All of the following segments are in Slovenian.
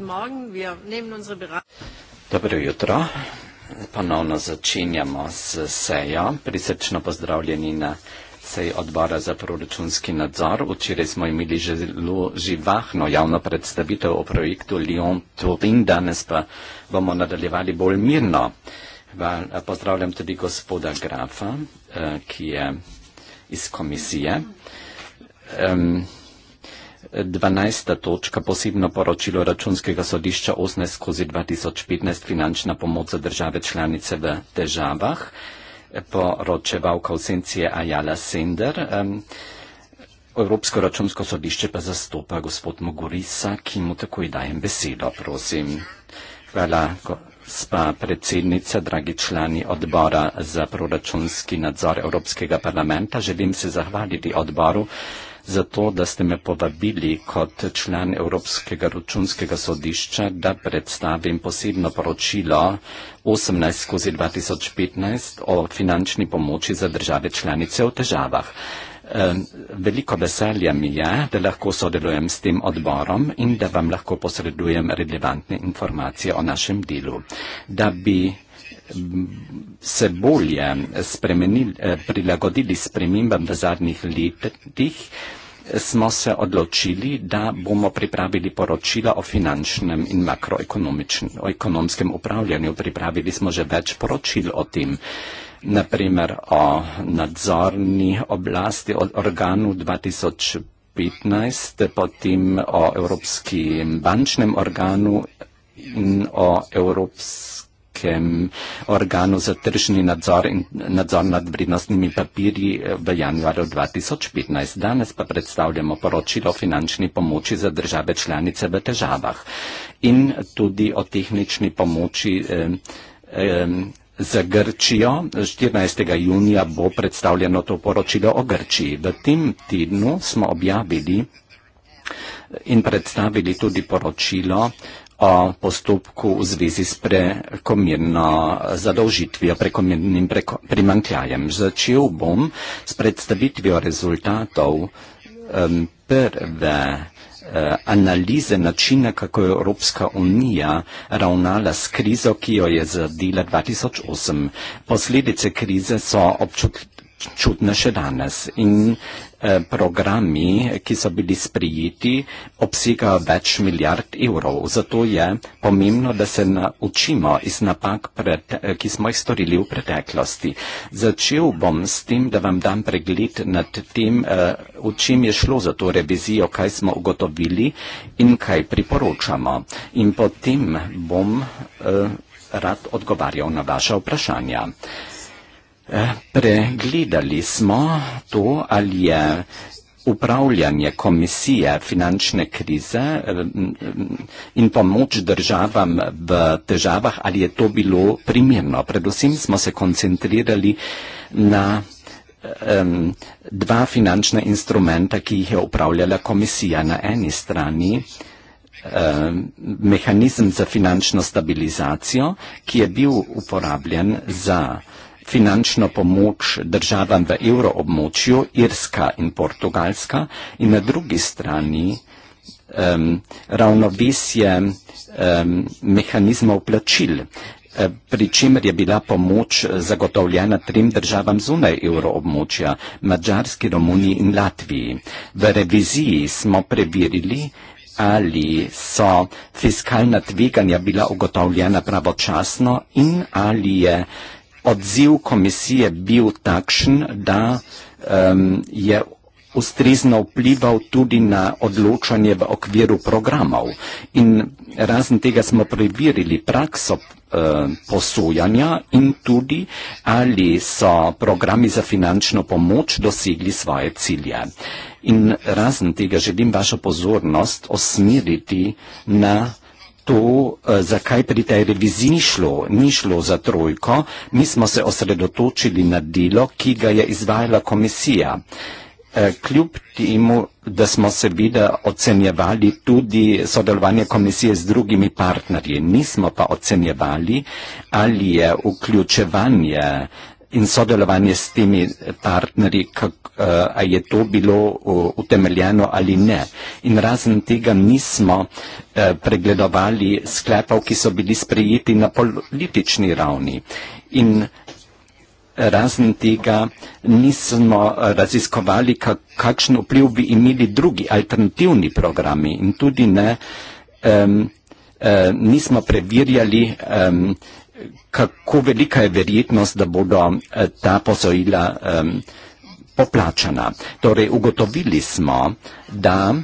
Guten Morgen, wir nehmen unsere Beratung. Dobro jutro, ponovno začenjamo z sejo. Prisrčno pozdravljeni na sej odbora za proračunski nadzor. Včeraj smo imeli zelo živahno javno predstavitev o projektu Lyon Turin, danes pa bomo nadaljevali bolj mirno. Pozdravljam tudi gospoda Grafa, eh, ki je iz komisije. Um, 12. točka posebno poročilo računskega sodišča 18 skozi 2015 finančna pomoč za države članice v težavah. Poročevalka v senci je Ajala Sender. Evropsko računsko sodišče pa zastopa gospod Mogurisa, ki mu takoj dajem besedo, prosim. Hvala, gospa predsednica, dragi člani odbora za proračunski nadzor Evropskega parlamenta. Želim se zahvaliti odboru za to, da ste me povabili kot član Evropskega računskega sodišča, da predstavim posebno poročilo 18 skozi 2015 o finančni pomoči za države članice v težavah. E, veliko veselja mi je, da lahko sodelujem s tem odborom in da vam lahko posredujem relevantne informacije o našem delu. Da bi se bolje spremenili, eh, prilagodili spremembam v zadnjih letih, smo se odločili, da bomo pripravili poročila o finančnem in makroekonomskem upravljanju. Pripravili smo že več poročil o tem. Naprimer o nadzorni oblasti, o organu 2015, potem o Evropskem bančnem organu in o Evropskem nekem organu za tržni nadzor in nadzor nad vrednostnimi papirji eh, v januarju 2015. Danes pa predstavljamo poročilo o finančni pomoči za države članice v težavah in tudi o tehnični pomoči. Eh, eh, Za Grčijo 14. junija bo predstavljeno to poročilo o Grčiji. V tem tednu smo objavili in predstavili tudi poročilo postopku v zvezi s prekomirno zadolžitvijo, prekomirnim preko, primankljajem. Začel bom s predstavitvijo rezultatov um, prve e, analize načina, kako je Evropska unija ravnala s krizo, ki jo je zadila 2008. Posledice krize so občutne še danes in Eh, programi, ki so bili sprijeti, obsegajo več milijard evrov. Zato je pomembno, da se naučimo iz napak, pred, eh, ki smo jih storili v preteklosti. Začel bom s tem, da vam dam pregled nad tem, eh, v čem je šlo za to revizijo, kaj smo ugotovili in kaj priporočamo. In potem bom rad odgovarjal na vaše vprašanja. Pregledali smo to, ali je upravljanje komisije finančne krize eh, in pomoč državam v težavah, ali je to bilo primerno. Predvsem smo se koncentrirali na dva finančna instrumenta, ki jih je upravljala komisija na eni strani mehanizem za finančno stabilizacijo, ki je bil uporabljen za finančno pomoč državam v evroobmočju, Irska in Portugalska, in na drugi strani um, ravnovesje um, mehanizmov plačil, eh, pri čemer je bila pomoč zagotovljena trem državam zunaj evroobmočja, Mačarski, Romuniji in Latviji. V reviziji smo preverili, ali so fiskalna tveganja bila ugotovljena pravočasno in ali je odziv komisije bil takšen, da um, je ustrezno vplival tudi na odločanje v okviru programov. In razen tega smo preverili prakso eh, posojanja in tudi, ali so programi za finančno pomoč dosegli svoje cilje. In razen tega želim vašo pozornost osmiriti na eh, to, eh, zakaj pri tej reviziji ni šlo, ni šlo za trojko, mi smo se osredotočili na delo, ki ga je izvajala komisija. Eh, kljub temu, da smo seveda ocenjevali tudi sodelovanje komisije z drugimi partnerji, nismo pa ocenjevali, ali je vključevanje in sodelovanje s temi partnerji, kak, uh, a je to bilo uh, utemeljeno ali ne. In razen tega nismo uh, pregledovali sklepov, ki so bili sprejeti na politični ravni. In razen tega nismo raziskovali, kak, kakšen vpliv bi imeli drugi alternativni programi in tudi ne. Um, Uh, nismo preverjali, um, kako velika je verjetnost, da bodo eh, ta posojila um, poplačana. Torej, ugotovili smo, da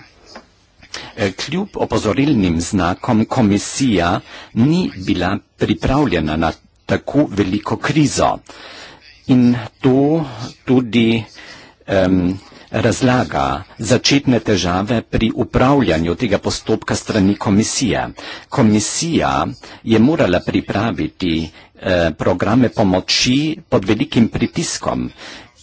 eh, kljub opozorilnim znakom komisija ni bila pripravljena na tako veliko krizo. In to tudi um, razlaga začetne težave pri upravljanju tega postopka strani komisije. Komisija je morala pripraviti eh, programe pomoči pod velikim pritiskom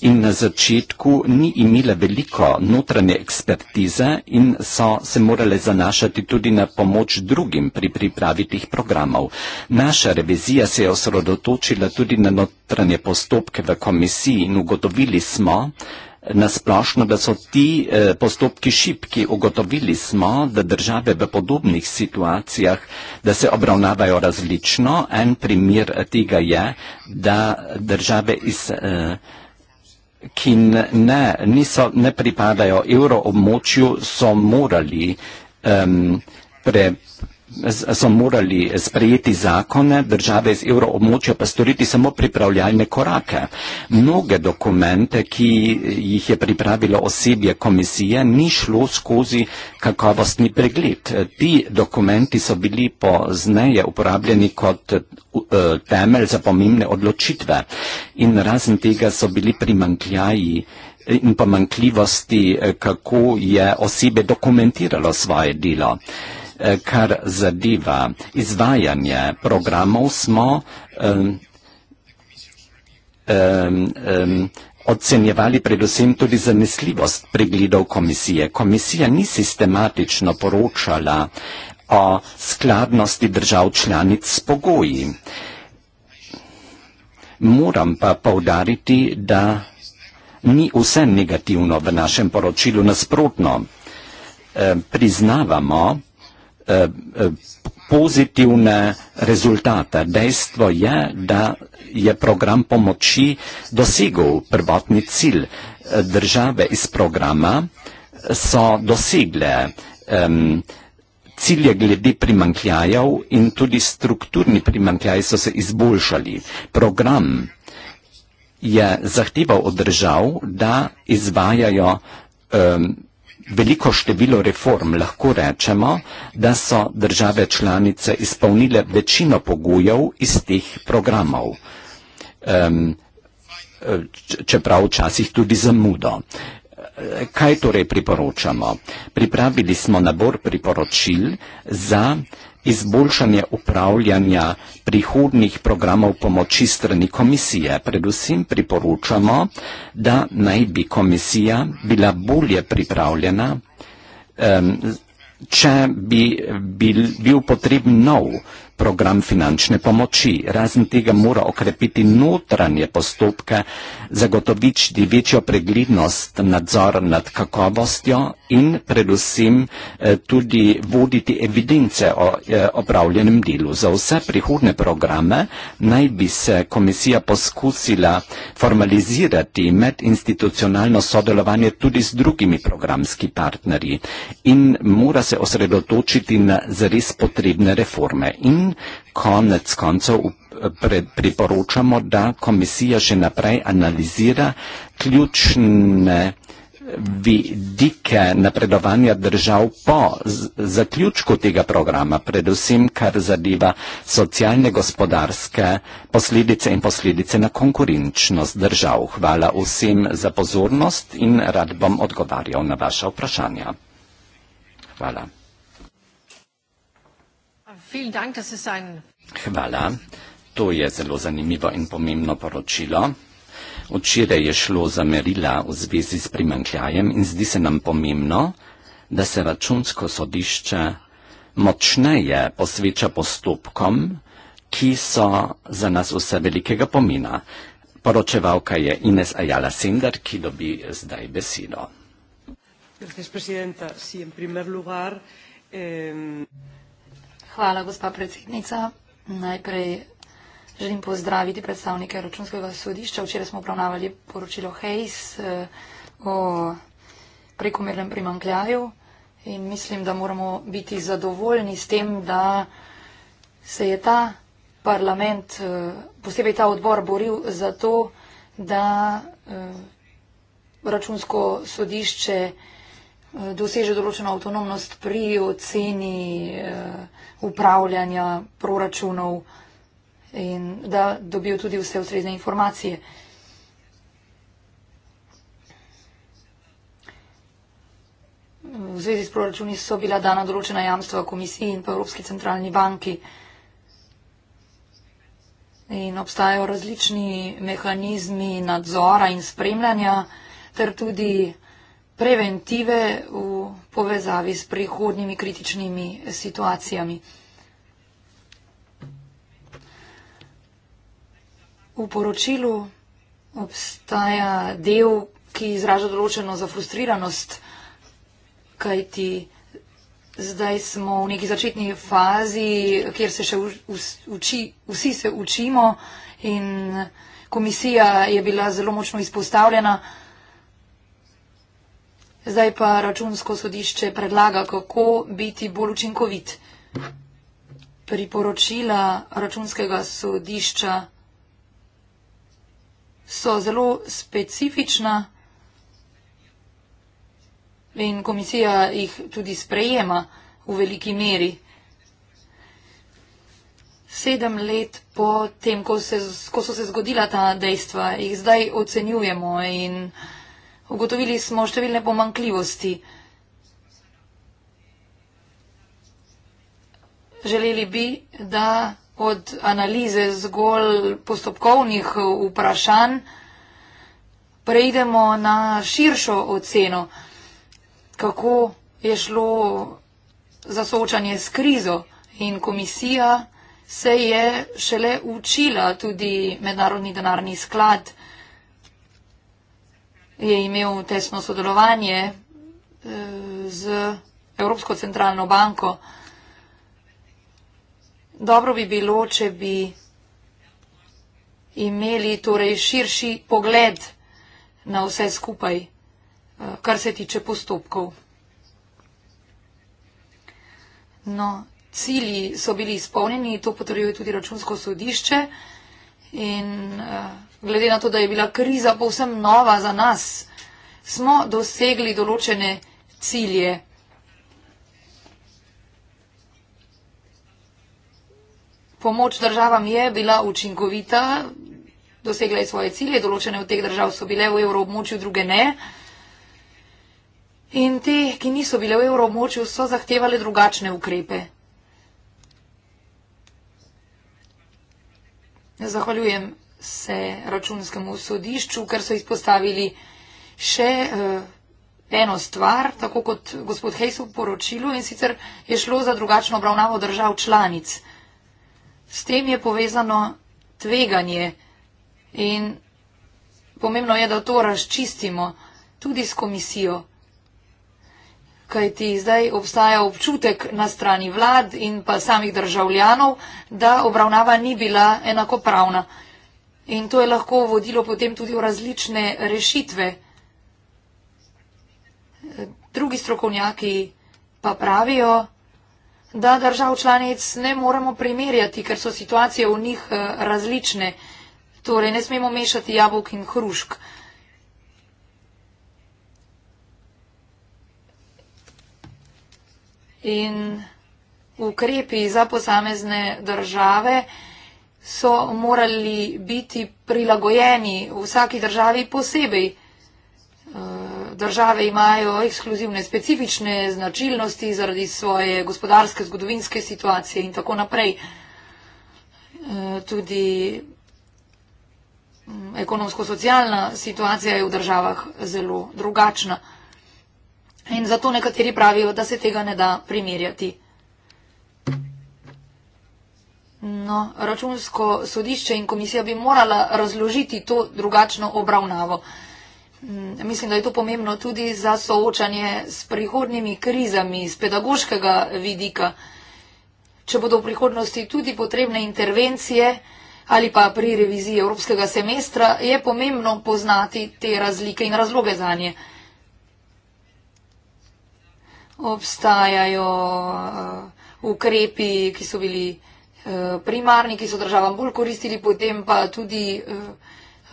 in na začetku ni imela veliko notranje ekspertize in so se morale zanašati tudi na pomoč drugim pri pripravi tih programov. Naša revizija se je osredotočila tudi na notranje postopke v komisiji in ugotovili smo, Na splošno, da so ti eh, postopki šipki, ugotovili smo, da države v podobnih situacijah, da se obravnavajo različno. En primer tega je, da države iz. Eh, ki ne, niso, ne pripadajo evroobmočju, so morali um, pre, so morali sprejeti zakone, države iz evroobmočja pa storiti samo pripravljalne korake. Mnoge dokumente, ki jih je pripravilo osebje komisije, ni šlo skozi kakovostni pregled. Ti dokumenti so bili pozneje uporabljeni kot eh, temelj za pomembne odločitve in razen tega so bili primankljaji eh, in pomankljivosti, eh, kako je osebe dokumentiralo svoje delo. Eh, kar zadeva izvajanje programov, smo um, um, um, ocenjevali predvsem tudi zanesljivost pregledov komisije. Komisija ni sistematično poročala o skladnosti držav članic s pogoji. Moram pa povdariti, da ni vse negativno v našem poročilu nasprotno. Priznavamo, Eh, eh, pozitivne rezultate. Dejstvo je, da je program pomoči dosegel prvotni cilj. Države iz programa so dosegle um, cilje glede primankljajev in tudi strukturni primankljaj so se izboljšali. Program je zahteval od držav, da izvajajo um, veliko število reform lahko rečemo, da so države članice izpolnile večino pogojev iz teh programov. Um, čeprav včasih tudi zamudo. Kaj torej priporočamo? Pripravili smo nabor priporočil za izboljšanje upravljanja prihodnih programov pomoči strani komisije. Predvsem priporočamo, da naj bi komisija bila bolje pripravljena, če bi bil potrebno nov program, program finančne pomoči. Razen tega mora okrepiti notranje postopke, zagotoviti večjo preglednost, nadzor nad kakovostjo in predvsem eh, tudi voditi evidence o eh, opravljenem delu. Za vse prihodne programe naj bi se komisija poskusila formalizirati medinstitucionalno sodelovanje tudi z drugimi programski partnerji in mora se osredotočiti na zares potrebne reforme. In konec koncev priporočamo, da komisija še naprej analizira ključne vidike napredovanja držav po zaključku tega programa, predvsem kar zadeva socialne gospodarske posledice in posledice na konkurenčnost držav. Hvala vsem za pozornost in rad bom odgovarjal na vaše vprašanja. Hvala. Hvala. To je zelo zanimivo in pomembno poročilo. Včeraj je šlo za merila v zvezi s primankljajem in zdi se nam pomembno, da se računsko sodišče močneje posveča postopkom, ki so za nas vse velikega pomena. Poročevalka je Ines Ajala Sender, ki dobi zdaj besedo. Gracias, Hvala, gospa predsednica. Najprej želim pozdraviti predstavnike računskega sodišča. Včeraj smo obravnavali poročilo Hejs eh, o prekomernem primankljaju in mislim, da moramo biti zadovoljni s tem, da se je ta parlament, eh, posebej ta odbor, boril za to, da eh, računsko sodišče doseže določeno avtonomnost pri oceni eh, upravljanja proračunov in da dobijo tudi vse ustrezne informacije. V zvezi s proračuni so bila dana določena jamstva komisiji in pa Evropski centralni banki. In obstajajo različni mehanizmi nadzora in spremljanja ter tudi preventive v povezavi s prihodnjimi kritičnimi situacijami. V poročilu obstaja del, ki izraža določeno zafrustriranost, kajti zdaj smo v neki začetni fazi, kjer se še uči, vsi se učimo in komisija je bila zelo močno izpostavljena. Zdaj pa računsko sodišče predlaga, kako biti bolj učinkovit. Priporočila računskega sodišča so zelo specifična in komisija jih tudi sprejema v veliki meri. Sedem let po tem, ko, se, ko so se zgodila ta dejstva, jih zdaj ocenjujemo in Ugotovili smo številne pomankljivosti. Želeli bi, da od analize zgolj postopkovnih vprašanj preidemo na širšo oceno, kako je šlo za soočanje s krizo in komisija se je šele učila tudi Mednarodni denarni sklad je imel tesno sodelovanje eh, z Evropsko centralno banko. Dobro bi bilo, če bi imeli torej širši pogled na vse skupaj, eh, kar se tiče postopkov. No, cilji so bili izpolnjeni, to potrjuje tudi računsko sodišče in uh, glede na to, da je bila kriza povsem nova za nas, smo dosegli določene cilje. Pomoč državam je bila učinkovita, dosegla je svoje cilje, določene v teh držav so bile v evroobmočju, druge ne. In te, ki niso bile v evroobmočju, so zahtevali drugačne ukrepe. Zahvaljujem se računskemu sodišču, ker so izpostavili še uh, eno stvar, tako kot gospod Hejs v poročilu in sicer je šlo za drugačno obravnavo držav članic. S tem je povezano tveganje in pomembno je, da to razčistimo tudi s komisijo. Kaj ti zdaj obstaja občutek na strani vlad in pa samih državljanov, da obravnava ni bila enakopravna. In to je lahko vodilo potem tudi v različne rešitve. Drugi strokovnjaki pa pravijo, da držav članic ne moremo primerjati, ker so situacije v njih eh, različne. Torej, ne smemo mešati jabolk in hrušk. In ukrepi za posamezne države so morali biti prilagojeni vsaki državi posebej. Eh, države imajo ekskluzivne specifične značilnosti zaradi svoje gospodarske, zgodovinske situacije in tako naprej. Eh, tudi mm, ekonomsko-socialna situacija je v državah zelo drugačna. In zato nekateri pravijo, da se tega ne da primerjati. No, računsko sodišče in komisija bi morala razložiti to drugačno obravnavo. Mm, mislim, da je to pomembno tudi za soočanje s prihodnimi krizami, z pedagoškega vidika. Če bodo v prihodnosti tudi potrebne intervencije ali pa pri reviziji evropskega semestra, je pomembno poznati te razlike in razloge za nje. Obstajajo eh, ukrepi, ki so bili. Eh, primarni, ki so državam bolj koristili, potem pa tudi eh,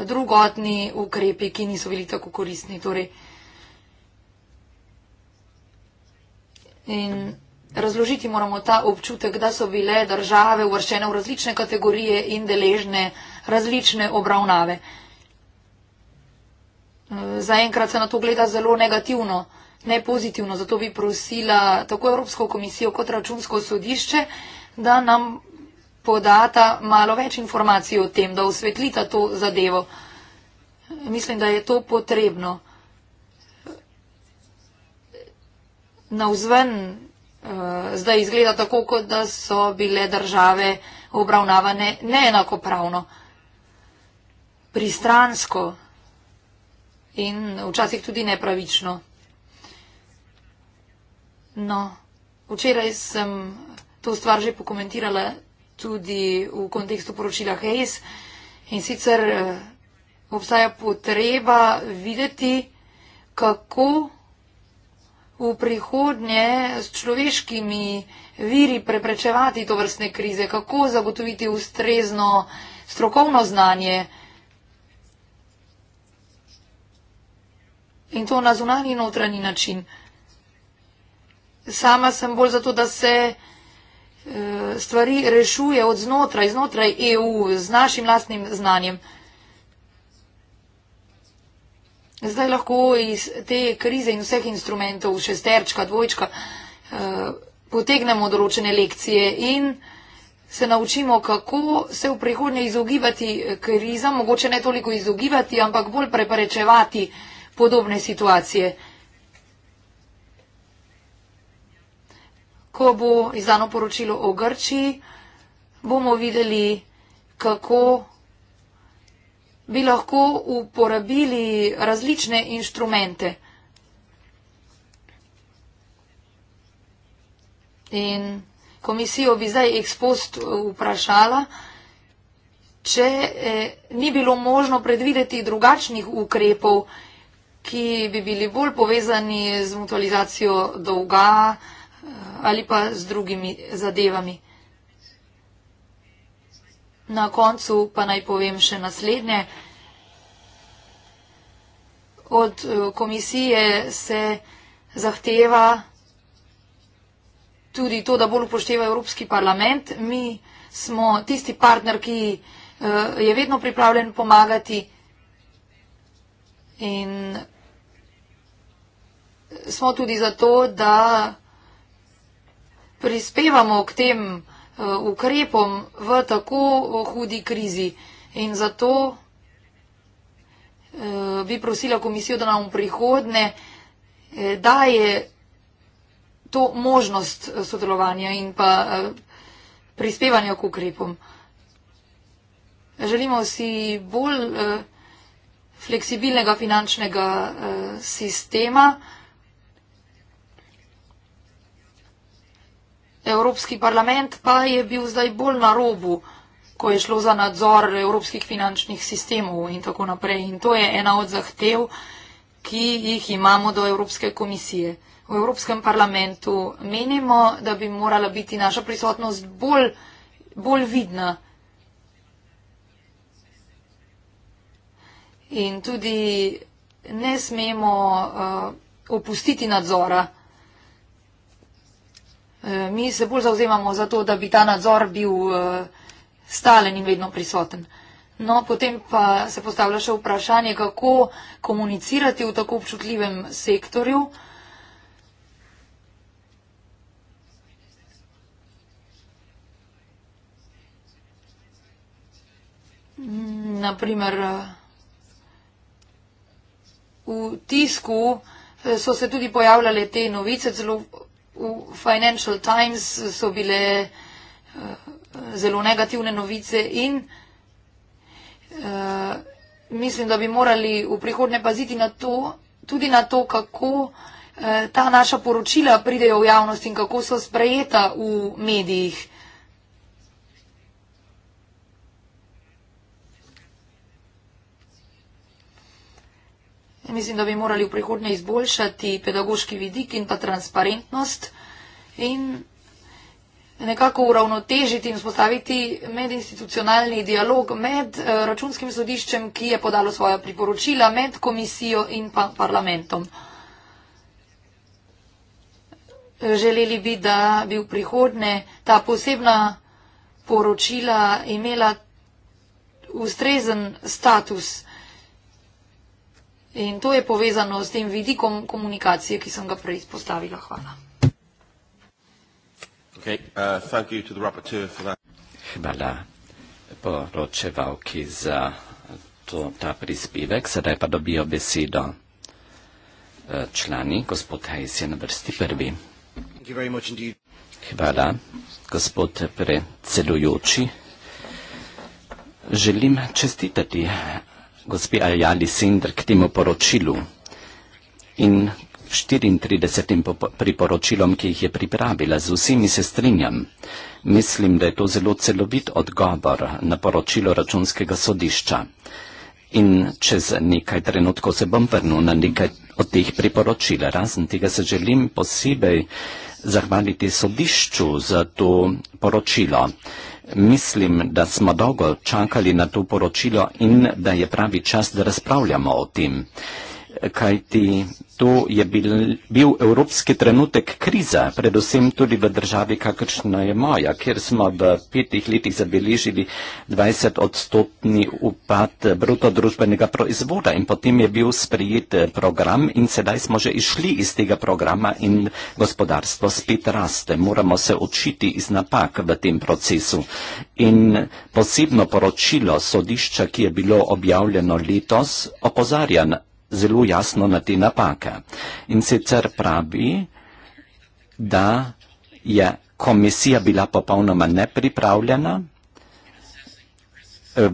drugotni ukrepi, ki niso bili tako koristni. Torej, in razložiti moramo ta občutek, da so bile države uvrščene v različne kategorije in deležne različne obravnave. Eh, zaenkrat se na to gleda zelo negativno, ne pozitivno, zato bi prosila tako Evropsko komisijo kot računsko sodišče, da nam podata malo več informacij o tem, da osvetlita to zadevo. Mislim, da je to potrebno. Navzven eh, zdaj izgleda tako, kot da so bile države obravnavane neenakopravno, pristransko in včasih tudi nepravično. No, včeraj sem to stvar že pokomentirala tudi v kontekstu poročila Hayes. In sicer eh, obstaja potreba videti, kako v prihodnje s človeškimi viri preprečevati to vrstne krize, kako zagotoviti ustrezno strokovno znanje. In to na zunani in notranji način. Sama sem bolj zato, da se Eh, stvari rešuje od znotraj, znotraj EU, z našim lastnim znanjem. Zdaj lahko iz te krize in vseh instrumentov, šesterčka, dvojčka, eh, potegnemo določene lekcije in se naučimo, kako se v prihodnje izogibati krizam, mogoče ne toliko izogibati, ampak bolj preprečevati podobne situacije. ko bo izdano poročilo o Grčiji, bomo videli, kako bi lahko uporabili različne inštrumente. In komisijo bi zdaj ekspost eh, vprašala, če eh, ni bilo možno predvideti drugačnih ukrepov, ki bi bili bolj povezani z mutualizacijo dolga, ali pa z drugimi zadevami. Na koncu pa naj povem še naslednje. Od eh, komisije se zahteva tudi to, da bolj upošteva Evropski parlament. Mi smo tisti partner, ki eh, je vedno pripravljen pomagati in smo tudi zato, da prispevamo k tem eh, ukrepom v tako hudi krizi. In zato eh, bi prosila komisijo, da nam prihodne eh, daje to možnost sodelovanja in pa prispevanja k ukrepom. Želimo si bolj fleksibilnega finančnega sistema. Evropski parlament pa je bil zdaj bolj na robu, ko je šlo za nadzor evropskih finančnih sistemov in tako naprej. In to je ena od zahtev, ki jih imamo do Evropske komisije. V Evropskem parlamentu menimo, da bi morala biti naša prisotnost bolj, bolj vidna. In tudi ne smemo uh, opustiti nadzora. Eh, mi se bolj zauzemamo za to, da bi ta nadzor bil eh, stalen in vedno prisoten. No, potem pa se postavlja še vprašanje, kako komunicirati v tako občutljivem sektorju. Naprimer, eh, v tisku so se tudi pojavljale te novice, zelo v Financial Times so bile eh, zelo negativne novice in eh, mislim, da bi morali v prihodnje paziti na to, tudi na to, kako eh, ta naša poročila pridejo v javnost in kako so sprejeta v medijih. Mislim, da bi morali v prihodnje izboljšati pedagoški vidik in pa transparentnost in nekako uravnotežiti in spostaviti medinstitucionalni dialog med eh, računskim sodiščem, ki je podalo svoja priporočila, med komisijo in pa parlamentom. Želeli bi, da bi v prihodnje ta posebna poročila imela ustrezen status. In to je povezano s tem vidikom komunikacije, ki sem ga prej izpostavila. Hvala. Okay, uh, Hvala poročevalki za to, ta prispevek. Sedaj pa dobijo besedo eh, člani. Gospod Hajs je na vrsti prvi. Hvala, gospod predsedujoči. Želim čestitati gospe Ajali Sindr k temu poročilu in 34 priporočilom, ki jih je pripravila. Z vsemi se strinjam. Mislim, da je to zelo celovit odgovor na poročilo računskega sodišča. In čez nekaj trenutkov se bom vrnil na nekaj od teh priporočil. Razen tega se želim posebej zahvaliti sodišču za to poročilo. Mislim, da smo dolgo čakali na to poročilo in da je pravi čas, da razpravljamo o tem kajti to je bil, bil evropski trenutek krize, predvsem tudi v državi, kakršna je moja, kjer smo v petih letih zabeležili 20 odstotni upad bruto družbenega proizvoda in potem je bil sprejet eh, program in sedaj smo že išli iz tega programa in gospodarstvo spet raste. Moramo se učiti iz napak v tem procesu. In posebno poročilo sodišča, ki je bilo objavljeno letos, opozarja zelo jasno na te napake. In sicer pravi, da je komisija bila popolnoma nepripravljena, eh,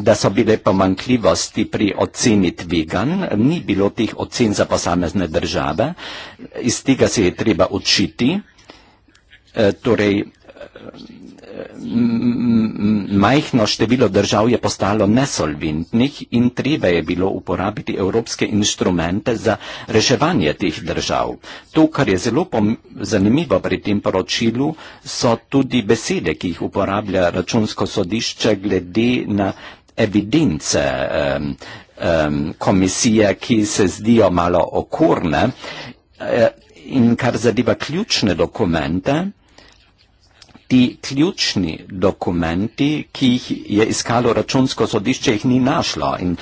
da so bile pomankljivosti pri oceni tvegan, ni bilo teh ocen za posamezne države, iz tega se je treba učiti. Eh, torej, majhno število držav je postalo nesolventnih in treba je bilo uporabiti evropske inštrumente za reševanje teh držav. To, kar je zelo zanimivo pri tem poročilu, so tudi besede, ki jih uporablja računsko sodišče glede na evidence um, um, komisije, ki se zdijo malo okorne. E, in kar zadeva ključne dokumente, ti ključni dokumenti, ki jih je iskalo računsko sodišče, jih ni našlo in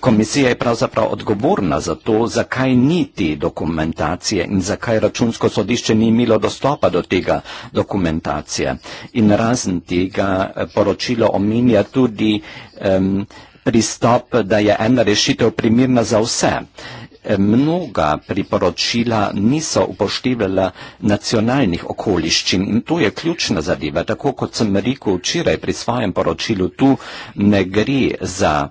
komisija je pravzaprav odgovorna za to, zakaj ni te dokumentacije in zakaj računsko sodišče ni imelo dostopa do tega dokumentacije. In razen tega eh, poročilo omenja tudi um, pristop, da je ena rešitev primirna za vse. Uh, mnoga priporočila niso upoštevala nacionalnih okoliščin in to je ključna zadeva. Tako kot sem rekel včeraj pri svojem poročilu, tu ne gre za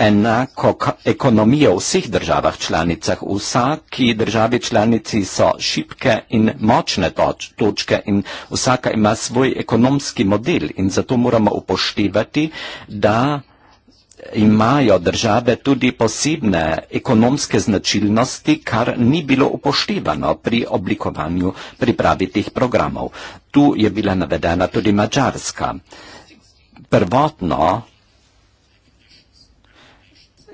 enako ekonomijo v vseh državah članicah. V vsaki državi članici so šipke in močne toč, točke in vsaka ima svoj ekonomski model in zato moramo upoštevati, da imajo države tudi posebne ekonomske značilnosti, kar ni bilo upoštevano pri oblikovanju pripravi teh programov. Tu je bila navedena tudi Mačarska. Prvotno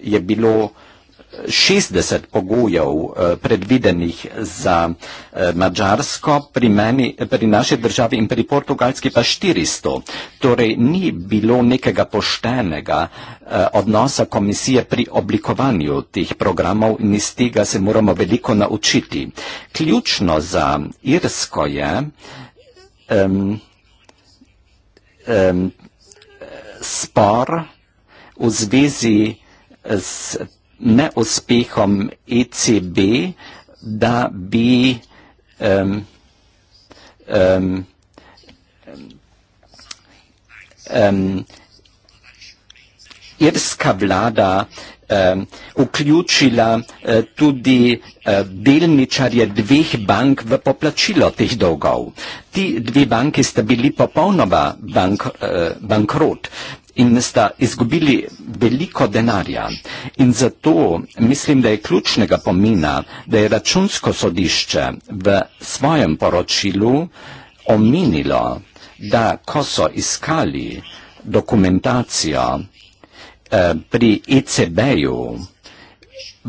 je bilo 60 pogojev eh, predvidenih za eh, Mačarsko, pri, meni, pri naši državi in pri portugalski pa 400. Torej ni bilo nekega poštenega eh, odnosa komisije pri oblikovanju teh programov in iz tega se moramo veliko naučiti. Ključno za Irsko je um, um, spor v zvezi s neuspehom ECB, da bi um, um, um, irska vlada um, vključila uh, tudi uh, delničarje dveh bank v poplačilo teh dolgov. Ti dve banki sta bili popolnoma bank, uh, bankrot in sta izgubili veliko denarja. In zato mislim, da je ključnega pomena, da je računsko sodišče v svojem poročilu omenilo, da ko so iskali dokumentacijo eh, pri ECB-ju,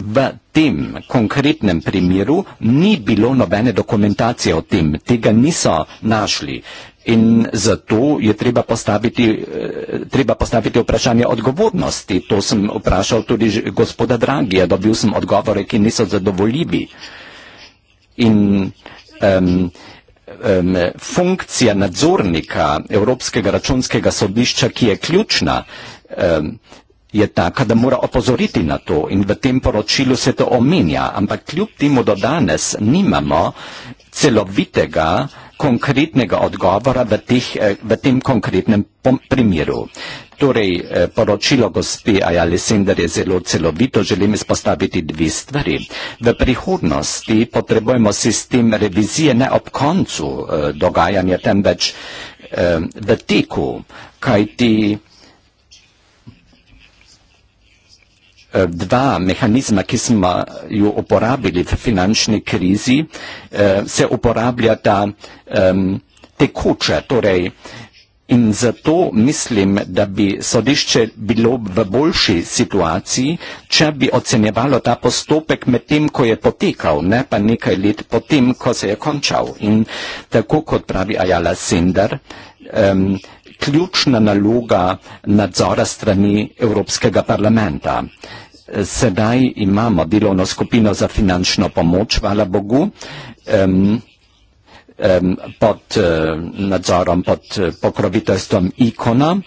v tem konkretnem primeru ni bilo nobene dokumentacije o tem, tega niso našli. In zato je treba postaviti, eh, treba postaviti vprašanje odgovornosti. To sem vprašal tudi gospoda Dragija, dobil sem odgovore, ki niso zadovoljivi. In um, um, funkcija nadzornika Evropskega računskega sodišča, ki je ključna, um, je taka, da mora opozoriti na to in v tem poročilu se to omenja, ampak kljub temu do danes nimamo celovitega konkretnega odgovora v, teh, eh, v tem konkretnem primeru. Torej, eh, poročilo gospe Ajale Sender je zelo celovito, želim izpostaviti dve stvari. V prihodnosti potrebujemo sistem revizije ne ob koncu eh, dogajanja, temveč v teku, kajti Eh, dva mehanizma, ki smo ju uporabili v finančni krizi, eh, se uporabljata tekoče. Torej, in zato mislim, da bi sodišče bilo v boljši situaciji, če bi ocenjevalo ta postopek med tem, ko je potekal, ne pa nekaj let potem, ko se je končal. In tako kot pravi Ajala Sender, um, ključna naloga nadzora strani Evropskega parlamenta. Sedaj imamo delovno skupino za finančno pomoč, hvala Bogu, um, um, pod uh, nadzorom, pod eh, pokroviteljstvom ikona.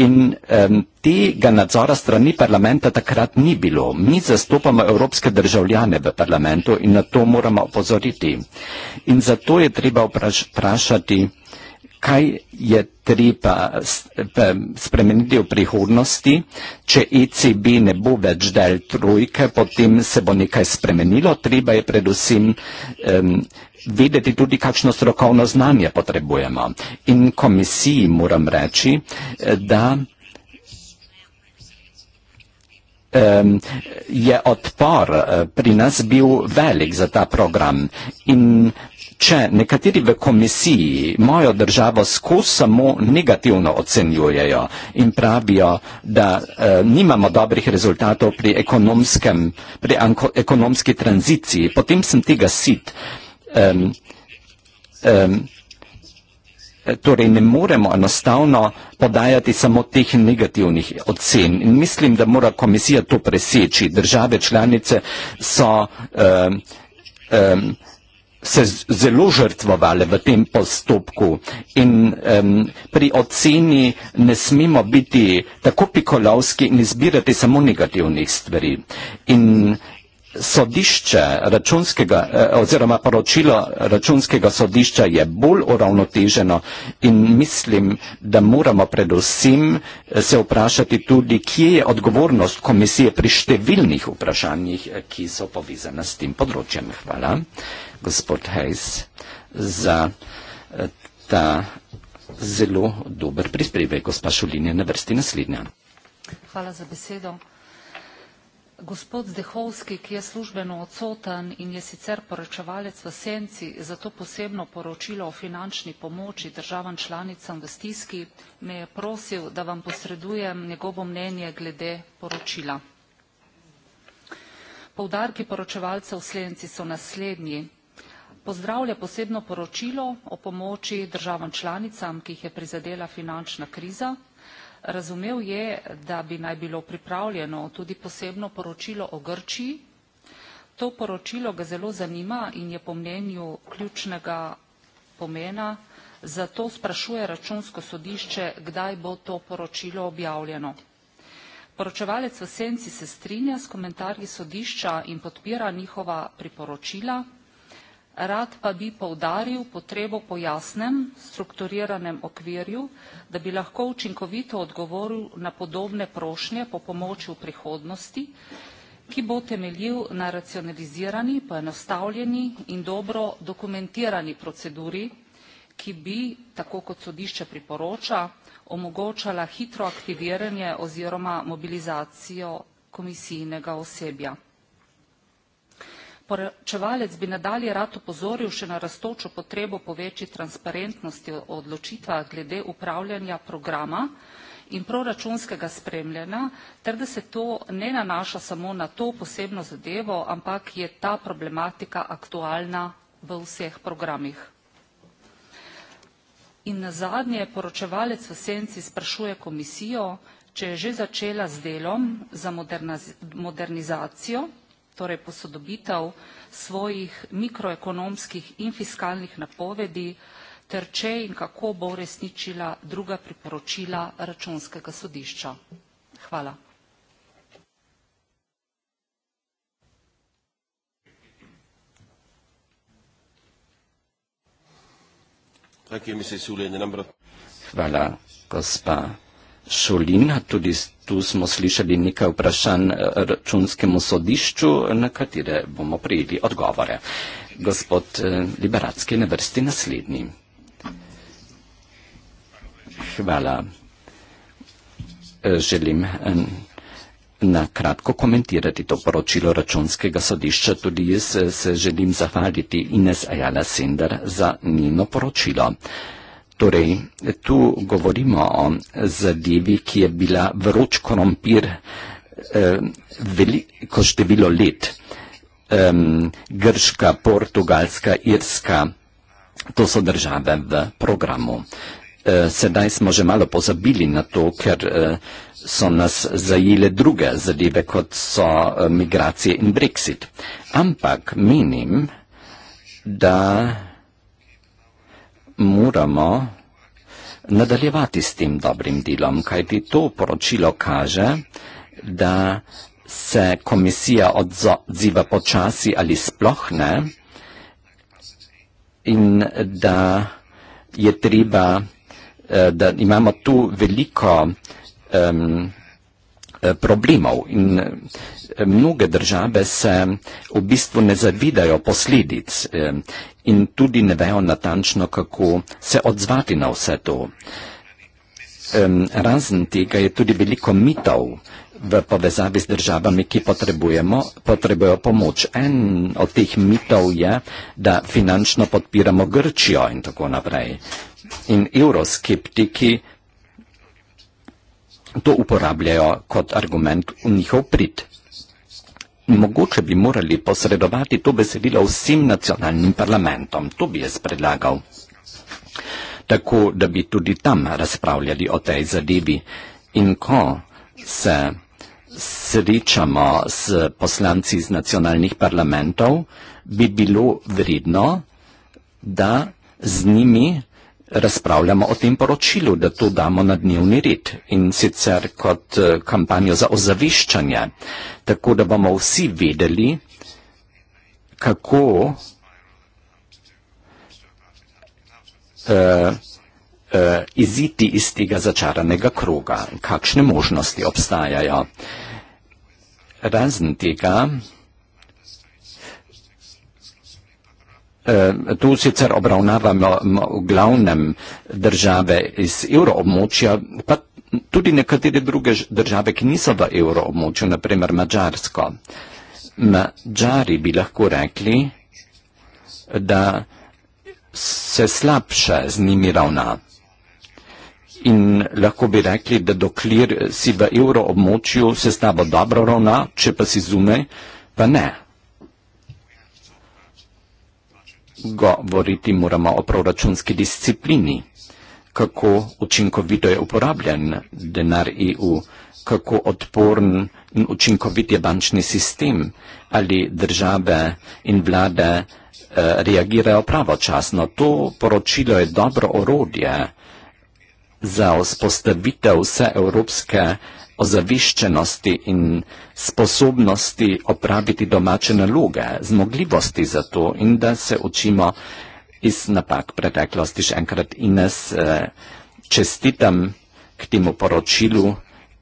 In um, tega nadzora strani parlamenta takrat ni bilo. Mi zastopamo evropske državljane v parlamentu in na to moramo opozoriti. In zato je treba vprašati, vpraš kaj je treba spremeniti v prihodnosti. Če ECB ne bo več del trojke, potem se bo nekaj spremenilo. Treba je predvsem um, vedeti tudi, kakšno strokovno znanje potrebujemo. In komisiji moram reči, da je odpor eh, pri nas bil velik za ta program. In če nekateri v komisiji mojo državo skus samo negativno ocenjujejo in pravijo, da eh, nimamo dobrih rezultatov pri, pri anko, ekonomski tranziciji, potem sem tega sit. Eh, eh, Eh, torej ne moremo enostavno podajati samo teh negativnih ocen. In mislim, da mora komisija to preseči. Države članice so um, um, se zelo žrtvovali v tem postopku in um, pri oceni ne smemo biti tako pikolovski in izbirati samo negativnih stvari. In sodišče računskega eh, oziroma poročilo računskega sodišča je bolj uravnoteženo in mislim, da moramo predvsem eh, se vprašati tudi, kje je odgovornost komisije pri številnih vprašanjih, eh, ki so povezane s tem področjem. Hvala, gospod Hejs, za ta zelo dober prispevek, gospa Šulin je na vrsti naslednja. Hvala za besedo. Gospod Zdehovski, ki je službeno odsoten in je sicer poročevalec v Senci, zato posebno poročilo o finančni pomoči državam članicam v stiski, me je prosil, da vam posredujem njegovo mnenje glede poročila. Poudarki poročevalcev v Senci so naslednji. Pozdravlja posebno poročilo o pomoči državam članicam, ki jih je prizadela finančna kriza, Razumel je, da bi naj bilo pripravljeno tudi posebno poročilo o Grčiji. To poročilo ga zelo zanima in je po mnenju ključnega pomena, zato sprašuje računsko sodišče, kdaj bo to poročilo objavljeno. Poročevalec v senci se strinja s komentarji sodišča in podpira njihova priporočila. Rad pa bi poudaril potrebo po jasnem, strukturiranem okvirju, da bi lahko učinkovito odgovoril na podobne prošnje po pomoči v prihodnosti, ki bo temeljil na racionalizirani, poenostavljeni in dobro dokumentirani proceduri, ki bi, tako kot sodišče priporoča, omogočala hitro aktiviranje oziroma mobilizacijo komisijnega osebja. Poročevalec bi nadalje rad upozoril še na rastočo potrebo po večji transparentnosti odločitva glede upravljanja programa in proračunskega spremljanja, ter da se to ne nanaša samo na to posebno zadevo, ampak je ta problematika aktualna v vseh programih. In nazadnje, poročevalec v senci sprašuje komisijo, če je že začela z delom za moderniz modernizacijo torej posodobitev svojih mikroekonomskih in fiskalnih napovedi ter če in kako bo uresničila druga priporočila računskega sodišča. Hvala. Hvala, gospa Šulina, tudi tu smo slišali nekaj vprašanj eh, računskemu sodišču, na katere bomo prijeli odgovore. Gospod eh, Liberacki, na vrsti naslednji. Hvala. Eh, želim na kratko komentirati to poročilo računskega sodišča. Tudi jaz se želim zahvaliti Ines Ajala Sender za njeno poročilo. Torej, tu govorimo o zadevi, ki je bila vroč korumpir eh, veliko število let. Eh, Grška, Portugalska, Irska, to so države v programu. Eh, sedaj smo že malo pozabili na to, ker eh, so nas zajele druge zadeve, kot so eh, migracije in brexit. Ampak menim, da moramo nadaljevati s tem dobrim delom, kajti to poročilo kaže, da se komisija odziva počasi ali sploh ne in da je treba, eh, da imamo tu veliko um, Eh, problemov in eh, mnoge države se v bistvu ne zavidajo posledic eh, in tudi ne vejo natančno, kako se odzvati na vse to. Razen tega je tudi veliko mitov v povezavi z državami, ki potrebujo pomoč. En od teh mitov je, da finančno podpiramo Grčijo in tako naprej. In evroskeptiki to uporabljajo kot argument v njihov prid. Mogoče bi morali posredovati to besedilo vsem nacionalnim parlamentom, to bi jaz predlagal. Tako, da bi tudi tam razpravljali o tej zadevi. In ko se srečamo s poslanci iz nacionalnih parlamentov, bi bilo vredno, da z njimi razpravljamo o tem poročilu, da to damo na dnevni red in sicer kot eh, kampanjo za ozaveščanje, tako da bomo vsi vedeli, kako eh, eh, iziti iz tega začaranega kroga, kakšne možnosti obstajajo. Razen tega, Eh, tu sicer obravnavamo v glavnem države iz evroobmočja, pa tudi nekatere druge države, ki niso v evroobmočju, naprimer Mačarsko. Mačari bi lahko rekli, da se slabše z njimi ravna. In lahko bi rekli, da dokler si v evroobmočju, se s tabo dobro ravna, če pa si zume, pa ne. govoriti moramo o proračunski disciplini, kako učinkovito je uporabljen denar EU, kako odporen in učinkovit je bančni sistem, ali države in vlade eh, reagirajo pravočasno. To poročilo je dobro orodje za vzpostavitev vse evropske ozaviščenosti in sposobnosti opraviti domače naloge, zmogljivosti za to in da se učimo iz napak preteklosti. Še enkrat Ines, eh, čestitam k temu poročilu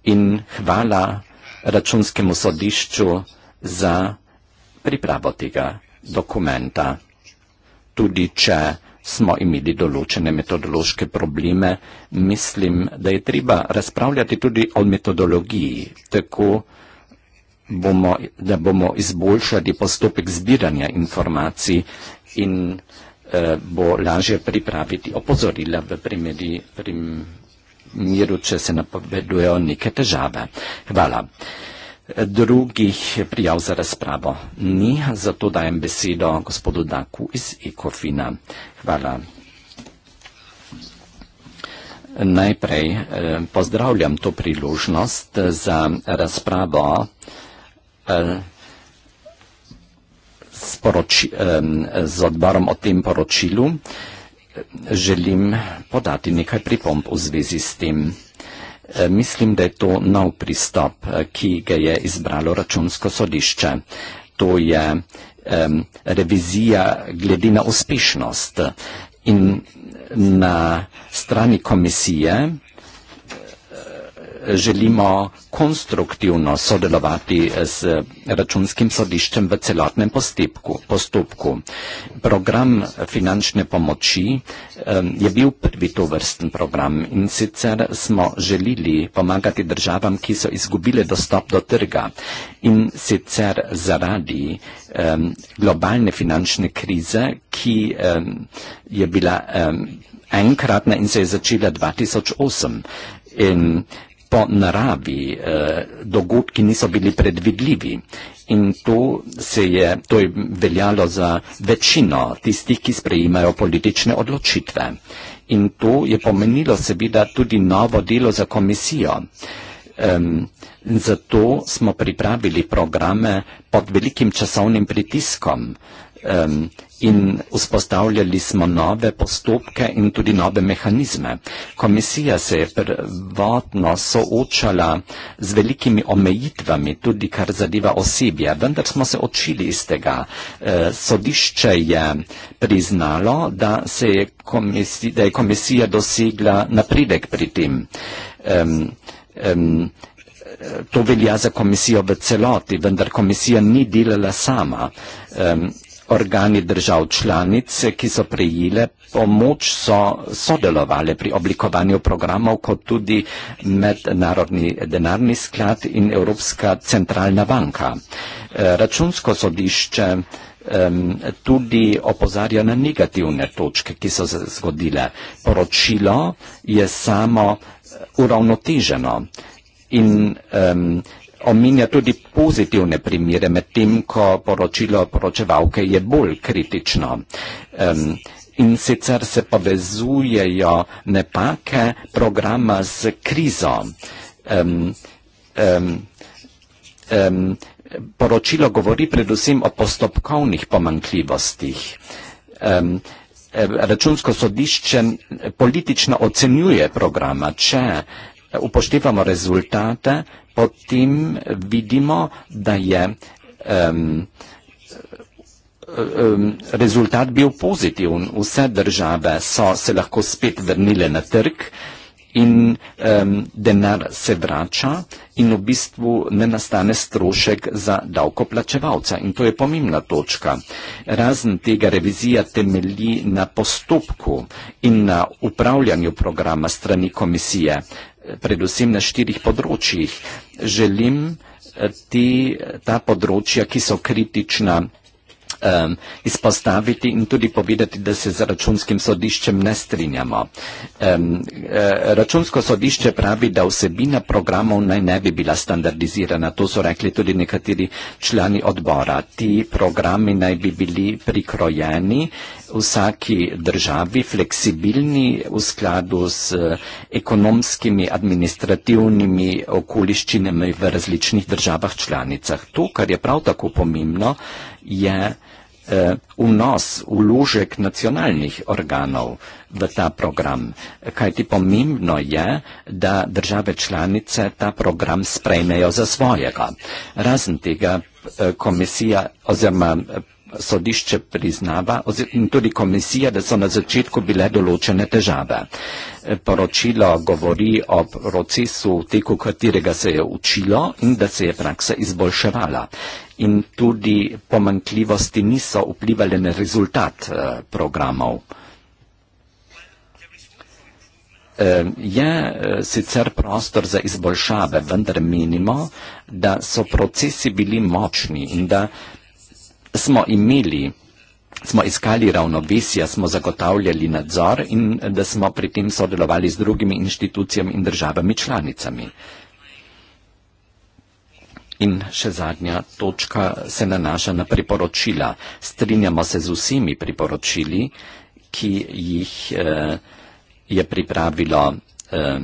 in hvala računskemu sodišču za pripravo tega dokumenta. Tudi če smo imeli določene metodološke probleme, mislim, da je treba razpravljati tudi o metodologiji, tako bomo, da bomo izboljšali postopek zbiranja informacij in eh, bo lažje pripraviti opozorila v primeri, prim, miru, če se napovedujejo neke težave. Hvala drugih prijav za razpravo ni, zato dajem besedo gospodu Daku iz Ekofina. Hvala. Najprej eh, pozdravljam to priložnost eh, za razpravo eh, s, poroči, z odborom o tem poročilu. Želim podati nekaj pripomb v zvezi s tem. Eh, mislim, da je to nov pristop, eh, ki ga je izbralo računsko sodišče. To je um, revizija glede na uspešnost. In na strani komisije želimo konstruktivno sodelovati z računskim sodiščem v celotnem postipku, postopku. Program finančne pomoči je bil prvi to vrsten program in sicer smo želeli pomagati državam, ki so izgubile dostop do trga in sicer zaradi globalne finančne krize, ki je bila enkratna in se je začela 2008. In po naravi eh, dogodki niso bili predvidljivi in to, se je, to je veljalo za večino tistih, ki sprejemajo politične odločitve. In to je pomenilo seveda tudi novo delo za komisijo. Um, zato smo pripravili programe pod velikim časovnim pritiskom. Um, in vzpostavljali smo nove postopke in tudi nove mehanizme. Komisija se je prvotno soočala z velikimi omejitvami, tudi kar zadeva osebje, vendar smo se očili iz tega. Eh, sodišče je priznalo, da, se je, komisija, da je komisija dosegla napredek pri tem. Um, um, to velja za komisijo v celoti, vendar komisija ni delala sama. Um, organi držav članic, ki so prejele pomoč, so sodelovali pri oblikovanju programov, kot tudi Mednarodni denarni sklad in Evropska centralna banka. Eh, Računsko sodišče tudi opozarja na negativne točke, ki so se zgodile. Poročilo je samo eh, uravnoteženo in um, omenja tudi pozitivne primere, medtem ko poročilo poročevalke je bolj kritično. Um, in sicer se povezujejo napake programa z krizo. Um, um, um, poročilo govori predvsem o postopkovnih pomankljivostih. Um, računsko sodišče politično ocenjuje programa, če upoštevamo rezultate, potem vidimo, da je um, um, rezultat bil pozitiven. Vse države so se lahko spet vrnile na trg in um, denar se vrača in v bistvu ne nastane strošek za davkoplačevalca. In to je pomembna točka. Razen tega revizija temelji na postopku in na upravljanju programa strani komisije predvsem na štirih področjih. Želim eh, te, eh, ta področja, ki so kritična, izpostaviti in tudi povedati, da se z računskim sodiščem ne strinjamo. Eh, računsko sodišče pravi, da vsebina programov naj ne bi bila standardizirana. To so rekli tudi nekateri člani odbora. Ti programi naj bi bili prikrojeni vsaki državi fleksibilni v skladu z eh, ekonomskimi, administrativnimi okoliščinami v različnih državah članicah. To, kar je prav tako pomembno, je eh, vnos, uložek nacionalnih organov v ta program. Kaj ti pomembno je, da države članice ta program sprejmejo za svojega. Razen tega eh, komisija oziroma sodišče priznava, tudi komisija, da so na začetku bile določene težave. E, poročilo govori o procesu, v teku katerega se je učilo in da se je praksa izboljševala. In tudi pomankljivosti niso vplivali na rezultat e, programov. E, je sicer prostor za izboljšave, vendar menimo, da so procesi bili močni in da smo imeli, smo iskali ravnovesja, smo zagotavljali nadzor in da smo pri tem sodelovali z drugimi inštitucijami in državami članicami. In še zadnja točka se nanaša na priporočila. Strinjamo se z vsemi priporočili, ki jih eh, je pripravilo eh,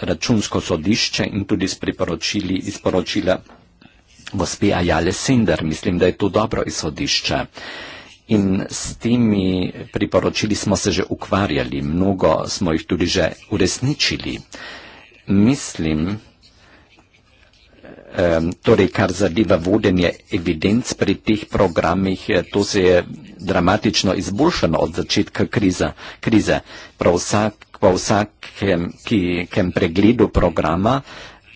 računsko sodišče in tudi s priporočili iz poročila gospe Ajale Sinder. Mislim, da je to dobro izhodišče. In s temi priporočili smo se že ukvarjali, mnogo smo jih tudi že uresničili. Mislim, torej kar zadeva vodenje evidenc pri teh programih, to se je dramatično izboljšano od začetka krize. krize. Prav vsak, po vsakem ki, pregledu programa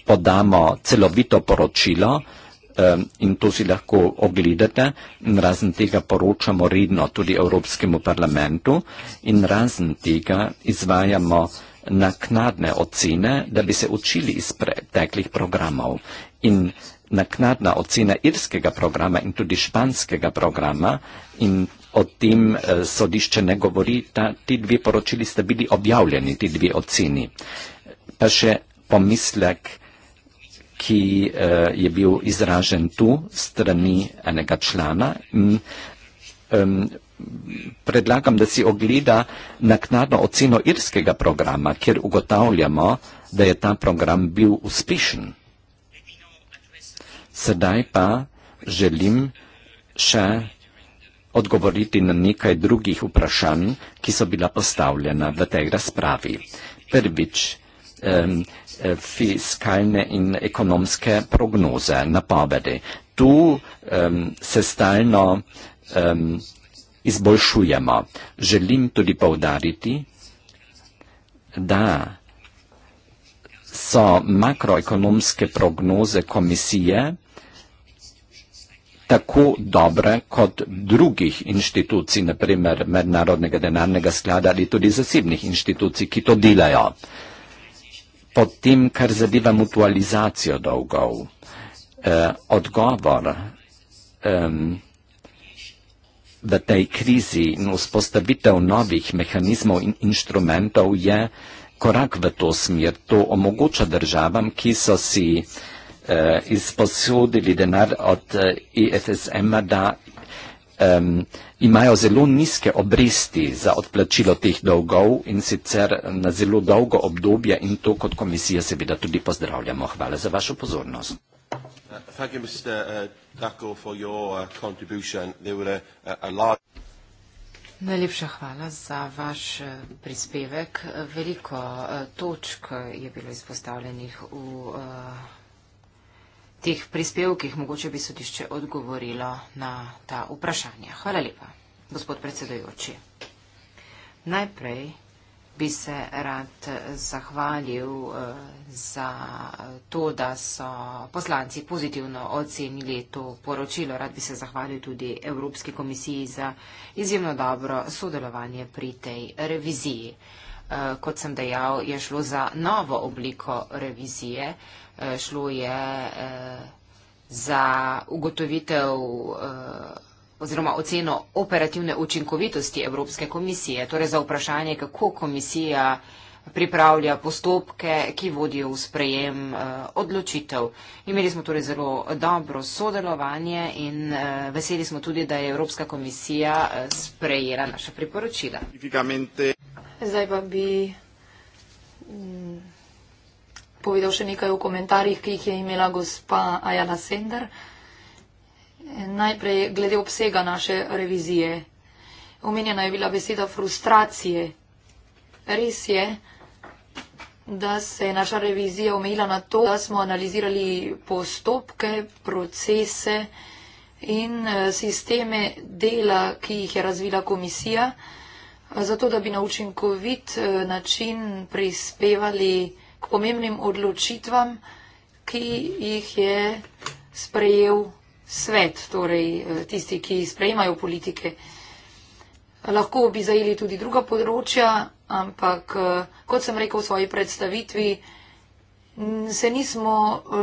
podamo celovito poročilo, Ehm, in to si lahko ogledate. Razen tega poročamo redno tudi Evropskemu parlamentu in razen tega izvajamo naknadne ocene, da bi se učili iz preteklih programov. In naknadna ocena irskega programa in tudi španskega programa in o tem eh, sodišče ne govori, da ti dve poročili sta bili objavljeni, ti dve oceni. Pa še pomislek, ki uh, je bil izražen tu strani enega člana. In, um, predlagam, da si ogleda naknadno oceno irskega programa, kjer ugotavljamo, da je ta program bil uspešen. Sedaj pa želim še odgovoriti na nekaj drugih vprašanj, ki so bila postavljena v tej razpravi. Prvič, eh, fiskalne in ekonomske prognoze, napovedi. Tu eh, se stalno eh, izboljšujemo. Želim tudi povdariti, da so makroekonomske prognoze komisije tako dobre kot drugih inštitucij, naprimer Mednarodnega denarnega sklada ali tudi zasebnih inštitucij, ki to delajo pod tem, kar zadeva mutualizacijo dolgov. Uh, odgovor um, v tej krizi in vzpostavitev novih mehanizmov in inštrumentov je korak v to smer. To omogoča državam, ki so si uh, izposodili denar od uh, e, IFSM, da um, imajo zelo nizke obresti za odplačilo teh dolgov in sicer na zelo dolgo obdobje in to kot komisija seveda tudi pozdravljamo. Hvala za vašo pozornost. Najlepša hvala za vaš uh, prispevek. Veliko uh, točk je bilo izpostavljenih v uh, teh prispevkih mogoče bi sodišče odgovorilo na ta vprašanja. Hvala lepa, gospod predsedojoči. Najprej bi se rad zahvalil eh, za to, da so poslanci pozitivno ocenili to poročilo. Rad bi se zahvalil tudi Evropski komisiji za izjemno dobro sodelovanje pri tej reviziji. Eh, kot sem dejal, je šlo za novo obliko revizije, Eh, šlo je eh, za ugotovitev eh, oziroma oceno operativne učinkovitosti Evropske komisije, torej za vprašanje, kako komisija pripravlja postopke, ki vodijo v sprejem odločitev. Imeli smo torej zelo dobro sodelovanje in veseli smo tudi, da je Evropska komisija sprejela naša priporočila. Zdaj pa bi. Mm, povedal še nekaj o komentarjih, ki jih je imela gospa Ajala Sender. Najprej glede obsega naše revizije. Omenjena je bila beseda frustracije. Res je, da se je naša revizija omejila na to, da smo analizirali postopke, procese in eh, sisteme dela, ki jih je razvila komisija, zato da bi na učinkovit eh, način prispevali k pomembnim odločitvam, ki jih je sprejel svet, torej eh, tisti, ki sprejemajo politike. Lahko bi zajeli tudi druga področja, ampak eh, kot sem rekel v svoji predstavitvi, se nismo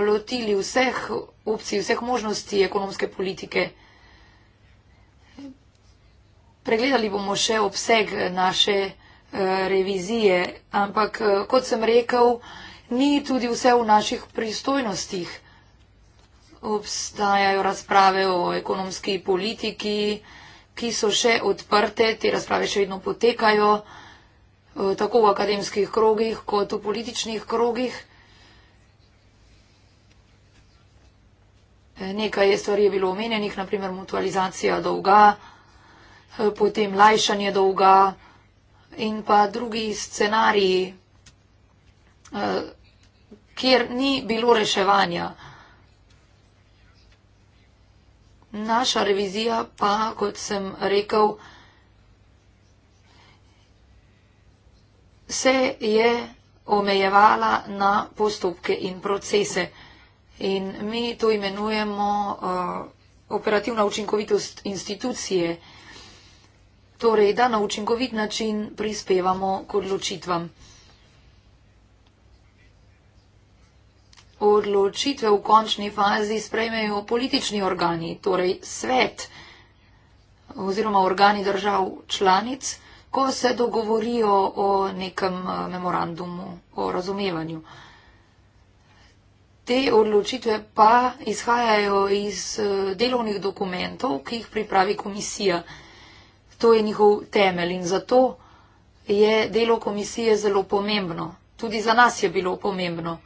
lotili vseh opcij, vseh možnosti ekonomske politike. Pregledali bomo še obseg naše politike. Eh, revizije. Ampak, eh, kot sem rekel, ni tudi vse v naših pristojnostih. Obstajajo razprave o ekonomski politiki, ki so še odprte, te razprave še vedno potekajo, eh, tako v akademskih krogih kot v političnih krogih. Nekaj stvari je bilo omenjenih, naprimer mutualizacija dolga, potem lajšanje dolga in pa drugi scenariji, eh, kjer ni bilo reševanja. Naša revizija pa, kot sem rekel, se je omejevala na postopke in procese. In mi to imenujemo uh, operativna učinkovitost institucije. Uh, torej da na učinkovit način prispevamo k odločitvam. Odločitve v končni fazi sprejmejo politični organi, torej svet oziroma organi držav članic, ko se dogovorijo o nekem eh, memorandumu o razumevanju. Te odločitve pa izhajajo iz eh, delovnih dokumentov, ki jih pripravi komisija. To je njihov temelj in zato je delo komisije zelo pomembno. Tudi za nas je bilo pomembno.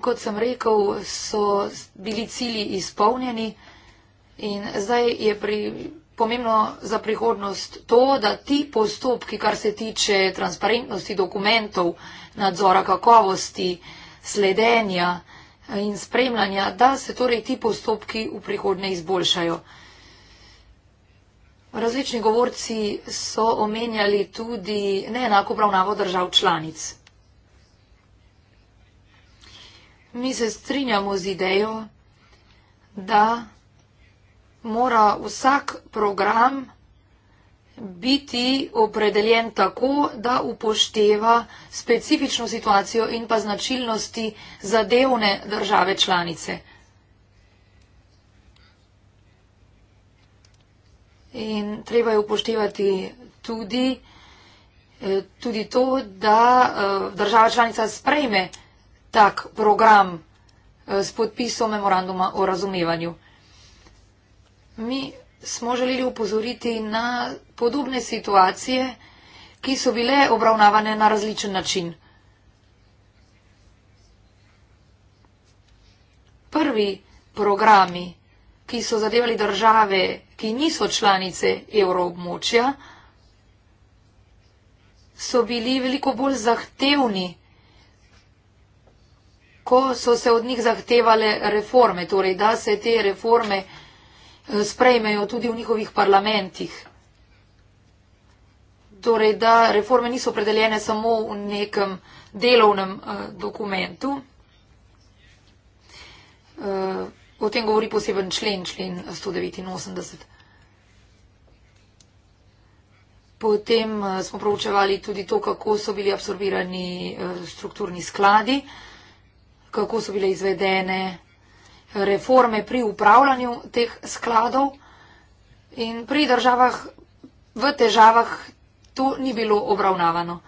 Kot sem rekel, so bili cili izpolnjeni in zdaj je pri, pomembno za prihodnost to, da ti postopki, kar se tiče transparentnosti dokumentov, nadzora kakovosti, sledenja, in spremljanja, da se torej ti postopki v prihodnje izboljšajo. Različni govorci so omenjali tudi neenako pravnavo držav članic. Mi se strinjamo z idejo, da mora vsak program biti opredeljen tako, da upošteva specifično situacijo in pa značilnosti zadevne države članice. In treba je upoštevati tudi, eh, tudi to, da eh, država članica sprejme tak program eh, s podpisom memoranduma o razumevanju. Mi smo želeli upozoriti na podobne situacije, ki so bile obravnavane na različen način. Prvi programi, ki so zadevali države, ki niso članice evroobmočja, so bili veliko bolj zahtevni, ko so se od njih zahtevale reforme, torej da se te reforme sprejmejo tudi v njihovih parlamentih. Torej, da reforme niso predeljene samo v nekem delovnem uh, dokumentu. Uh, o tem govori poseben člen, člen 189. Potem uh, smo proučevali tudi to, kako so bili absorbirani uh, strukturni skladi, kako so bile izvedene reforme pri upravljanju teh skladov in pri državah v težavah to ni bilo obravnavano.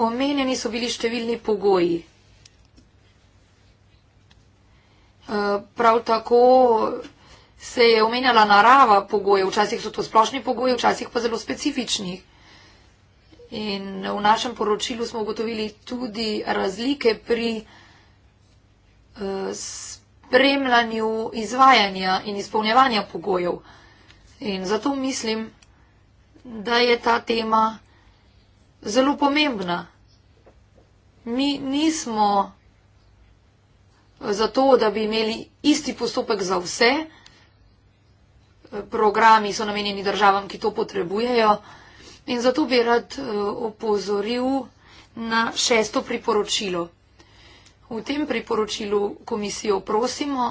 Omenjeni so bili številni pogoji. E, prav tako se je omenjala narava pogojev, včasih so to splošni pogoji, včasih pa zelo specifični. In v našem poročilu smo ugotovili tudi razlike pri uh, spremljanju izvajanja in izpolnjevanja pogojev. In zato mislim, da je ta tema zelo pomembna. Mi nismo zato, da bi imeli isti postopek za vse. Programi so namenjeni državam, ki to potrebujejo. In zato bi rad eh, opozoril na šesto priporočilo. V tem priporočilu komisijo prosimo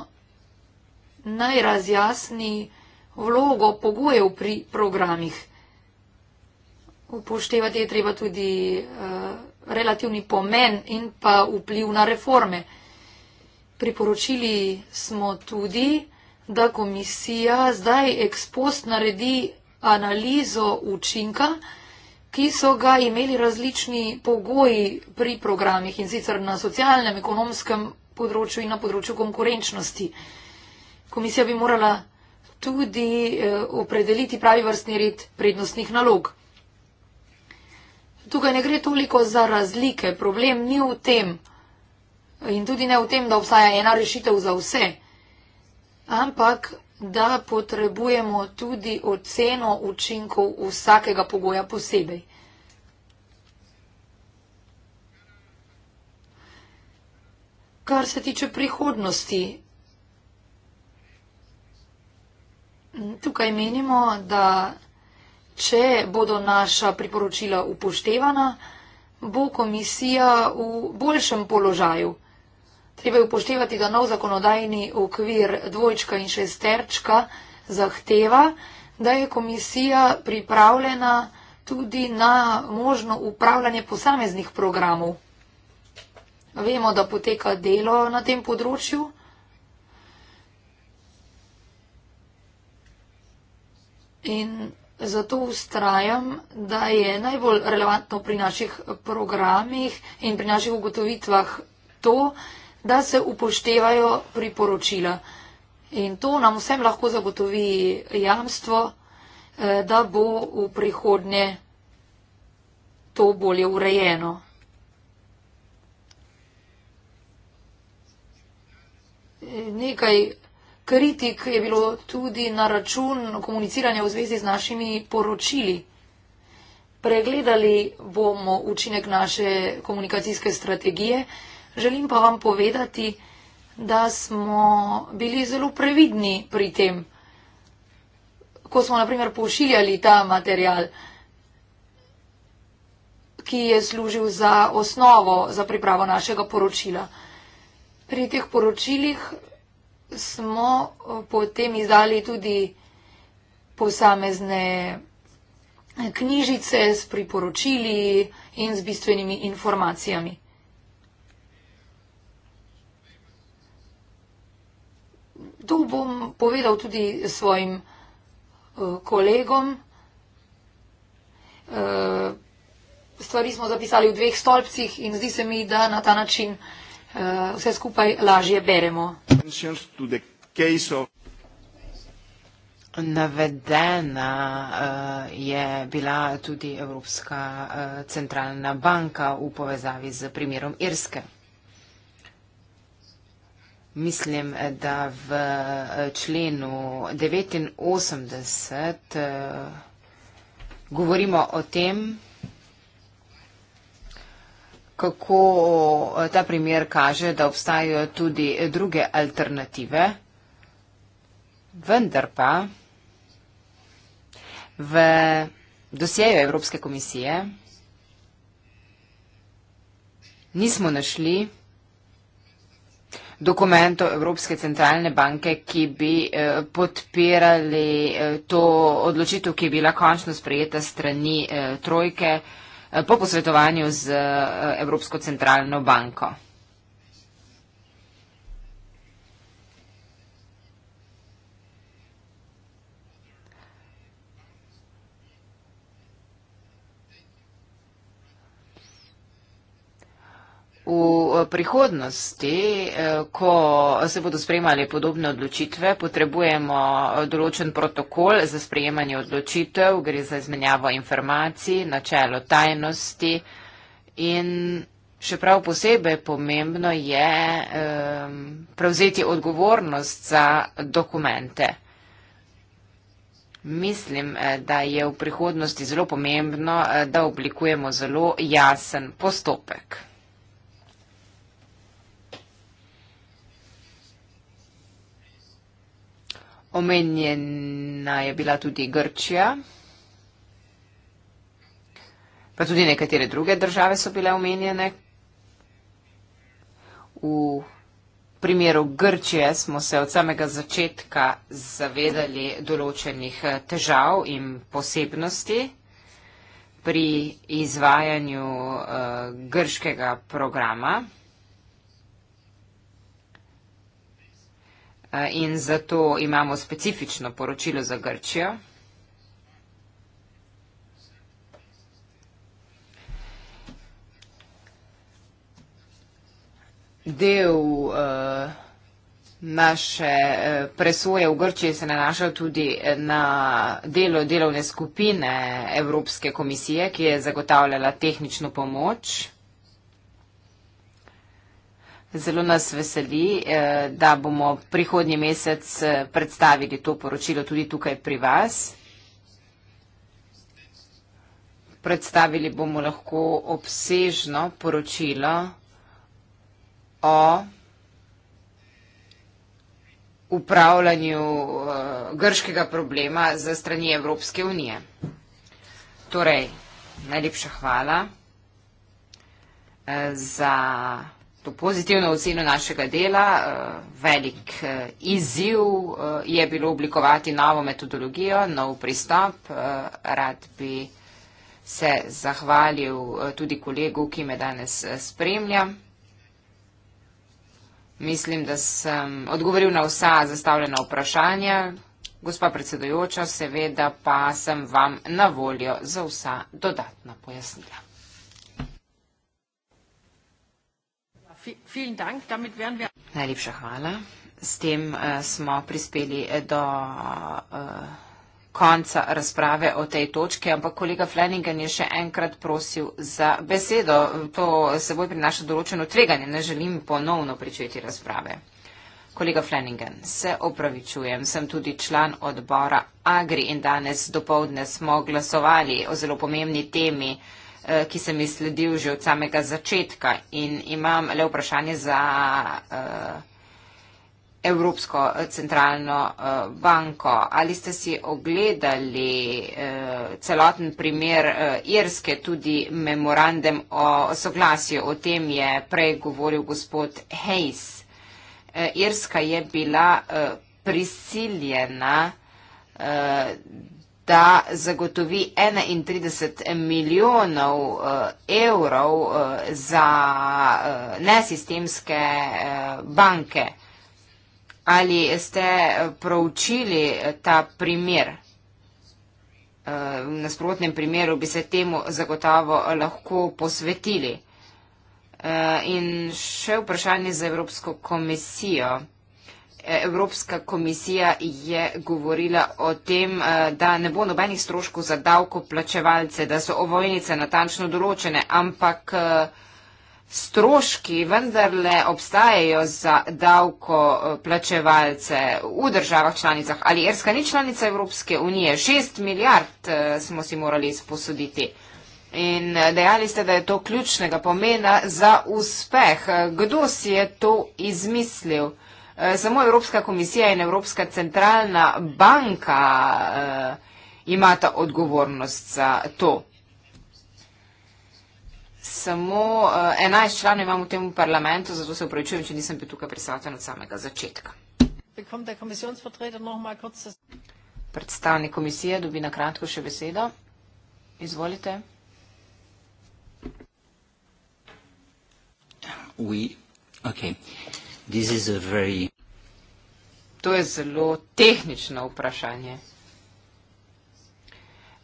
naj razjasni vlogo pogojev pri programih. Upoštevati je treba tudi uh, relativni pomen in pa vpliv na reforme. Priporočili smo tudi, da komisija zdaj ekspost naredi analizo učinka, ki so ga imeli različni pogoji pri programih in sicer na socialnem, ekonomskem področju in na področju konkurenčnosti. Komisija bi morala tudi eh, opredeliti pravi vrstni red prednostnih nalog. Tukaj ne gre toliko za razlike. Problem ni v tem in tudi ne v tem, da obstaja ena rešitev za vse, ampak da potrebujemo tudi oceno učinkov vsakega pogoja posebej. Kar se tiče prihodnosti, tukaj menimo, da če bodo naša priporočila upoštevana, bo komisija v boljšem položaju. Treba je upoštevati, da nov zakonodajni okvir dvojčka in šesterčka zahteva, da je komisija pripravljena tudi na možno upravljanje posameznih programov. Vemo, da poteka delo na tem področju. In zato ustrajam, da je najbolj relevantno pri naših programih in pri naših ugotovitvah to, da da se upoštevajo priporočila. In to nam vsem lahko zagotovi jamstvo, eh, da bo v prihodnje to bolje urejeno. Nekaj kritik je bilo tudi na račun komuniciranja v zvezi z našimi poročili. Pregledali bomo učinek naše komunikacijske strategije. Želim pa vam povedati, da smo bili zelo previdni pri tem, ko smo naprimer pošiljali ta material, ki je služil za osnovo za pripravo našega poročila. Pri teh poročilih smo eh, potem izdali tudi posamezne knjižice s priporočili in z bistvenimi informacijami. to bom povedal tudi svojim eh, kolegom. Eh, stvari smo zapisali v dveh stolpcih in zdi se mi, da na ta način eh, vse skupaj lažje beremo. Navedena je bila tudi Evropska centralna banka v povezavi z primerom Irske mislim, da v eh, členu 89 eh, govorimo o tem, kako eh, ta primer kaže, da obstajajo tudi druge alternative, vendar pa v dosjeju Evropske komisije nismo našli, dokumentov Evropske centralne banke, ki bi eh, podpirali eh, to odločitev, ki je bila končno sprejeta strani eh, trojke po posvetovanju z Evropsko centralno banko. v eh, prihodnosti, eh, ko se bodo sprejemali podobne odločitve, potrebujemo eh, določen protokol za sprejemanje odločitev, gre za izmenjavo informacij, načelo tajnosti in še prav posebej pomembno je ehm, prevzeti odgovornost za dokumente. Mislim, da je v prihodnosti zelo pomembno, da oblikujemo zelo jasen postopek. omenjena je bila tudi Grčija, pa tudi nekatere druge države so bile omenjene. V primeru Grčije smo se od samega začetka zavedali določenih težav in posebnosti pri izvajanju uh, grškega programa. Eh, in zato imamo specifično poročilo za Grčijo. Del eh, naše eh, presoje v Grčiji se nanaša tudi na delo delovne skupine Evropske komisije, ki je zagotavljala tehnično pomoč. Zelo nas veseli, eh, da bomo prihodnji mesec eh, predstavili to poročilo tudi tukaj pri vas. Predstavili bomo lahko obsežno poročilo o upravljanju eh, grškega problema za strani Evropske unije. Torej, najlepša hvala za vse to pozitivno oceno našega dela. Eh, velik eh, izziv eh, je bilo oblikovati novo metodologijo, nov pristop. Rad bi se zahvalil tudi kolegu, ki me danes spremlja. Mislim, da sem odgovoril na vsa zastavljena vprašanja. Gospa predsedojoča, seveda pa sem vam na voljo za vsa dodatna pojasnila. vielen Dank. Damit wären wir. Najlepša hvala. S tem uh, smo prispeli eh, do uh, konca razprave o tej točki, ampak kolega Flanagan je še enkrat prosil za besedo. To seboj prinaša določeno tveganje. Ne želim ponovno pričeti razprave. Kolega Flanagan, se opravičujem, sem tudi član odbora Agri in danes dopovdne smo glasovali o zelo pomembni temi. Uh, Eh, ki sem jih sledil že od samega začetka in imam le vprašanje za eh, Evropsko eh, centralno banko. Ali ste si ogledali celoten primer Irske, tudi memorandum o soglasju, o tem je prej govoril gospod Hayes. Irska je bila prisiljena da zagotovi 31 milijonov eh, evrov eh, za eh, nesistemske banke. Ali ste proučili ta primer? V nasprotnem primeru bi se temu zagotavo lahko posvetili. In še vprašanje za Evropsko komisijo. Evropska komisija je govorila o tem, eh, da ne bo nobenih stroškov za davkoplačevalce, da so ovojnice natančno določene, ampak eh, stroški vendarle obstajajo za davkoplačevalce v državah članicah. Ali Erska ni članica Evropske unije? Šest milijard eh, smo si morali sposoditi. In dejali ste, da je to ključnega pomena za uspeh. Kdo si je to izmislil? Eh, samo Evropska komisija in Evropska centralna banka eh, imata odgovornost za to. Samo 11 eh, članov imamo v tem parlamentu, zato se upravičujem, če nisem bil tukaj prisoten od samega začetka. Predstavnik komisije dobi na kratko še besedo. Izvolite. Oui. Okay. To je zelo tehnično vprašanje.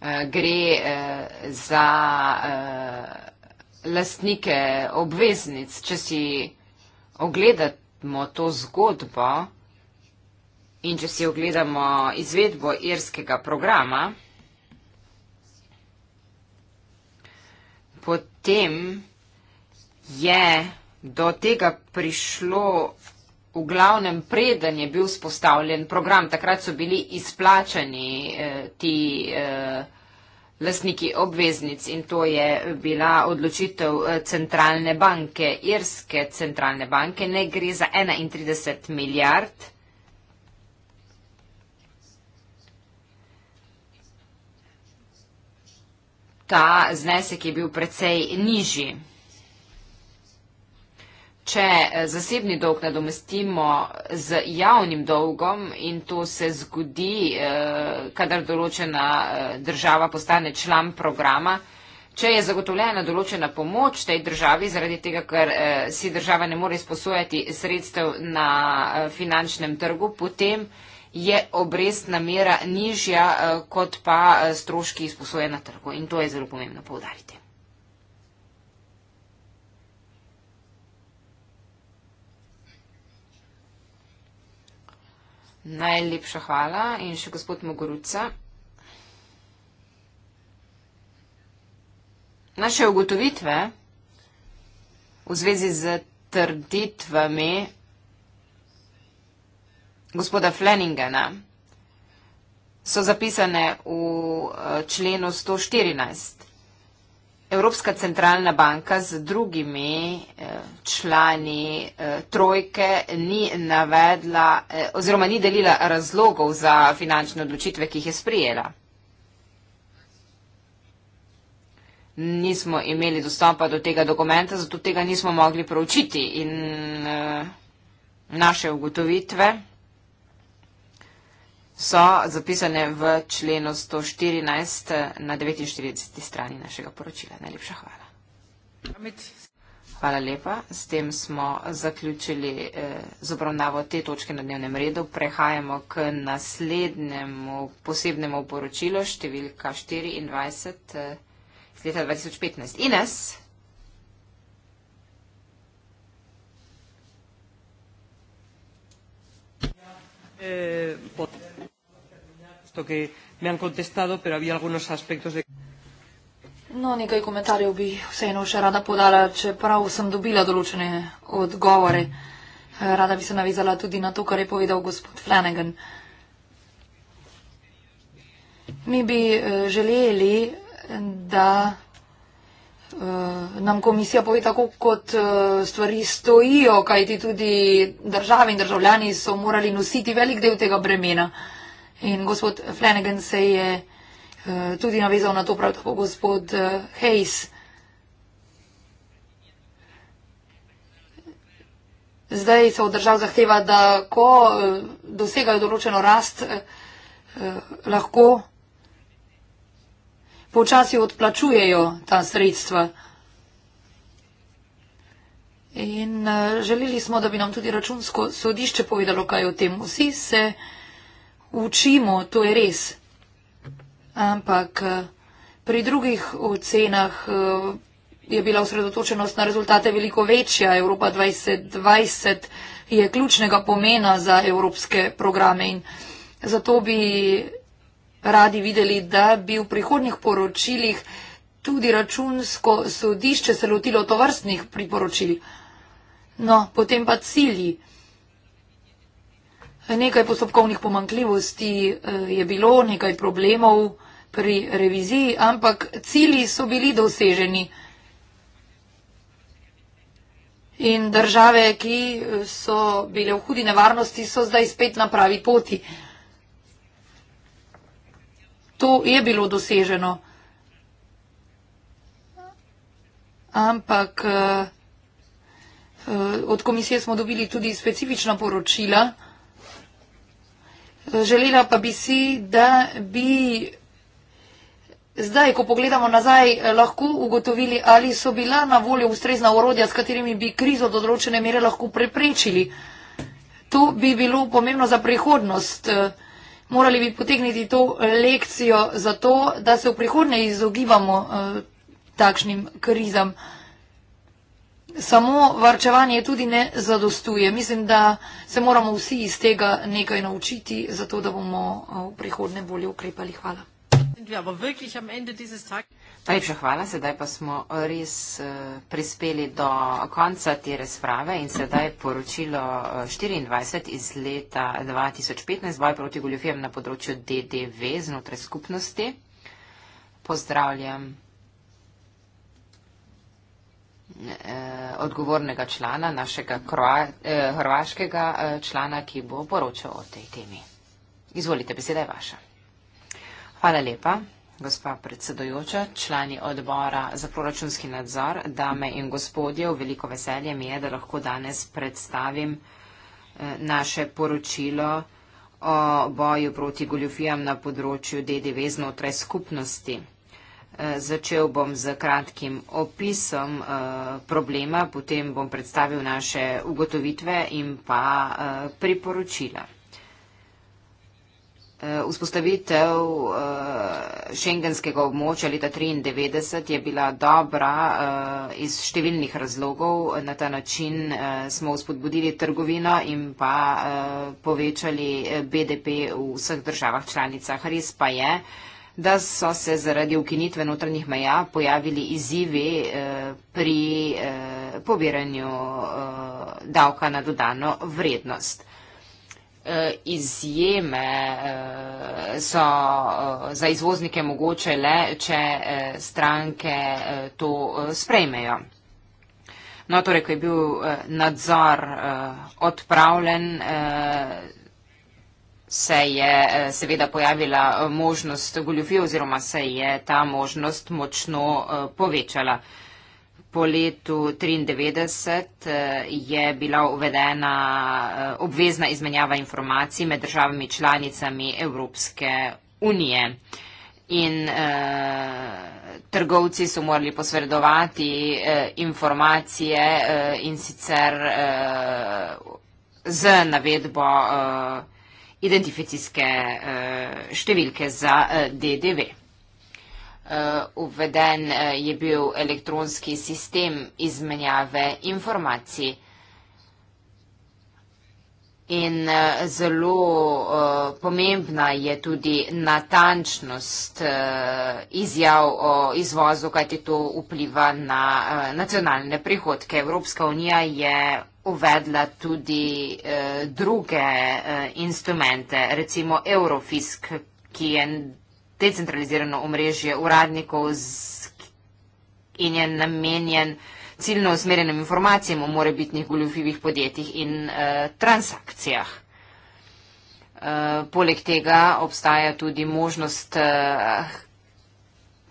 Eh, gre eh, za eh, lastnike obveznic. Če si ogledamo to zgodbo in če si ogledamo izvedbo irskega programa, potem je do tega prišlo v glavnem preden je bil spostavljen program. Takrat so bili izplačani eh, ti eh, lasniki obveznic in to je bila odločitev eh, centralne banke, irske centralne banke. Ne gre za 31 milijard. Ta znesek je bil precej nižji. Če eh, zasebni dolg nadomestimo z javnim dolgom in to se zgodi, eh, kadar določena eh, država postane član programa, če je zagotovljena določena pomoč tej državi zaradi tega, ker si država ne more izposojati sredstev na finančnem trgu, potem je obrestna mera nižja kot pa stroški izposoje na trgu. In to je zelo pomembno povdariti. Najlepša hvala in še gospod Mogoruca. Naše ugotovitve v zvezi z trditvami gospoda Fleningena so zapisane v eh, členu 114. Evropska centralna banka z drugimi eh, člani eh, trojke ni navedla eh, oziroma ni delila razlogov za finančne odločitve, ki jih je sprijela. Nismo imeli dostopa do tega dokumenta, zato tega nismo mogli proučiti in naše ugotovitve so zapisane v členu 114 na 49. strani našega poročila. Najlepša hvala. Hvala lepa. S tem smo zaključili eh, z obravnavo te točke na dnevnem redu. Prehajamo k naslednjemu posebnemu poročilu, številka 24 eh, iz eh, leta 2015. Ines. Eh, pot puesto que me han contestado, pero había algunos aspectos de. No, nekaj komentarjev bi vseeno še rada podala, čeprav sem dobila določene odgovore. Rada bi se navizala tudi na to, kar je povedal gospod Flanagan. Mi bi eh, želeli, da eh, nam komisija pove tako, kot eh, stvari stojijo, kajti tudi države in državljani so morali nositi velik del tega bremena. In gospod Flanagan se je uh, tudi navezal na to, prav tako gospod uh, Hayes. Zdaj se od držav zahteva, da ko uh, dosegajo določeno rast, uh, lahko počasi odplačujejo ta sredstva. In uh, želeli smo, da bi nam tudi računsko sodišče povedalo, kaj o tem. Vsi se uh, učimo, to je res. Ampak eh, pri drugih ocenah eh, je bila osredotočenost na rezultate veliko večja. Evropa 2020 je ključnega pomena za evropske programe in zato bi radi videli, da bi v prihodnjih poročilih tudi računsko sodišče se lotilo tovrstnih priporočil. No, potem pa cilji. Nekaj postopkovnih pomankljivosti eh, je bilo, nekaj problemov pri reviziji, ampak cili so bili doseženi. In države, ki eh, so bile v hudi nevarnosti, so zdaj spet na pravi poti. To je bilo doseženo. Ampak eh, od komisije smo dobili tudi specifična poročila. Želela pa bi si, da bi zdaj, ko pogledamo nazaj, lahko ugotovili, ali so bila na voljo ustrezna orodja, s katerimi bi krizo do določene mere lahko preprečili. To bi bilo pomembno za prihodnost. Morali bi potegniti to lekcijo za to, da se v prihodnje izogibamo eh, takšnim krizam samo varčevanje tudi ne zadostuje. Mislim, da se moramo vsi iz tega nekaj naučiti, zato da bomo eh, v prihodne bolje ukrepali. Hvala. Najlepša hvala, sedaj pa smo res eh, prispeli do konca te razprave in sedaj poročilo 24 eh, iz leta 2015, boj proti goljofijam na področju DDV znotraj skupnosti. Pozdravljam. Eh, odgovornega člana, našega kroa, eh, hrvaškega eh, člana, ki bo poročal o tej temi. Izvolite, beseda je vaša. Hvala lepa, gospa predsedojoča, člani odbora za proračunski nadzor, dame in gospodje, v veliko veselje mi je, da lahko danes predstavim eh, naše poročilo o boju proti goljufijam na področju DDV znotraj skupnosti. Eh, začel bom z kratkim opisom eh, problema, potem bom predstavil naše ugotovitve in pa eh, priporočila. Vzpostavitev šengenskega območja leta 1993 je bila dobra iz številnih razlogov. Na ta način smo vzpodbudili trgovino in pa povečali BDP v vseh državah članicah. Res pa je, da je da so se zaradi ukinitve notranjih meja pojavili izzivi eh, pri eh, pobiranju eh, davka na dodano vrednost. Izjeme so za izvoznike mogoče le, če stranke to sprejmejo. No, torej, ko je bil nadzor odpravljen, se je eh, seveda pojavila eh, možnost goljufije oziroma se je ta možnost močno eh, povečala. Po letu 1993 je bila uvedena obvezna izmenjava informacij med državami članicami Evropske unije. In eh, trgovci so morali posredovati eh, informacije eh, in sicer eh, z navedbo. Eh, identifikacijske eh, številke za eh, DDV. Eh, uveden je bil elektronski sistem izmenjave informacij in zelo pomembna je tudi natančnost izjav o izvozu, kajti to vpliva na nacionalne prihodke. Evropska unija je vpliva uvedla tudi eh, druge eh, instrumente, recimo Eurofisk, ki je decentralizirano omrežje uradnikov z, in je namenjen ciljno usmerjenim informacijam o morebitnih goljufivih podjetjih in eh, transakcijah. Eh, poleg tega obstaja tudi možnost. Eh,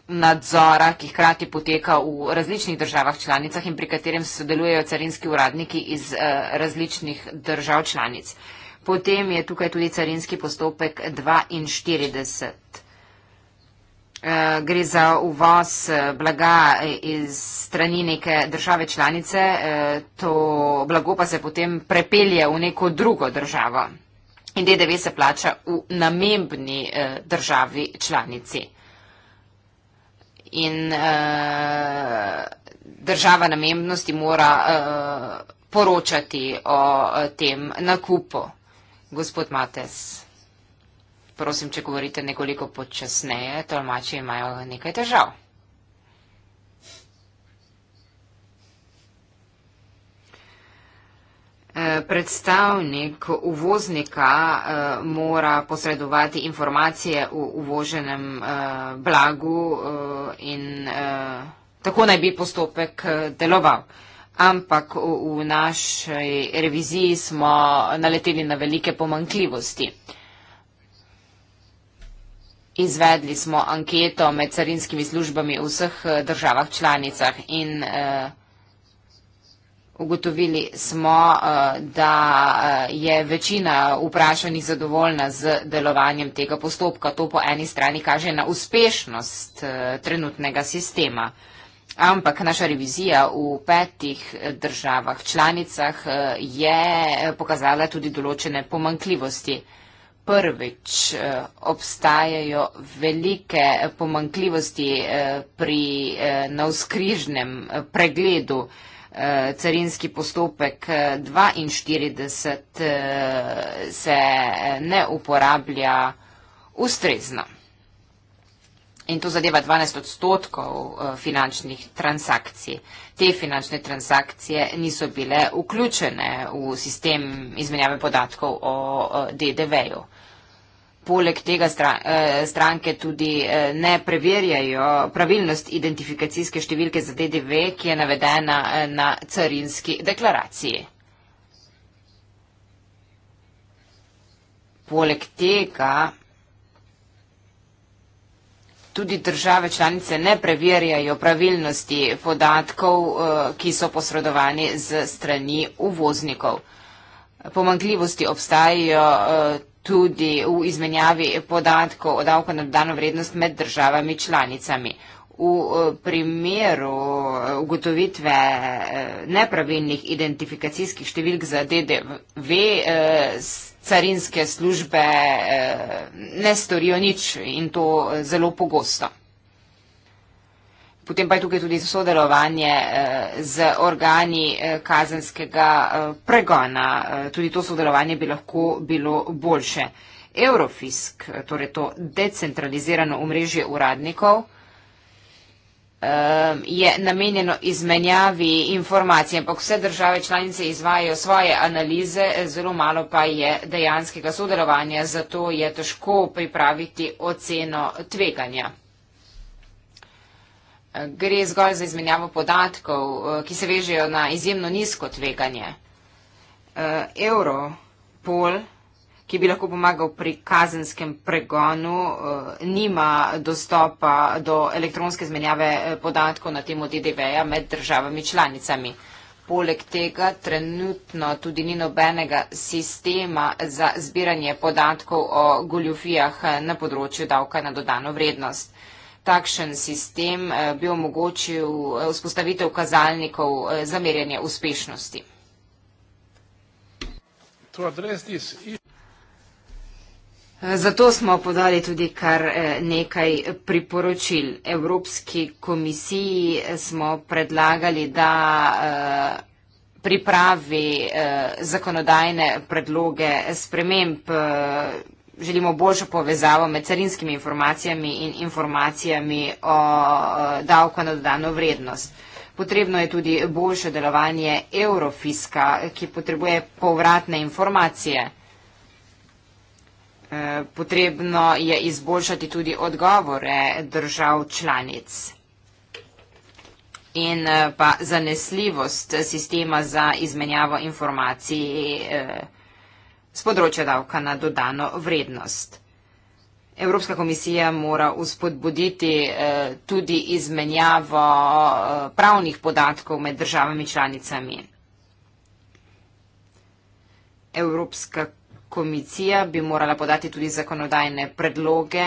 nadzora, ki hkrati poteka v različnih državah članicah in pri katerem sodelujejo carinski uradniki iz eh, različnih držav članic. Potem je tukaj tudi carinski postopek 42. Eh, gre za uvoz eh, blaga iz strani neke države članice, to blago pa se potem prepelje v neko drugo državo in DDV se plača v namembni državi članici in uh, država namembnosti mora uh, poročati o uh, tem nakupu. Gospod Mates, prosim, če govorite nekoliko počasneje, tolmači imajo nekaj težav. Eh, predstavnik uvoznika eh, mora posredovati informacije o uvoženem eh, blagu in tako naj bi postopek deloval. Ampak v naši reviziji smo naleteli na velike pomankljivosti. Izvedli smo anketo med carinskimi službami v vseh državah članicah in eh, Ugotovili smo, eh, da eh, je večina vprašanih zadovoljna z delovanjem tega postopka. To po eni strani kaže na uspešnost eh, trenutnega sistema. Ampak naša revizija v petih državah članicah je pokazala tudi določene pomankljivosti. Prvič obstajajo velike pomankljivosti pri navskrižnem pregledu Eh, carinski postopek 42 eh, eh, se ne uporablja ustrezno. In to zadeva 12 odstotkov finančnih transakcij. Te finančne transakcije niso bile vključene v sistem izmenjave podatkov o DDV-ju poleg tega eh, stranke tudi eh, ne preverjajo pravilnost identifikacijske številke za DDV, ki je navedena eh, na carinski deklaraciji. Poleg tega tudi države članice ne preverjajo pravilnosti podatkov, ki so posredovani z strani uvoznikov. Pomagljivosti obstajajo tudi tudi u izmenjavi podatkov o davku na dodano vrednost med državami članicami. V eh, primeru eh, ugotovitve eh, nepravilnih identifikacijskih številk za DDV carinske službe ne storijo nič in to zelo pogosto. Potem pa je tukaj tudi sodelovanje eh, z organi eh, kazenskega eh, pregona. Tudi to sodelovanje bi lahko bilo boljše. Eurofisk, torej to decentralizirano umrežje uradnikov, je namenjeno izmenjavi informacij, ampak vse države članice izvajajo svoje analize, zelo malo pa je dejanskega sodelovanja, zato je težko pripraviti oceno tveganja gre zgolj za izmenjavo podatkov, eh, ki se vežejo na izjemno nizko tveganje. Eh, Europol, ki bi lahko pomagal pri kazenskem pregonu, eh, nima dostopa do elektronske izmenjave podatkov na temo DDV-ja med državami članicami. Poleg tega trenutno tudi ni nobenega sistema za zbiranje podatkov o goljufijah na področju davka na dodano vrednost takšen sistem eh, bi omogočil eh, vzpostavitev kazalnikov eh, za merjanje uspešnosti. Zato smo podali tudi kar nekaj priporočil. Evropski komisiji smo predlagali, da pripravi zakonodajne predloge sprememb želimo boljšo povezavo med carinskimi informacijami in informacijami o davku na dodano vrednost. Potrebno je tudi boljše delovanje eurofiska, ki potrebuje povratne informacije. E, potrebno je izboljšati tudi odgovore držav članic in e, pa zanesljivost sistema za izmenjavo informacij. E, s področja davka na dodano vrednost. Evropska komisija mora uspodbuditi eh, tudi izmenjavo eh, pravnih podatkov med državami članicami. Evropska komisija bi morala podati tudi zakonodajne predloge,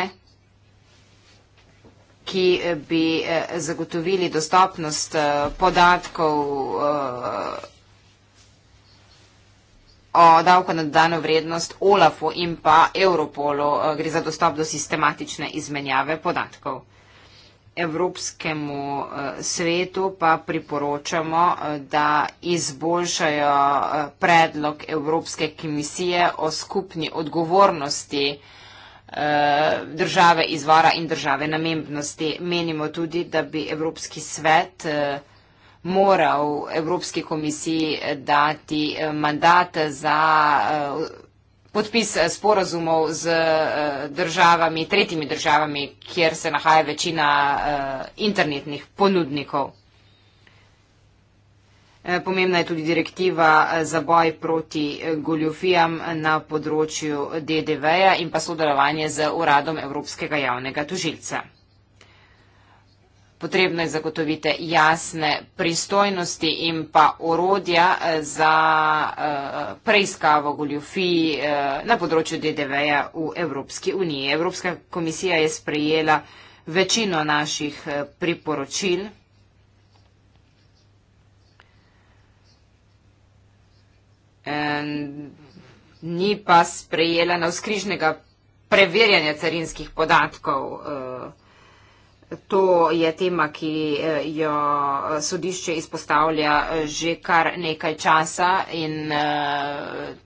ki eh, bi eh, zagotovili dostopnost eh, podatkov. Eh, o davku na dodano vrednost OLAF-u in pa Europolu. Eh, gre za dostop do sistematične izmenjave podatkov. Evropskemu eh, svetu pa priporočamo, eh, da izboljšajo predlog Evropske komisije o skupni odgovornosti države izvora in države namembnosti. Menimo tudi, da bi Evropski svet moral Evropski komisiji dati eh, mandat za eh, podpis eh, sporozumov z državami, tretjimi državami, kjer se nahaja večina internetnih ponudnikov. Pomembna je tudi direktiva za boj proti goljofijam na področju DDV-ja in pa sodelovanje z uradom Evropskega javnega tužilca. Potrebno je zagotoviti jasne pristojnosti in pa orodja eh, za eh, preiskavo goljofij eh, na področju DDV-ja v Evropski uniji. Evropska komisija je sprejela večino naših priporočil. Ni pa sprejela na vzkrižnega preverjanja carinskih podatkov vsega. To je tema, ki eh, jo eh, sodišče izpostavlja eh, že kar nekaj časa in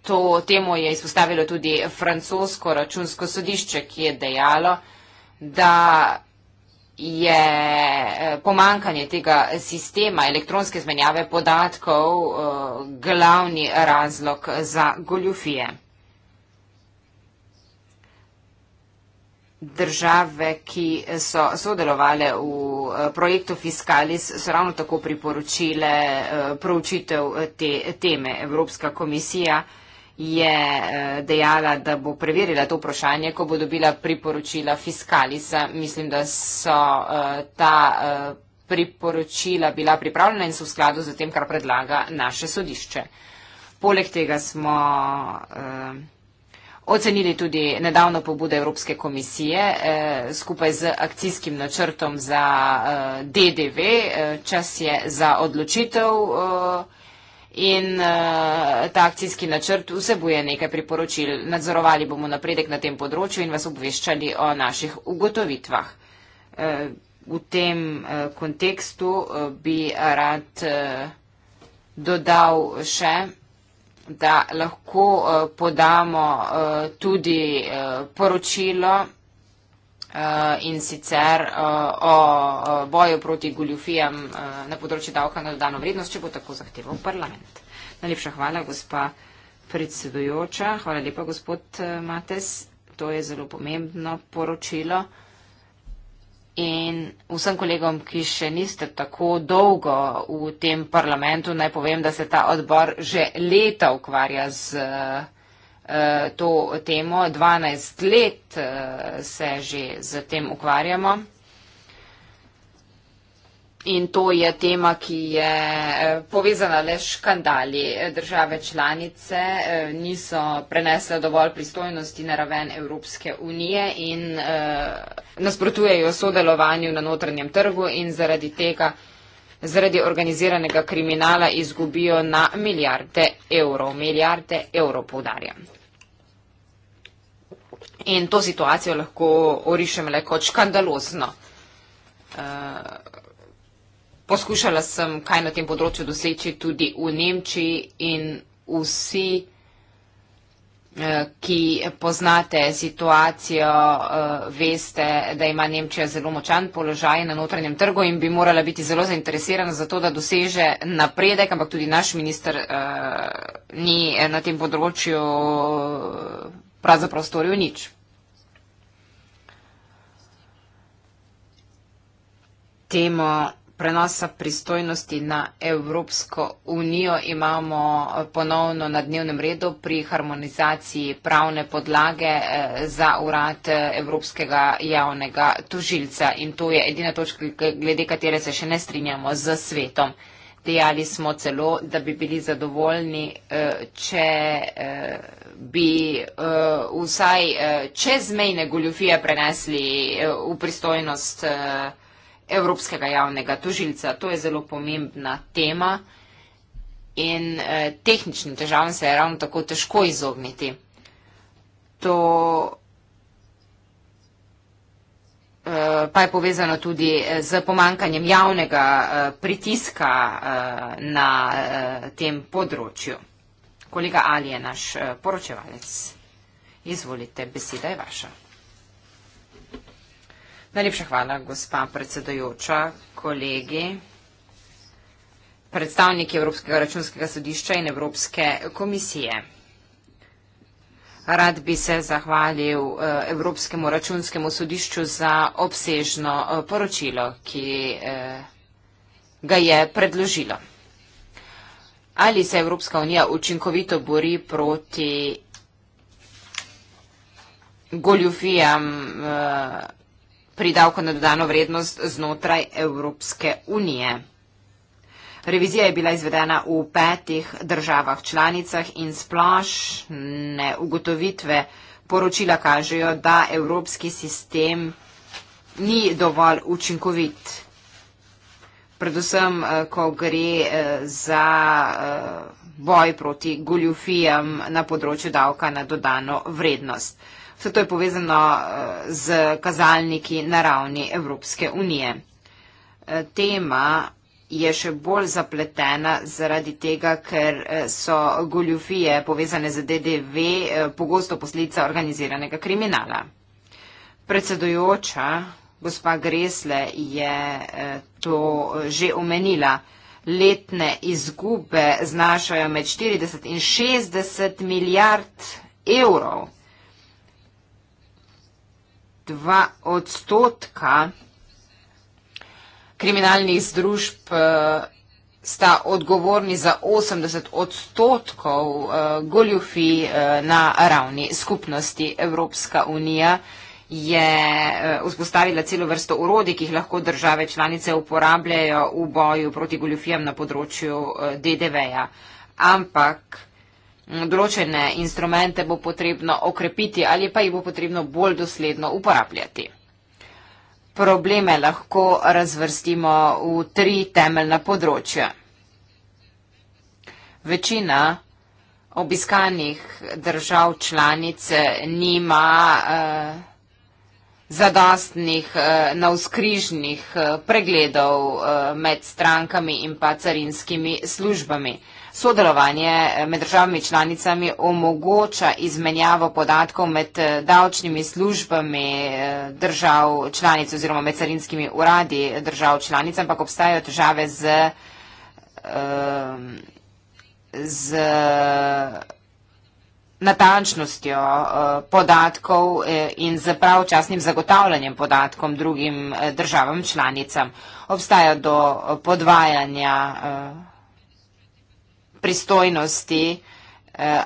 to temo je izpostavilo tudi francosko računsko sodišče, ki je dejalo, da je pomankanje tega sistema elektronske zmenjave podatkov glavni razlog za goljufije. države, ki so sodelovali v eh, projektu Fiscalis, so ravno tako priporočile eh, proučitev eh, te teme. Evropska komisija je dejala, da bo preverila to vprašanje, ko bo dobila priporočila Fiscalisa. Mislim, da so ta priporočila bila pripravljena in so v skladu z tem, kar predlaga naše sodišče. Poleg tega smo. Uh, ocenili tudi nedavno pobude Evropske komisije eh, skupaj z akcijskim načrtom za eh, DDV. Eh, čas je za odločitev eh, in eh, ta akcijski načrt vsebuje nekaj priporočil. Nadzorovali bomo napredek na tem področju in vas obveščali o naših ugotovitvah. Eh, v tem eh, kontekstu eh, bi rad eh, dodal še da lahko uh, podamo uh, tudi uh, poročilo uh, in sicer uh, o boju proti goljufijam uh, na področju davka na dodano vrednost, če bo tako zahteval parlament. Najlepša hvala, gospa predsedujoča. Hvala lepa, gospod Mates. To je zelo pomembno poročilo. In vsem kolegom, ki še niste tako dolgo v tem parlamentu, naj povem, da se ta odbor že leta ukvarja z eh, to temo. 12 let eh, se že z tem ukvarjamo. In to je tema, ki je eh, povezana le s škandali. Države članice eh, niso prenesle dovolj pristojnosti na raven Evropske unije in eh, nasprotujejo sodelovanju na notranjem trgu in zaradi tega, zaradi organiziranega kriminala, izgubijo na milijarde evrov. Milijarde evrov poudarjam. In to situacijo lahko orišem le kot škandalozno poskušala sem kaj na tem področju doseči tudi v Nemčiji in vsi, eh, ki poznate situacijo, eh, veste, da ima Nemčija zelo močan položaj na notranjem trgu in bi morala biti zelo zainteresirana za to, da doseže napredek, ampak tudi naš minister eh, ni na tem področju pravzaprav storil nič. Temo prenosa pristojnosti na Evropsko unijo imamo eh, ponovno na dnevnem redu pri harmonizaciji pravne podlage eh, za urad eh, Evropskega javnega tožilca. In to je edina točka, glede katere se še ne strinjamo z svetom. Dejali smo celo, da bi bili zadovoljni, če bi vsaj čezmejne goljufije prenesli v pristojnost Evropskega javnega tožilca. To je zelo pomembna tema in eh, tehničnim težavam se je ravno tako težko izogniti. To eh, pa je povezano tudi z eh, pomankanjem javnega eh, pritiska eh, na eh, tem področju. Kolega Ali je naš eh, poročevalec. Izvolite, beseda je vaša. Najlepša hvala, gospa predsedojoča, kolegi, predstavniki Evropskega računskega sodišča in Evropske komisije. Rad bi se zahvalil eh, Evropskemu računskemu sodišču za obsežno eh, poročilo, ki eh, ga je predložilo. Ali se Evropska unija učinkovito bori proti goljufijam vsega, pri davku na dodano vrednost znotraj Evropske unije. Revizija je bila izvedena v petih državah članicah in splošne ugotovitve poročila kažejo, da evropski sistem ni dovolj učinkovit predvsem eh, ko gre eh, za eh, boj proti goljufijam na področju davka na dodano vrednost. Vse to je povezano z kazalniki na ravni Evropske unije. Tema je še bolj zapletena zaradi tega, ker so goljufije povezane z DDV pogosto posledica organiziranega kriminala. Predsedujoča Gospa Gresle je eh, to eh, že omenila. Letne izgube znašajo med 40 in 60 milijard evrov. Dva odstotka kriminalnih združb eh, sta odgovorni za 80 odstotkov goljufi na ravni skupnosti Evropska unija je eh, vzpostavila celo vrsto urodij, ki jih lahko države članice uporabljajo v boju proti goljufijam na področju eh, DDV-ja. Ampak mm, določene instrumente bo potrebno okrepiti ali pa jih bo potrebno bolj dosledno uporabljati. Probleme lahko razvrstimo v tri temeljna področja. Večina obiskanih držav članice nima eh, zadostnih eh, navskrižnih eh, pregledov eh, med strankami in pa carinskimi službami. Sodelovanje med državami članicami omogoča izmenjavo podatkov med davčnimi službami držav članic oziroma med carinskimi uradi držav članic, ampak obstajajo težave z, z natančnostjo eh, podatkov eh, in z pravočasnim zagotavljanjem podatkom drugim eh, državam članicam. Obstaja do podvajanja pristojnosti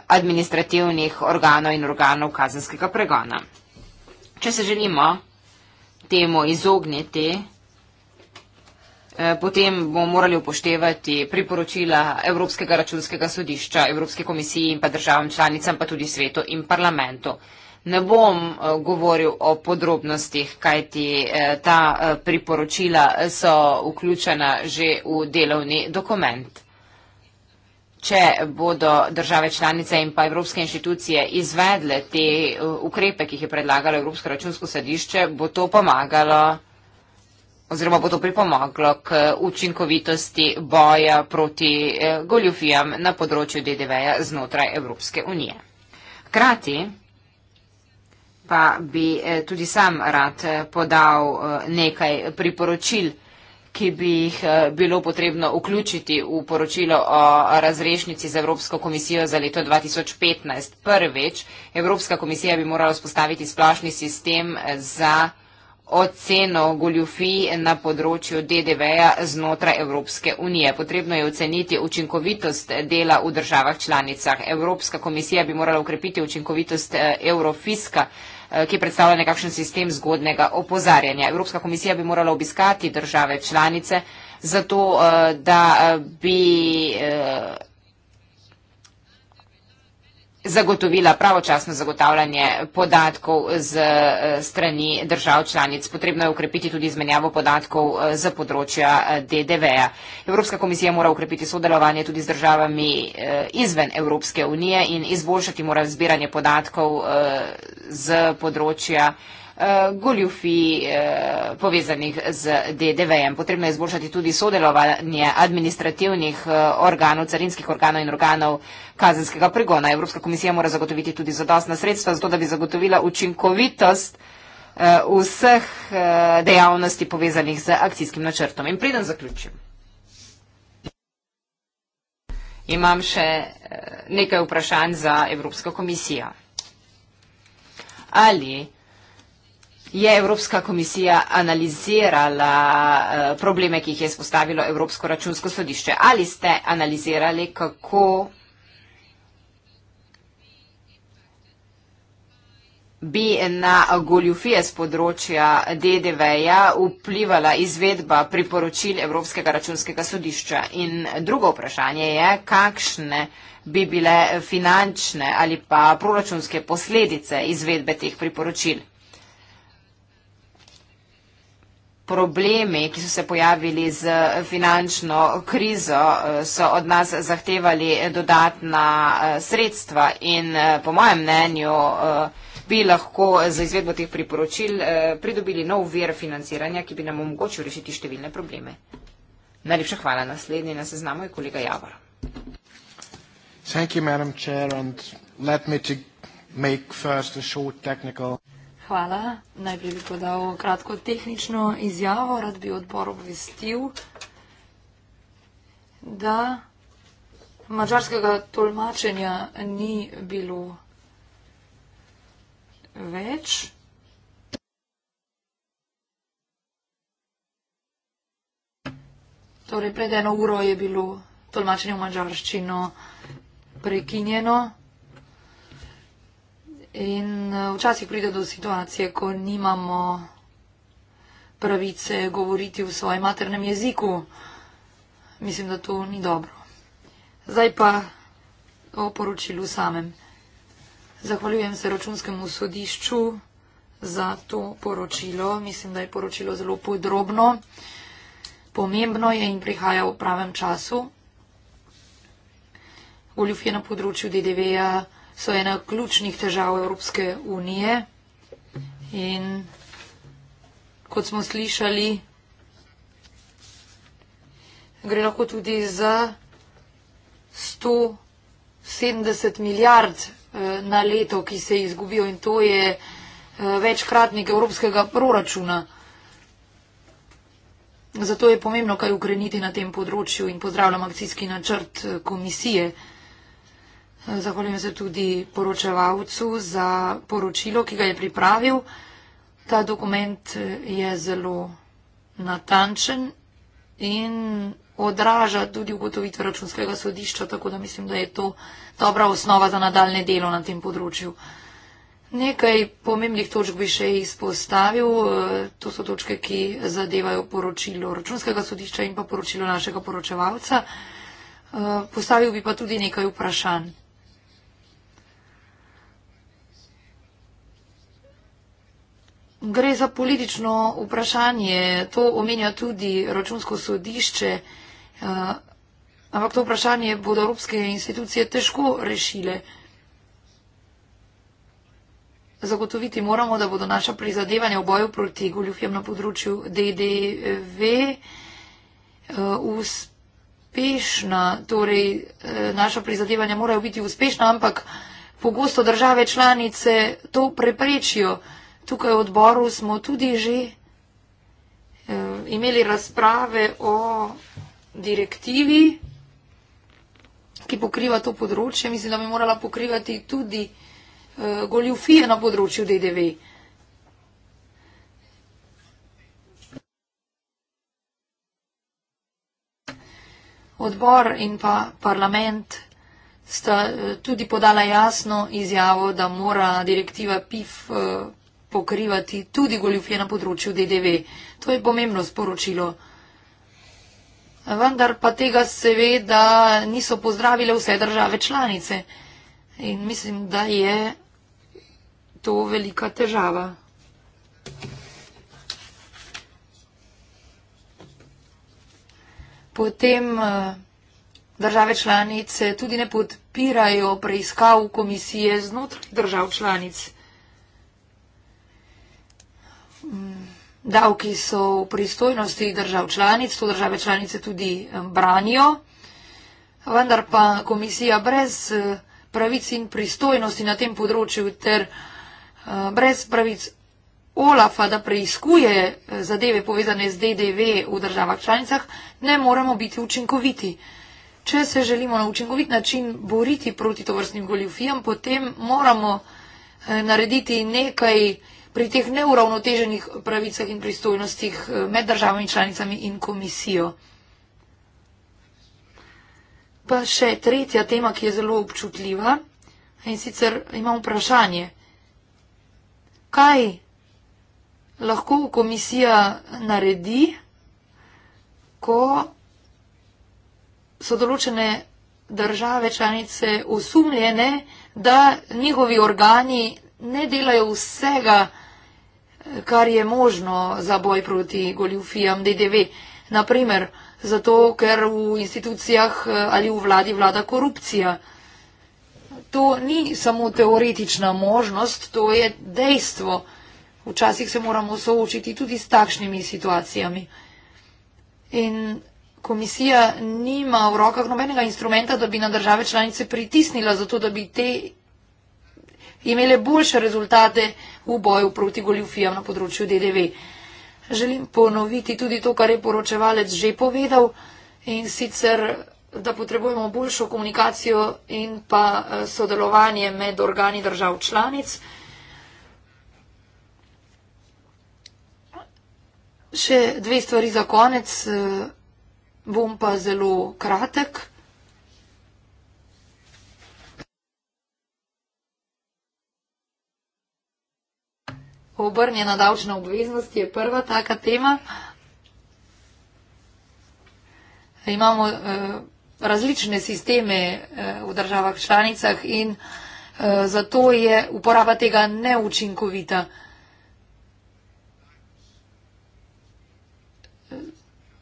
administrativnih organov in organov kazenskega pregona. Če se želimo temu izogniti, Eh, potem bomo morali upoštevati priporočila Evropskega računskega sodišča, Evropske komisije in pa državam članicam, pa tudi svetu in parlamentu. Ne bom eh, govoril o podrobnostih, kajti eh, ta priporočila so vključena že v delovni dokument. Če bodo države članice in pa evropske inštitucije izvedle te ukrepe, ki jih je predlagalo Evropsko računsko sodišče, bo to pomagalo oziroma bodo pripomoglo k eh, učinkovitosti boja proti eh, goljufijam na področju DDV-ja znotraj Evropske unije. Hkrati pa bi eh, tudi sam rad podal nekaj priporočil, ki bi jih bilo potrebno vključiti v poročilo o razrešnici z Evropsko komisijo za leto 2015. Prvič, Evropska komisija bi morala spostaviti splošni sistem za oceno goljufij na področju DDV-ja znotraj Evropske unije. Potrebno je oceniti učinkovitost dela v državah članicah. Evropska komisija bi morala ukrepiti učinkovitost eh, eurofiska eh, ki predstavlja nekakšen sistem zgodnega opozarjanja. Evropska komisija bi morala obiskati države članice, zato eh, da bi zagotovila pravočasno zagotavljanje podatkov z eh, strani držav članic. Potrebno je ukrepiti tudi izmenjavo podatkov eh, z področja eh, DDV-ja. Evropska komisija mora ukrepiti sodelovanje tudi z državami izven Evropske unije in izboljšati mora zbiranje podatkov z področja DDV-ja. Eh, goljufij eh, povezanih z DDV-jem. Potrebno je izboljšati tudi sodelovanje administrativnih eh, organov, carinskih organov in organov kazenskega pregona. Evropska komisija mora zagotoviti tudi zadostna sredstva, zato da bi zagotovila učinkovitost vseh dejavnosti povezanih z akcijskim načrtom. In preden zaključim. Imam še nekaj vprašanj za Evropsko komisijo. Ali je Evropska komisija analizirala eh, probleme, ki jih je spostavilo Evropsko računsko sodišče. Ali ste analizirali, kako bi na goljufije z področja DDV-ja vplivala izvedba priporočil Evropskega računskega sodišča. In drugo vprašanje je, kakšne bi bile finančne ali pa proračunske posledice izvedbe teh priporočil. problemi, ki so se pojavili z finančno krizo, eh, so od nas zahtevali dodatna eh, sredstva in eh, po mojem mnenju bi lahko za izvedbo teh priporočil pridobili nov vir financiranja, ki bi nam omogočil rešiti številne probleme. Najlepša hvala. Naslednji na seznamu je kolega Javor. Thank you, Madam Chair, and let me to make first a short technical. Hvala. Najprej bi podal kratko tehnično izjavo. Rad bi odbor obvestil, da mačarskega tolmačenja ni bilo več. Torej, pred eno uro je bilo tolmačenje v mačarščino prekinjeno. In eh, včasih pride do situacije, ko nimamo pravice govoriti v svojem maternem jeziku. Mislim, da to ni dobro. Zdaj pa o poročilu samem. Zahvaljujem se računskemu sodišču za to poročilo. Mislim, da je poročilo zelo podrobno, pomembno je in prihaja v pravem času. Goljufje na področju DDV-ja so ena ključnih težav Evropske unije. In kot smo slišali, gre lahko tudi za 170 milijard eh, na leto, ki se izgubijo in to je eh, večkratnik evropskega proračuna. Zato je pomembno kaj ukreniti na tem področju in pozdravljam akcijski načrt eh, komisije. Zahvaljujem se tudi poročevalcu za poročilo, ki ga je pripravil. Ta dokument eh, je zelo natančen in odraža tudi ugotovitve računskega sodišča, tako da mislim, da je to dobra osnova za nadaljne delo na tem področju. Nekaj pomembnih točk bi še izpostavil. Eh, to so točke, ki zadevajo poročilo računskega sodišča in pa poročilo našega poročevalca. Eh, postavil bi pa tudi nekaj vprašanj. Gre za politično vprašanje, to omenja tudi računsko sodišče, eh, ampak to vprašanje bodo evropske institucije težko rešile. Zagotoviti moramo, da bodo naša prizadevanja v boju proti goljufjem na področju DDV eh, uspešna, torej eh, naša prizadevanja morajo biti uspešna, ampak pogosto države članice to preprečijo. Tukaj v odboru smo tudi že eh, imeli razprave o direktivi, ki pokriva to področje. Mislim, da bi morala pokrivati tudi eh, goljufije na področju DDV. Odbor in pa parlament sta eh, tudi podala jasno izjavo, da mora direktiva PIF pokriva pokrivati tudi goljufje na področju DDV. To je pomembno sporočilo. Vendar pa tega seveda niso pozdravile vse države članice. In mislim, da je to velika težava. Potem eh, države članice tudi ne podpirajo preiskav komisije znotraj držav članic. Mm. davki so v pristojnosti držav članic, to države članice tudi eh, branijo, vendar pa komisija brez eh, pravic in pristojnosti na tem področju ter eh, brez pravic OLAFA, da preiskuje zadeve povezane z DDV v državah članicah, ne moremo biti učinkoviti. Če se želimo na učinkovit način boriti proti tovrstnim goljufijam, potem moramo narediti nekaj uh, pri teh neuravnoteženih pravicah in pristojnostih eh, med državami članicami in komisijo. Pa še tretja tema, ki je zelo občutljiva in sicer imam vprašanje, kaj lahko komisija naredi, ko so določene države članice osumljene, da njihovi organi ne delajo vsega, kar je možno za boj proti goljufijam DDV. Naprimer, zato ker v institucijah eh, ali v vladi vlada korupcija. To ni samo teoretična možnost, to je dejstvo. Včasih se moramo soočiti tudi s takšnimi situacijami. In komisija nima v rokah nobenega instrumenta, da bi na države članice pritisnila, zato da bi te imele boljše rezultate, v boju proti goljufijam na področju DDV. Želim ponoviti tudi to, kar je poročevalec že povedal in sicer, da potrebujemo boljšo komunikacijo in pa eh, sodelovanje med organi držav članic. Še dve stvari za konec, eh, bom pa zelo kratek. obrnjena davčna obveznost je prva taka tema. Imamo eh, različne sisteme eh, v državah članicah in eh, zato je uporaba tega neučinkovita.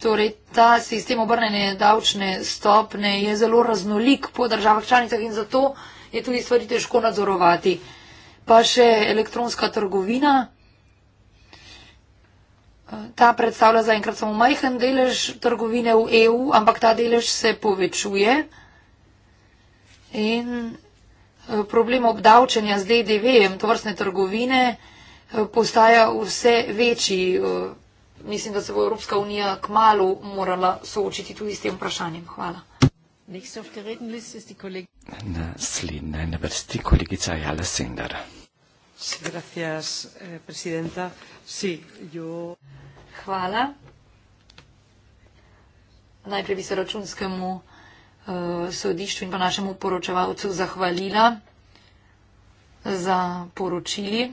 Torej, ta sistem obrnjene davčne stopne je zelo raznolik po državah članicah in zato je tudi stvari težko nadzorovati. Eh, pa še elektronska trgovina. Eh, ta predstavlja zaenkrat samo majhen delež trgovine v EU, ampak ta delež se povečuje. In eh, problem obdavčenja z DDV-jem tovrstne trgovine eh, postaja vse večji. Mislim, da se bo Evropska unija kmalo morala soočiti tudi s tem vprašanjem. Hvala. Naslednja na vrsti kolegica Jala Sendar. Eh, Hvala. Najprej bi se računskemu uh, sodišču in pa našemu poročevalcu zahvalila za poročili.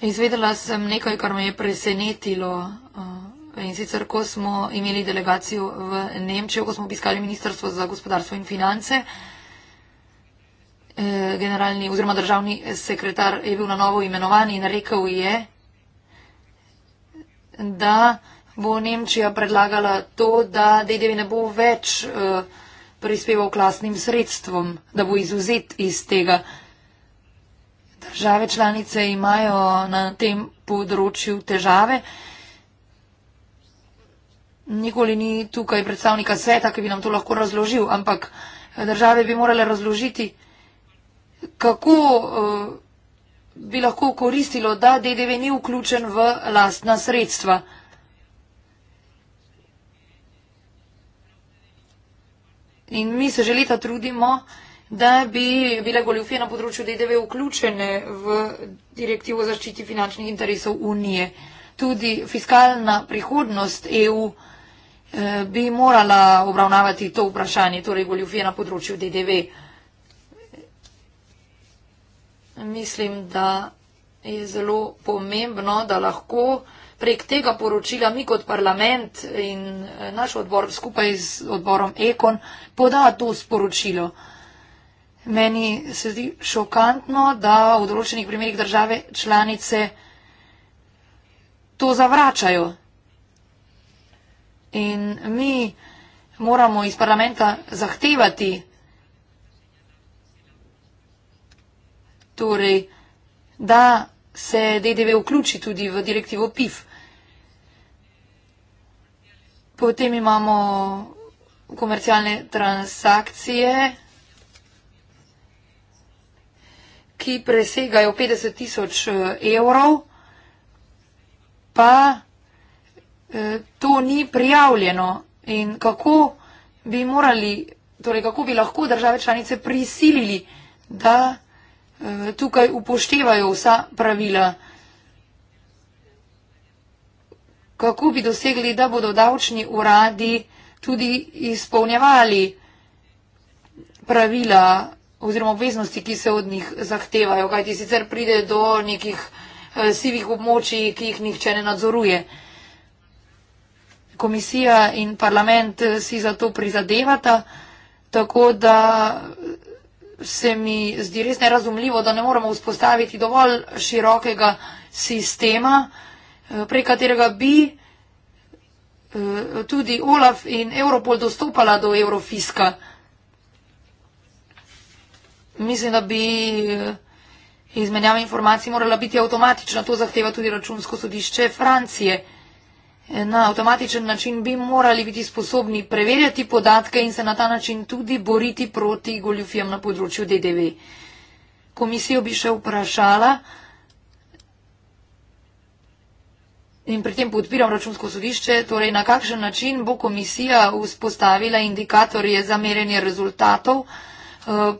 Izvedela sem nekaj, kar me je presenetilo. Uh, In sicer, ko smo imeli delegacijo v Nemčijo, ko smo obiskali Ministrstvo za gospodarstvo in finance, eh, generalni oziroma državni sekretar je bil na novo imenovan in rekel je, da bo Nemčija predlagala to, da DDV ne bo več eh, prispeval k lastnim sredstvom, da bo izuzet iz tega. Države članice imajo na tem področju težave. Nikoli ni tukaj predstavnika sveta, ki bi nam to lahko razložil, ampak države bi morale razložiti, kako eh, bi lahko koristilo, da DDV ni vključen v lastna sredstva. In mi se že leta trudimo, da bi bile goljufije na področju DDV vključene v direktivo zaščiti finančnih interesov Unije. Tudi fiskalna prihodnost EU. Eh, bi morala obravnavati to vprašanje, torej goljufije na področju DDV. Mislim, da je zelo pomembno, da lahko prek tega poročila mi kot parlament in eh, naš odbor skupaj z odborom Ekon poda to sporočilo. Meni se zdi šokantno, da v določenih primerih države članice to zavračajo. In mi moramo iz parlamenta zahtevati torej, da se DDV vključi tudi v direktivo PIF. Potem imamo komercialne transakcije, ki presegajo 50 tisoč eh, evrov, pa Eh, to ni prijavljeno in kako bi morali, torej kako bi lahko države članice prisilili, da eh, tukaj upoštevajo vsa pravila, kako bi dosegli, da bodo davčni uradi tudi izpolnjevali pravila oziroma obveznosti, ki se od njih zahtevajo, kajti sicer pride do nekih eh, sivih območij, ki jih nihče ne nadzoruje komisija in parlament eh, si za to prizadevata, tako da eh, se mi zdi res nerazumljivo, da ne moramo vzpostaviti dovolj širokega sistema, eh, prek katerega bi tudi Olaf in Europol dostopala do Eurofiska. Mislim, da bi izmenjava informacij morala biti avtomatična, to zahteva tudi računsko sodišče Francije na avtomatičen način bi morali biti sposobni preverjati podatke in se na ta način tudi boriti proti goljufijam na področju DDV. Komisijo bi še vprašala in pri tem podpiram računsko sodišče, torej na kakšen način bo komisija vzpostavila indikatorje za merenje rezultatov eh,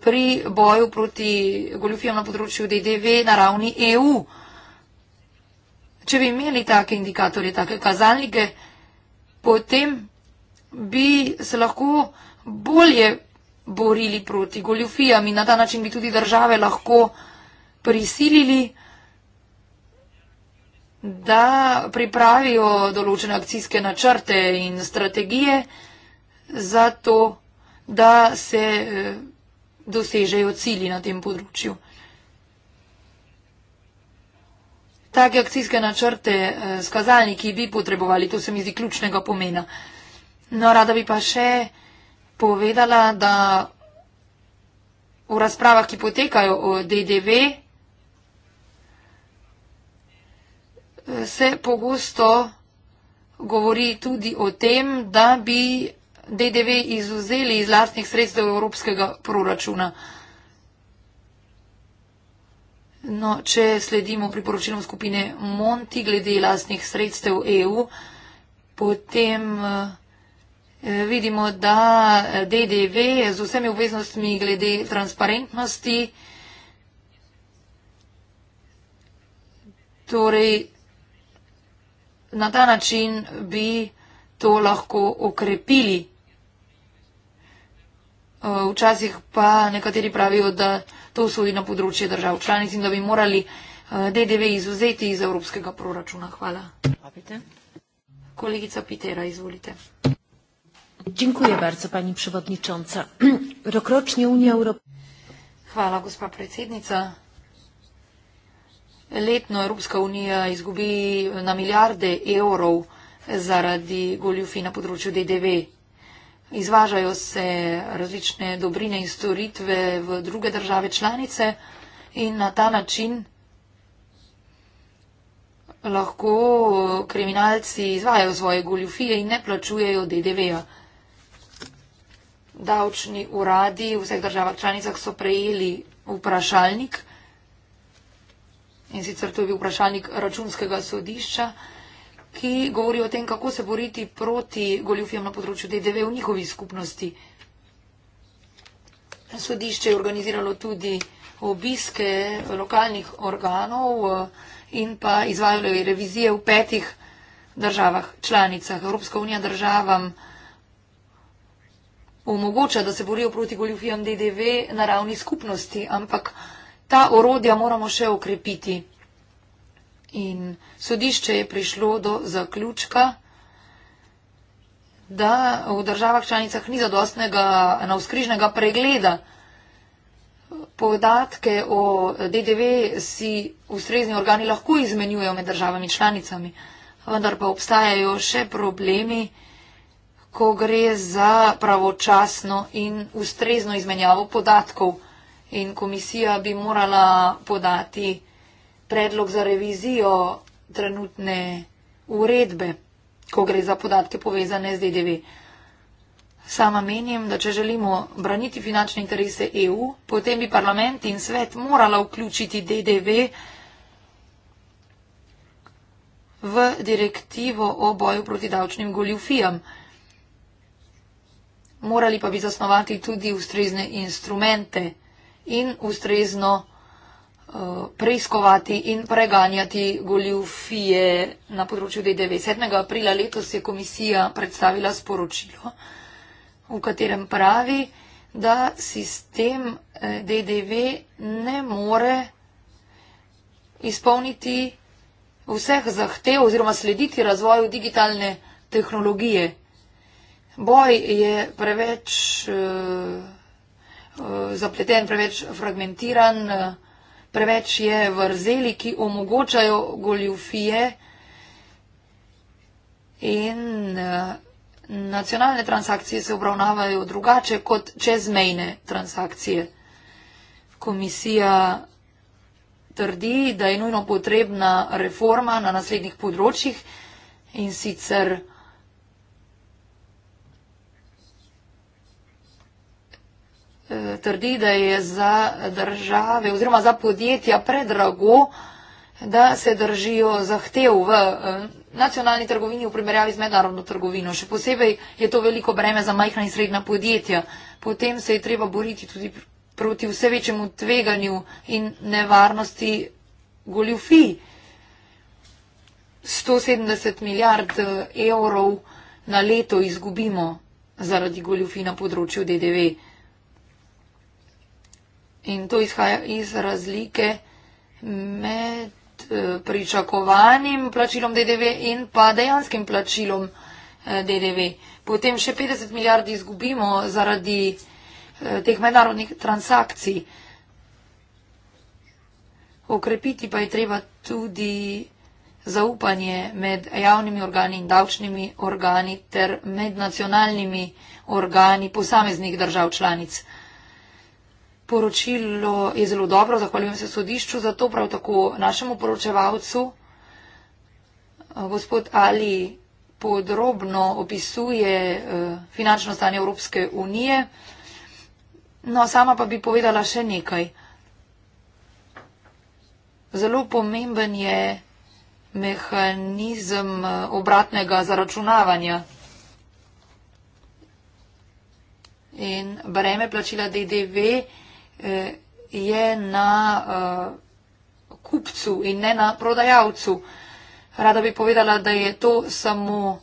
pri boju proti goljufijam na področju DDV na ravni EU če bi imeli take indikatorje, take kazalnike, potem bi se lahko bolje borili proti goljufijam in na ta način bi tudi države lahko prisilili, da pripravijo določene akcijske načrte in strategije za to, da se eh, dosežejo cilji na tem področju. take akcijske načrte eh, s kazalniki bi potrebovali, to se mi zdi ključnega pomena. No, rada bi pa še povedala, da v razpravah, ki potekajo o DDV, eh, se pogosto govori tudi o tem, da bi DDV izuzeli iz lastnih sredstev evropskega proračuna. No, če sledimo priporočilom skupine Monti glede lastnih sredstev EU, potem eh, vidimo, da DDV z vsemi obveznostmi glede transparentnosti, torej na ta način bi to lahko okrepili. Eh, včasih pa nekateri pravijo, da to usodi na področje držav članic in da bi morali eh, DDV izuzeti iz evropskega proračuna. Hvala. Apite. Kolegica Pitera, izvolite. Dziękuję bardzo, pani przewodnicząca. Rokrocznie Unia Europejska. Hvala, gospa predsednica. Letno Evropska unija izgubi na milijarde evrov zaradi goljufi na področju DDV. Izvažajo se različne dobrine in storitve v druge države članice in na ta način lahko eh, kriminalci izvajajo svoje goljufije in ne plačujejo DDV-ja. Davčni uradi v vseh državah članicah so prejeli vprašalnik in sicer to je bil vprašalnik računskega sodišča ki govori o tem, kako se boriti proti goljufijam na področju DDV v njihovi skupnosti. Sodišče je organiziralo tudi obiske lokalnih organov eh, in pa izvajalo je revizije v petih državah članicah. Evropska unija državam omogoča, da se borijo proti goljufijam DDV na ravni skupnosti, ampak ta orodja moramo še okrepiti. In sodišče je prišlo do zaključka, da v državah članicah ni zadostnega navskrižnega pregleda. Podatke o DDV si ustrezni organi lahko izmenjujejo med državami članicami, vendar pa obstajajo še problemi, ko gre za pravočasno in ustrezno izmenjavo podatkov. In komisija bi morala podati predlog za revizijo trenutne uredbe, ko gre za podatke povezane z DDV. Sama menim, da če želimo braniti finančne interese EU, potem bi parlament in svet morala vključiti DDV v direktivo o boju proti davčnim goljufijam. Morali pa bi zasnovati tudi ustrezne instrumente in ustrezno Eh, preiskovati in preganjati goljufije na področju DDV. 7. aprila letos je komisija predstavila sporočilo, v katerem pravi, da sistem eh, DDV ne more izpolniti vseh zahtev oziroma slediti razvoju digitalne tehnologije. Boj je preveč uh, uh, zapleten, preveč fragmentiran. Uh, preveč je vrzeli, ki omogočajo goljufije in eh, nacionalne transakcije se obravnavajo drugače kot čezmejne transakcije. Komisija trdi, da je nujno potrebna reforma na naslednjih področjih in sicer. trdi, da je za države oziroma za podjetja predrago, da se držijo zahtev v eh, nacionalni trgovini v primerjavi z mednarodno trgovino. Še posebej je to veliko breme za majhna in srednja podjetja. Potem se je treba boriti tudi proti vse večjemu tveganju in nevarnosti goljufi. 170 milijard eh, evrov na leto izgubimo zaradi goljufi na področju DDV. In to izhaja iz razlike med eh, pričakovanim plačilom DDV in pa dejanskim plačilom eh, DDV. Potem še 50 milijard izgubimo zaradi eh, teh mednarodnih transakcij. Okrepiti pa je treba tudi zaupanje med javnimi organi in davčnimi organi ter med nacionalnimi organi posameznih držav članic poročilo je zelo dobro, zahvaljujem se sodišču za to, prav tako našemu poročevalcu. Gospod Ali podrobno opisuje eh, finančno stanje Evropske unije. No, sama pa bi povedala še nekaj. Zelo pomemben je mehanizem eh, obratnega zaračunavanja in breme plačila DDV. Eh, je na uh, kupcu in ne na prodajalcu. Rada bi povedala, da je to samo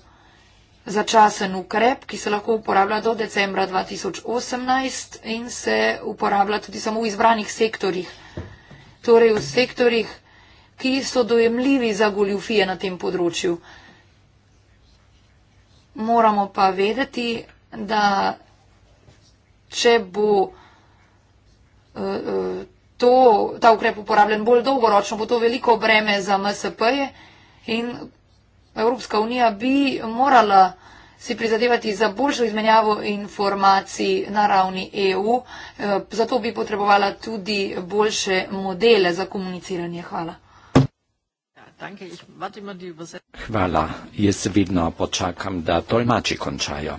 začasen ukrep, ki se lahko uporablja do decembra 2018 in se uporablja tudi samo v izbranih sektorjih. Torej v sektorjih, ki so dojemljivi za goljufije na tem področju. Moramo pa vedeti, da če bo to, ta ukrep uporabljen bolj dolgoročno, bo to veliko breme za MSP-je in Evropska unija bi morala si prizadevati za boljšo izmenjavo informacij na ravni EU, eh, zato bi potrebovala tudi boljše modele za komuniciranje. Hvala. Hvala. Jaz vedno počakam, da tolmači končajo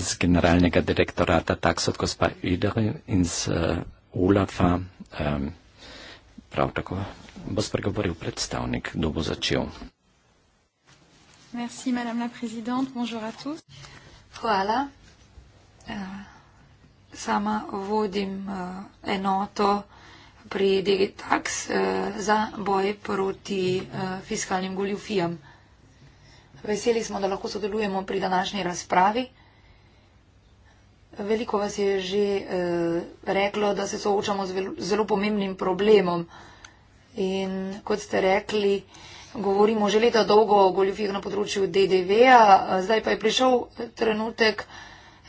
z generalnega direktorata Taksot, gospa Idri in z ULAF-a. Eh, prav tako bo spregovoril predstavnik, kdo bo začel. Merci, madame la présidente. Bonjour à tous. Hvala. Eh, sama vodim eh, enoto pri Digitax za boj proti fiskalnim goljufijam. Veseli smo, da lahko sodelujemo pri današnji razpravi. Veliko vas je že eh, reklo, da se soočamo z zelo pomembnim problemom. In kot ste rekli, govorimo že leta dolgo o goljufih na področju DDV-a, zdaj pa je prišel trenutek,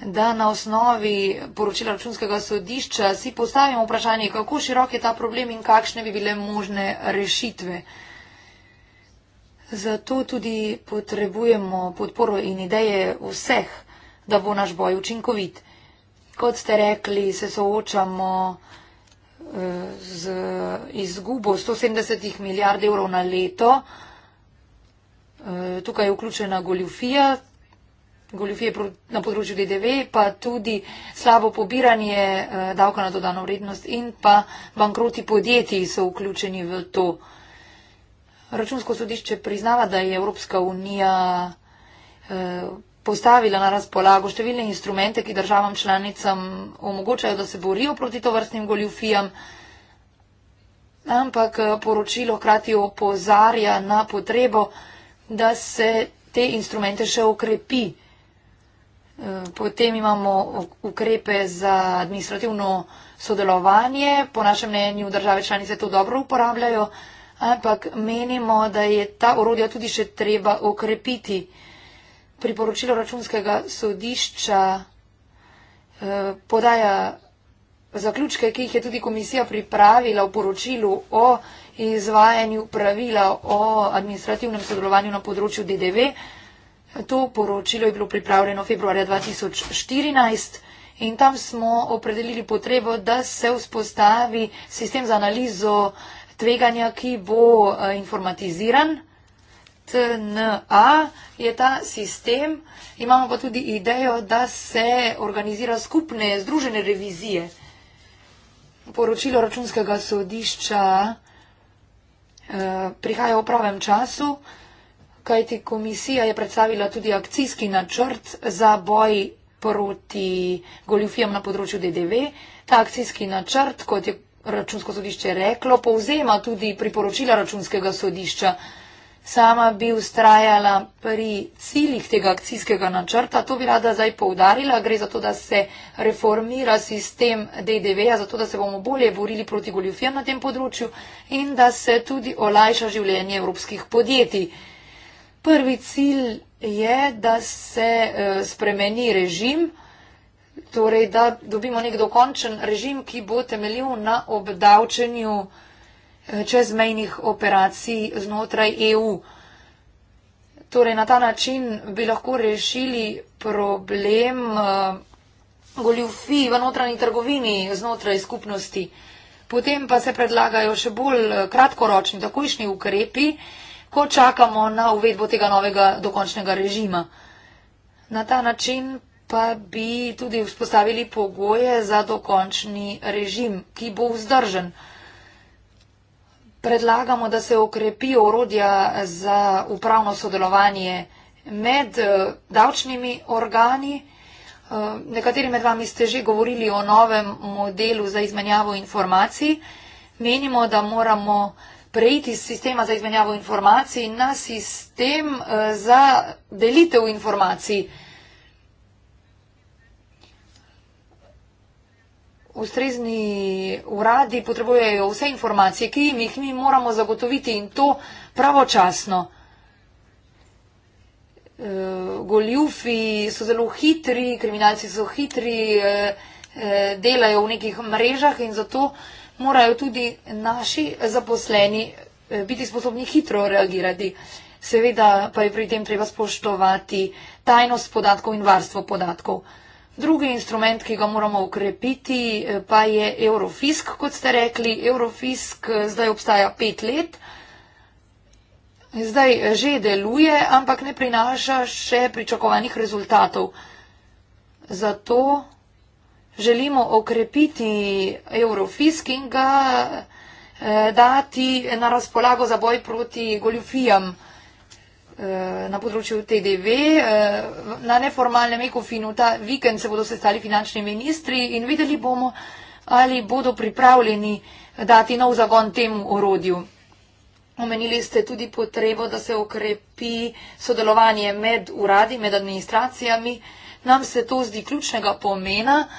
da na osnovi poročila računskega sodišča si postavimo vprašanje, kako širok je ta problem in kakšne bi bile možne rešitve. Zato tudi potrebujemo podporo in ideje vseh, da bo naš boj učinkovit kot ste rekli, se soočamo eh, z izgubo 170 milijard evrov na leto. Eh, tukaj je vključena goljufija, goljufije na področju DDV, pa tudi slabo pobiranje eh, davka na dodano vrednost in pa bankroti podjetij so vključeni v to. Računsko sodišče priznava, da je Evropska unija postavila na razpolago številne instrumente, ki državam članicam omogočajo, da se borijo proti tovrstnim goljufijam. Ampak eh, poročilo hkrati opozarja na potrebo, da se te instrumente še okrepi. Eh, potem imamo ukrepe za administrativno sodelovanje. Po našem mnenju države članice to dobro uporabljajo, ampak menimo, da je ta orodja tudi še treba okrepiti priporočilo računskega sodišča eh, podaja zaključke, ki jih je tudi komisija pripravila v poročilu o izvajanju pravila o administrativnem sodelovanju na področju DDV. To poročilo je bilo pripravljeno februarja 2014 in tam smo opredelili potrebo, da se vzpostavi sistem za analizo tveganja, ki bo eh, informatiziran. TNA je ta sistem, imamo pa tudi idejo, da se organizira skupne združene revizije. Poročilo računskega sodišča eh, prihaja v pravem času, kajti komisija je predstavila tudi akcijski načrt za boj proti goljufijam na področju DDV. Ta akcijski načrt, kot je računsko sodišče reklo, povzema tudi priporočila računskega sodišča sama bi ustrajala pri ciljih tega akcijskega načrta. To bi rada zdaj poudarila. Gre za to, da se reformira sistem DDV-ja, zato da se bomo bolje borili proti goljufijam na tem področju in da se tudi olajša življenje evropskih podjetij. Prvi cilj je, da se eh, spremeni režim, torej da dobimo nek dokončen režim, ki bo temeljil na obdavčenju čezmejnih operacij znotraj EU. Torej, na ta način bi lahko rešili problem eh, goljufi v notranji trgovini znotraj skupnosti. Potem pa se predlagajo še bolj eh, kratkoročni, takojšnji ukrepi, ko čakamo na uvedbo tega novega dokončnega režima. Na ta način pa bi tudi vzpostavili pogoje za dokončni režim, ki bo vzdržen. Predlagamo, da se okrepijo urodja za upravno sodelovanje med eh, davčnimi organi. Eh, nekateri med vami ste že govorili o novem modelu za izmenjavo informacij. Menimo, da moramo preiti iz sistema za izmenjavo informacij na sistem eh, za delitev informacij. ustrezni uradi potrebujejo vse informacije, ki jim jih mi moramo zagotoviti in to pravočasno. E, goljufi so zelo hitri, kriminalci so hitri, e, e, delajo v nekih mrežah in zato morajo tudi naši zaposleni biti sposobni hitro reagirati. Seveda pa je pri tem treba spoštovati tajnost podatkov in varstvo podatkov. Drugi instrument, ki ga moramo ukrepiti, eh, pa je Eurofisk, kot ste rekli. Eurofisk eh, zdaj obstaja pet let. Zdaj eh, že deluje, ampak ne prinaša še pričakovanih rezultatov. Zato želimo okrepiti Eurofisk in ga dati na razpolago za boj proti goljufijam. Eh, na področju TDV. Eh, na neformalnem ekofinu ta vikend se bodo sestali finančni ministri in videli bomo, ali bodo pripravljeni dati nov zagon temu orodju. Omenili ste tudi potrebo, da se okrepi sodelovanje med uradi, med administracijami. Nam se to zdi ključnega pomena. Uh,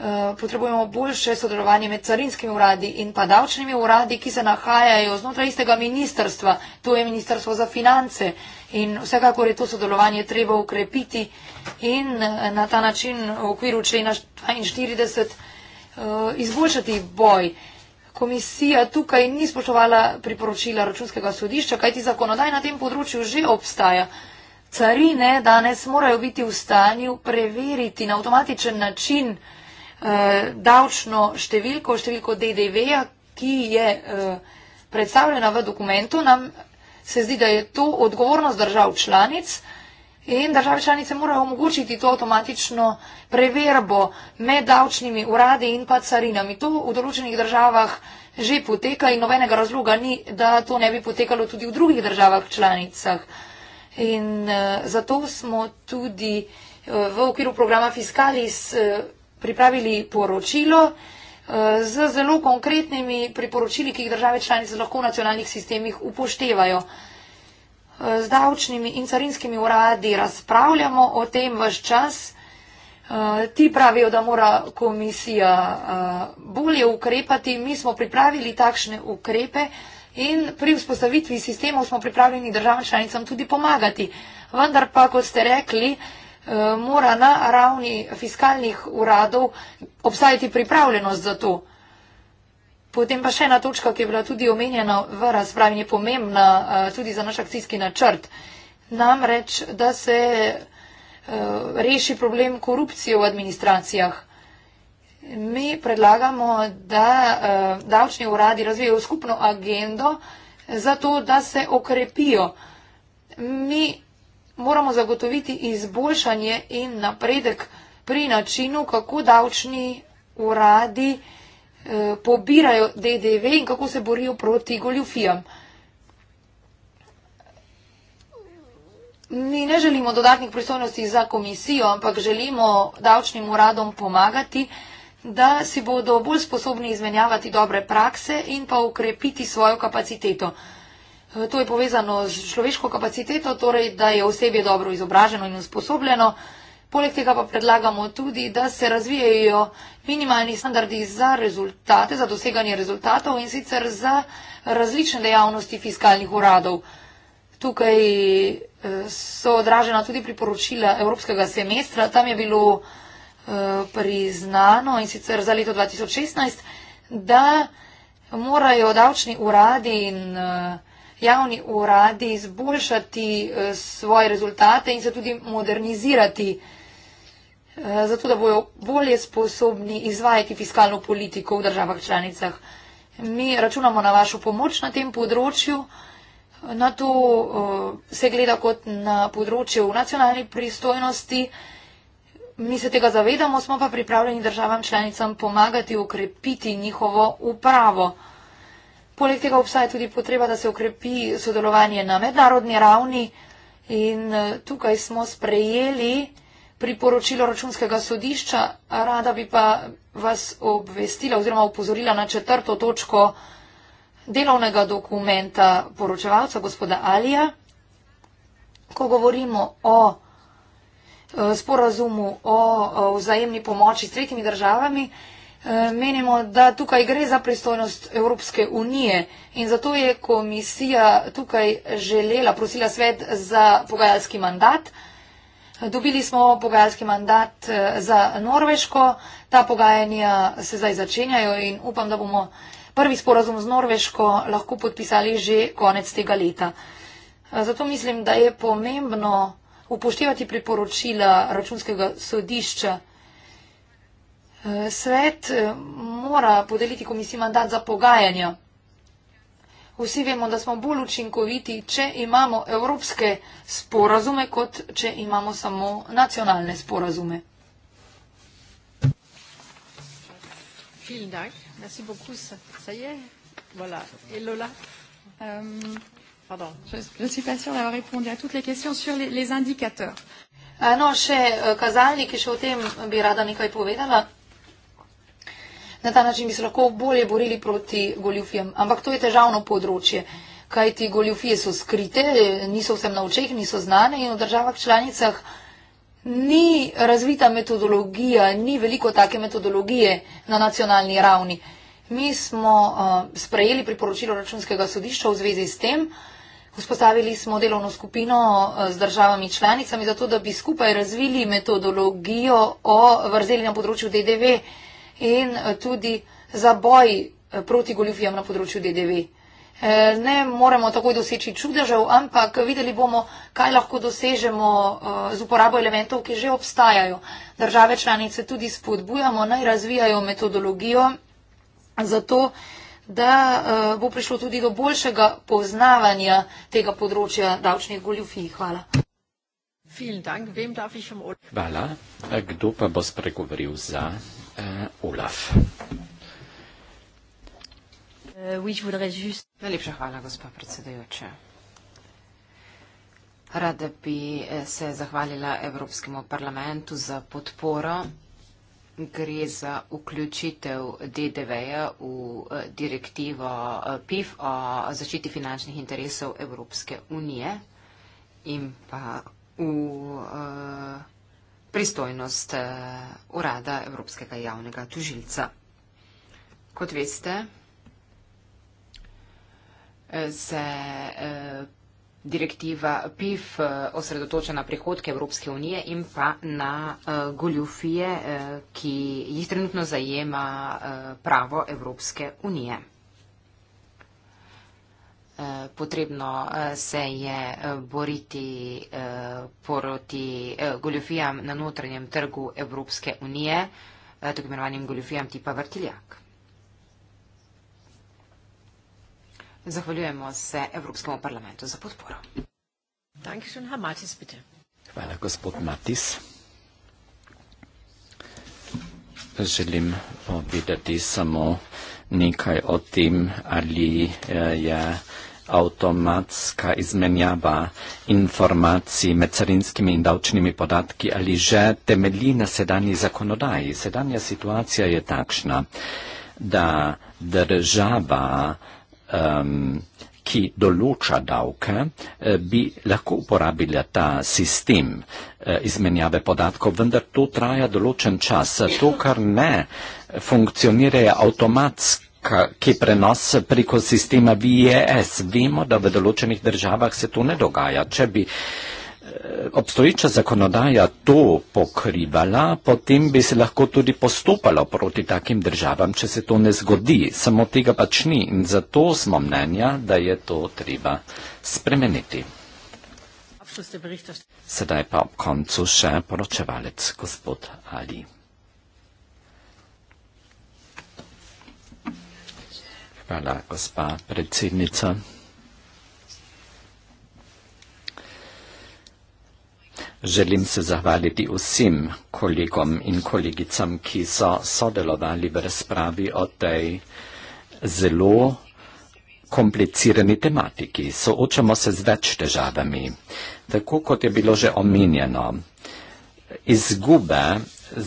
Eh, potrebujemo boljše sodelovanje med carinskimi uradi in pa davčnimi uradi, ki se nahajajo znotraj istega ministrstva, to je Ministrstvo za finance. In vsekakor je to sodelovanje treba ukrepiti in eh, na ta način v okviru člena 42 eh, izboljšati boj. Komisija tukaj ni spoštovala priporočila računskega sodišča, kajti zakonodaj na tem področju že obstaja. Carine danes morajo biti v stanju preveriti na avtomatičen način, eh, davčno številko, številko DDV-ja, ki je eh, predstavljena v dokumentu, nam se zdi, da je to odgovornost držav članic in države članice morajo omogočiti to avtomatično preverbo med davčnimi uradi in pa carinami. To v določenih državah že poteka in nobenega razloga ni, da to ne bi potekalo tudi v drugih državah članicah. In eh, zato smo tudi eh, v okviru programa Fiskalis eh, pripravili poročilo eh, z zelo konkretnimi priporočili, ki jih države članice lahko v nacionalnih sistemih upoštevajo. Eh, z davčnimi in carinskimi uradi razpravljamo o tem vse čas. Eh, ti pravijo, da mora komisija bolje ukrepati. Mi smo pripravili takšne ukrepe in pri vzpostavitvi sistemov smo pripravljeni državam članicam tudi pomagati. Vendar pa, kot ste rekli, Eh, mora na ravni fiskalnih uradov obstajati pripravljenost za to. Potem pa še ena točka, ki je bila tudi omenjena v razpravi, je pomembna eh, tudi za naš akcijski načrt. Namreč, da se eh, reši problem korupcije v administracijah. Mi predlagamo, da davčni uradi razvijajo skupno agendo za to, da se okrepijo. Mi moramo zagotoviti izboljšanje in napredek pri načinu, kako davčni uradi eh, pobirajo DDV in kako se borijo proti goljufijam. Mi ne želimo dodatnih pristojnosti za komisijo, ampak želimo davčnim uradom pomagati, da si bodo bolj sposobni izmenjavati dobre prakse in pa ukrepiti svojo kapaciteto. Eh, to je povezano z človeško kapaciteto, torej da je osebje dobro izobraženo in usposobljeno. Poleg tega pa predlagamo tudi, da se razvijajo minimalni standardi za rezultate, za doseganje rezultatov in sicer za različne dejavnosti fiskalnih uradov. Tukaj eh, so odražena tudi priporočila Evropskega semestra. Tam je bilo eh, priznano in sicer za leto 2016, da morajo davčni uradi in javni uradi izboljšati eh, svoje rezultate in se tudi modernizirati, eh, zato da bojo bolje sposobni izvajati fiskalno politiko v državah članicah. Mi računamo na vašo pomoč na tem področju. Na to eh, se gleda kot na področje v nacionalni pristojnosti. Mi se tega zavedamo, smo pa pripravljeni državam članicam pomagati ukrepiti njihovo upravo. Poleg tega obstaja tudi potreba, da se ukrepi sodelovanje na mednarodni ravni in eh, tukaj smo sprejeli priporočilo računskega sodišča. Rada bi pa vas obvestila oziroma upozorila na četrto točko delovnega dokumenta poročevalca gospoda Alija. Ko govorimo o eh, sporazumu o vzajemni pomoči s tretjimi državami, Eh, menimo, da tukaj gre za pristojnost Evropske unije in zato je komisija tukaj želela, prosila svet za pogajalski mandat. Dobili smo pogajalski mandat eh, za Norveško, ta pogajanja se zdaj začenjajo in upam, da bomo prvi sporazum z Norveško lahko podpisali že konec tega leta. Eh, zato mislim, da je pomembno upoštevati priporočila računskega sodišča. Svet eh, mora podeliti komisiji mandat za pogajanja. Vsi vemo, da smo bolj učinkoviti, če imamo evropske sporazume, kot če imamo samo nacionalne sporazume. Euh, ah, no, še eh, kazalniki, še o tem bi rada nekaj povedala na ta način bi se lahko bolje borili proti goljufijam. Ampak to je težavno področje, kaj ti goljufije so skrite, niso vsem na očeh, niso znane in v državah članicah ni razvita metodologija, ni veliko take metodologije na nacionalni ravni. Mi smo uh, sprejeli priporočilo računskega sodišča v zvezi s tem, Vzpostavili smo delovno skupino eh, z državami članicami, zato da bi skupaj razvili metodologijo o vrzeli na področju DDV in eh, tudi za boj eh, proti goljufijam na področju DDV. Eh, ne moremo takoj doseči čudežev, ampak videli bomo, kaj lahko dosežemo z uporabo elementov, ki že obstajajo. Države članice tudi spodbujamo, naj razvijajo metodologijo za to, da bo prišlo tudi do boljšega poznavanja tega področja davčnih goljufij. Hvala. Hvala. Kdo pa bo spregovoril za euh, Olaf. Eh, oui, je voudrais juste. Najlepša hvala, gospa predsedajoča. Rada bi eh, se zahvalila Evropskemu parlamentu za podporo. Gre za vključitev DDV-ja v eh, direktivo PIF o zaščiti finančnih interesov Evropske unije in pa v. Uh, pristojnost eh, urada Evropskega javnega tužilca. Kot veste, eh, se eh, direktiva PIF osredotoča na prihodke Evropske unije in pa na goljufije, ki jih trenutno zajema pravo Evropske unije. Eh, potrebno eh, se je eh, boriti proti goljofijam na notranjem trgu Evropske unije, tako imenovanim goljofijam tipa vrtiljak. Zahvaljujemo se Evropskemu parlamentu za podporo. Hvala, gospod Matis. Želim povedati samo nekaj o tem, ali je. Uh, ja, automatska izmenjava informacij med carinskimi in davčnimi podatki ali že temelji na sedanji zakonodaji. Sedanja situacija je takšna, da država, um, ki določa davke, eh, bi lahko uporabila ta sistem eh, izmenjave podatkov, vendar to traja določen čas. To, kar ne funkcionirajo avtomatski ki prenos preko sistema VES. Vemo, da v določenih državah se to ne dogaja. Če bi eh, obstoječa zakonodaja to pokrivala, potem bi se lahko tudi postopalo proti takim državam, če se to ne zgodi. Samo tega pač ni in zato smo mnenja, da je to treba spremeniti. Sedaj pa ob koncu še poročevalec gospod Ali. Hvala, gospa predsednica. Želim se zahvaliti vsem kolegom in kolegicam, ki so sodelovali v razpravi o tej zelo komplicirani tematiki. Soočamo se z več težavami. Tako kot je bilo že omenjeno, izgube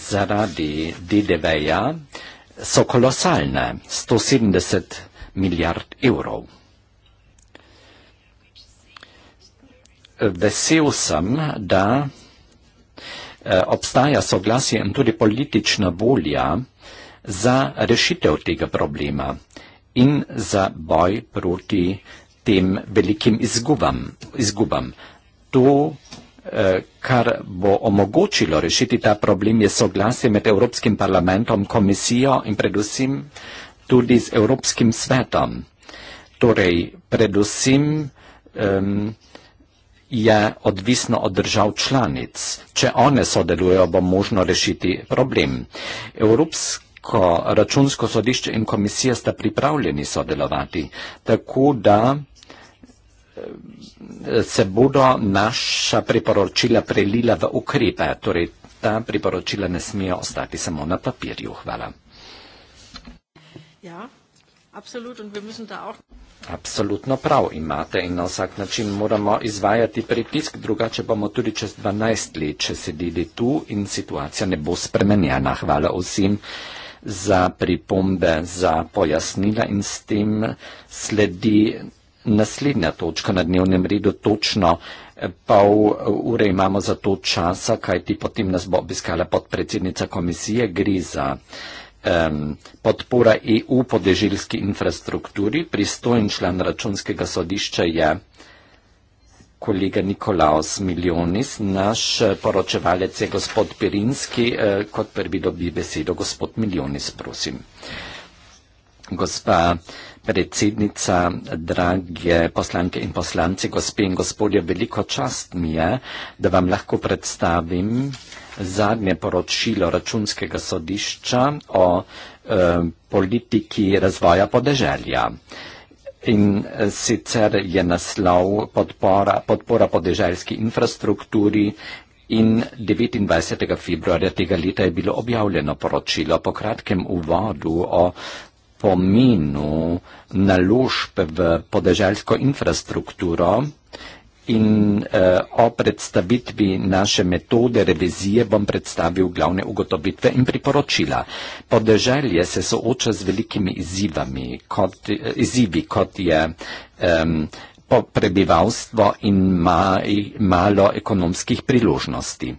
zaradi DDV-ja so kolosalne, 170 milijard evrov. Vesel sem, da eh, obstaja soglasje in tudi politična volja za rešitev tega problema in za boj proti tem velikim izgubam. izgubam. To kar bo omogočilo rešiti ta problem, je soglasje med Evropskim parlamentom, komisijo in predvsem tudi z Evropskim svetom. Torej, predvsem um, je odvisno od držav članic. Če one sodelujo, bo možno rešiti problem. Evropsko računsko sodišče in komisija sta pripravljeni sodelovati, tako da Eh, se bodo naša priporočila prelila v ukrepe. Torej, ta priporočila ne smejo ostati samo na papirju. Hvala. Ja, absolutno prav imate in na vsak način moramo izvajati pritisk, drugače bomo tudi čez 12 let, če sedeli tu in situacija ne bo spremenjena. Hvala vsem za pripombe, za pojasnila in s tem sledi naslednja točka na dnevnem redu, točno eh, pol eh, ure imamo za to časa, kajti potem nas bo obiskala podpredsednica komisije, gre za um, podpora EU podeželjski infrastrukturi. Pristojen član računskega sodišča je kolega Nikolaus Milionis, naš eh, poročevalec je gospod Pirinski, kot prvi dobi besedo gospod Milionis, prosim. Gospa Predsednica, drage poslanke in poslanci, gospe in gospodje, veliko čast mi je, da vam lahko predstavim zadnje poročilo računskega sodišča o e, politiki razvoja podeželja. In eh, sicer je naslov podpora, podpora podeželjski infrastrukturi in 29. februarja tega leta je bilo objavljeno poročilo po kratkem uvodu o pomenu naložb v podeželsko infrastrukturo in eh, o predstavitvi naše metode revizije bom predstavil glavne ugotovitve in priporočila. Podeželje se sooča z velikimi izzivami, kot, eh, izzivi, kot je eh, prebivalstvo in malo ekonomskih priložnosti.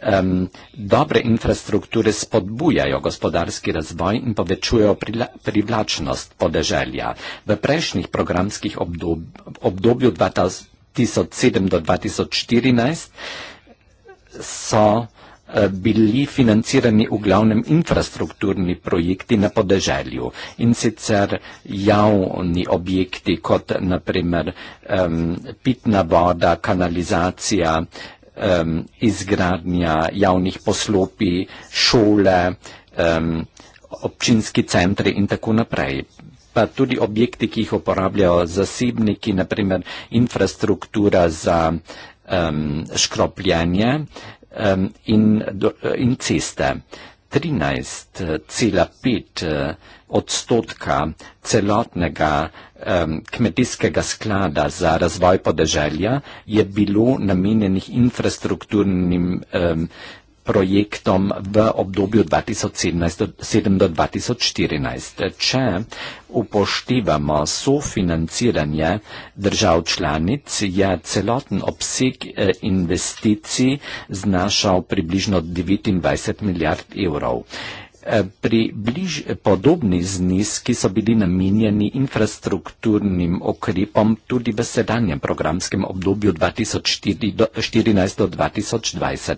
Um, dobre infrastrukture spodbujajo gospodarski razvoj in povečujejo prila, privlačnost podeželja. V prejšnjih programskih obdob, obdobju 2007 do 2014 so Eh, bili financirani v glavnem infrastrukturni projekti na podeželju in sicer javni objekti kot naprimer um, pitna voda, kanalizacija, um, izgradnja javnih poslopi, šole, um, občinski centri in tako naprej. Pa tudi objekti, ki jih uporabljajo zasebniki, naprimer infrastruktura za um, škropljanje, um, in, do, in ceste. 13,5 eh, eh, odstotka celotnega um, kmetijskega sklada za razvoj podeželja je bilo namenjenih infrastrukturnim um, projektom v obdobju 2017-2014. Če upoštevamo sofinanciranje držav članic, je celoten obseg eh, investicij znašal približno 29 milijard evrov. Eh, Približ, podobni zniski so bili namenjeni infrastrukturnim okrepom tudi v sedanjem programskem obdobju 2014-2020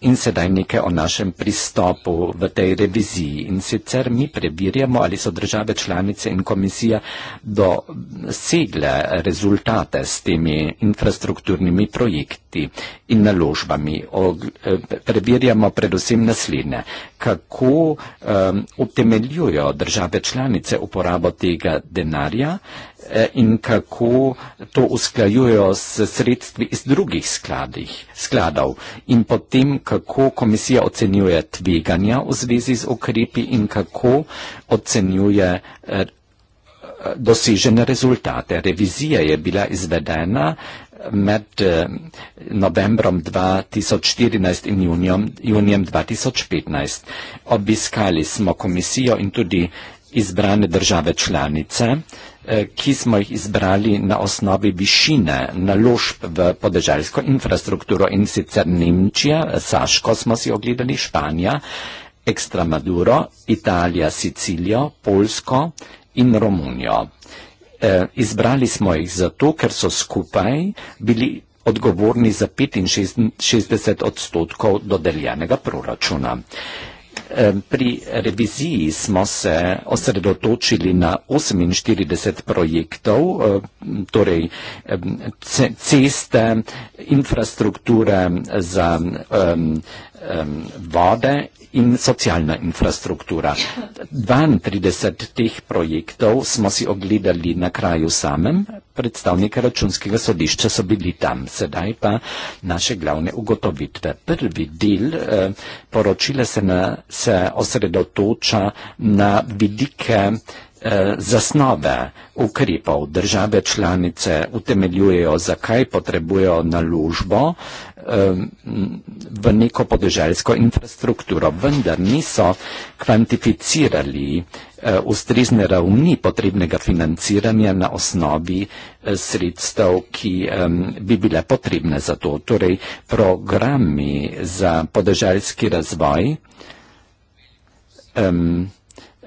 in sedaj nekaj o našem pristopu v tej reviziji. In sicer mi preverjamo, ali so države članice in komisija dosegle rezultate s temi infrastrukturnimi projekti in naložbami. Eh, preverjamo predvsem naslednje, kako um, eh, utemeljujo države članice uporabo tega denarja Eh, in kako to usklajujejo s sredstvi iz drugih skladih, skladov in potem, kako komisija ocenjuje tveganja v zvezi z ukrepi in kako ocenjuje eh, dosežene rezultate. Revizija je bila izvedena eh, med novembrom 2014 in junijom, junijem 2015. Obiskali smo komisijo in tudi izbrane države članice. Eh, ki smo jih izbrali na osnovi višine naložb v podeželjsko infrastrukturo in sicer Nemčija, Saško smo si ogledali, Španija, Ekstramaduro, Italija, Sicilijo, Polsko in Romunijo. Eh, izbrali smo jih zato, ker so skupaj bili odgovorni za 65 odstotkov dodeljenega proračuna. Pri reviziji smo se osredotočili na 48 projektov, torej ceste, infrastrukture za vode in socialna infrastruktura. 32 teh projektov smo si ogledali na kraju samem, predstavnika računskega sodišča so bili tam. Sedaj pa naše glavne ugotovitve. Prvi del eh, poročila se, na, se osredotoča na vidike eh, Eh, zasnove ukrepov države članice utemeljujejo, zakaj potrebujejo naložbo v neko podeželsko infrastrukturo, vendar niso kvantificirali eh, ustrezne ravni potrebnega financiranja na osnovi eh, sredstev, ki um, bi bile potrebne za to. Torej, programi za podeželski razvoj um,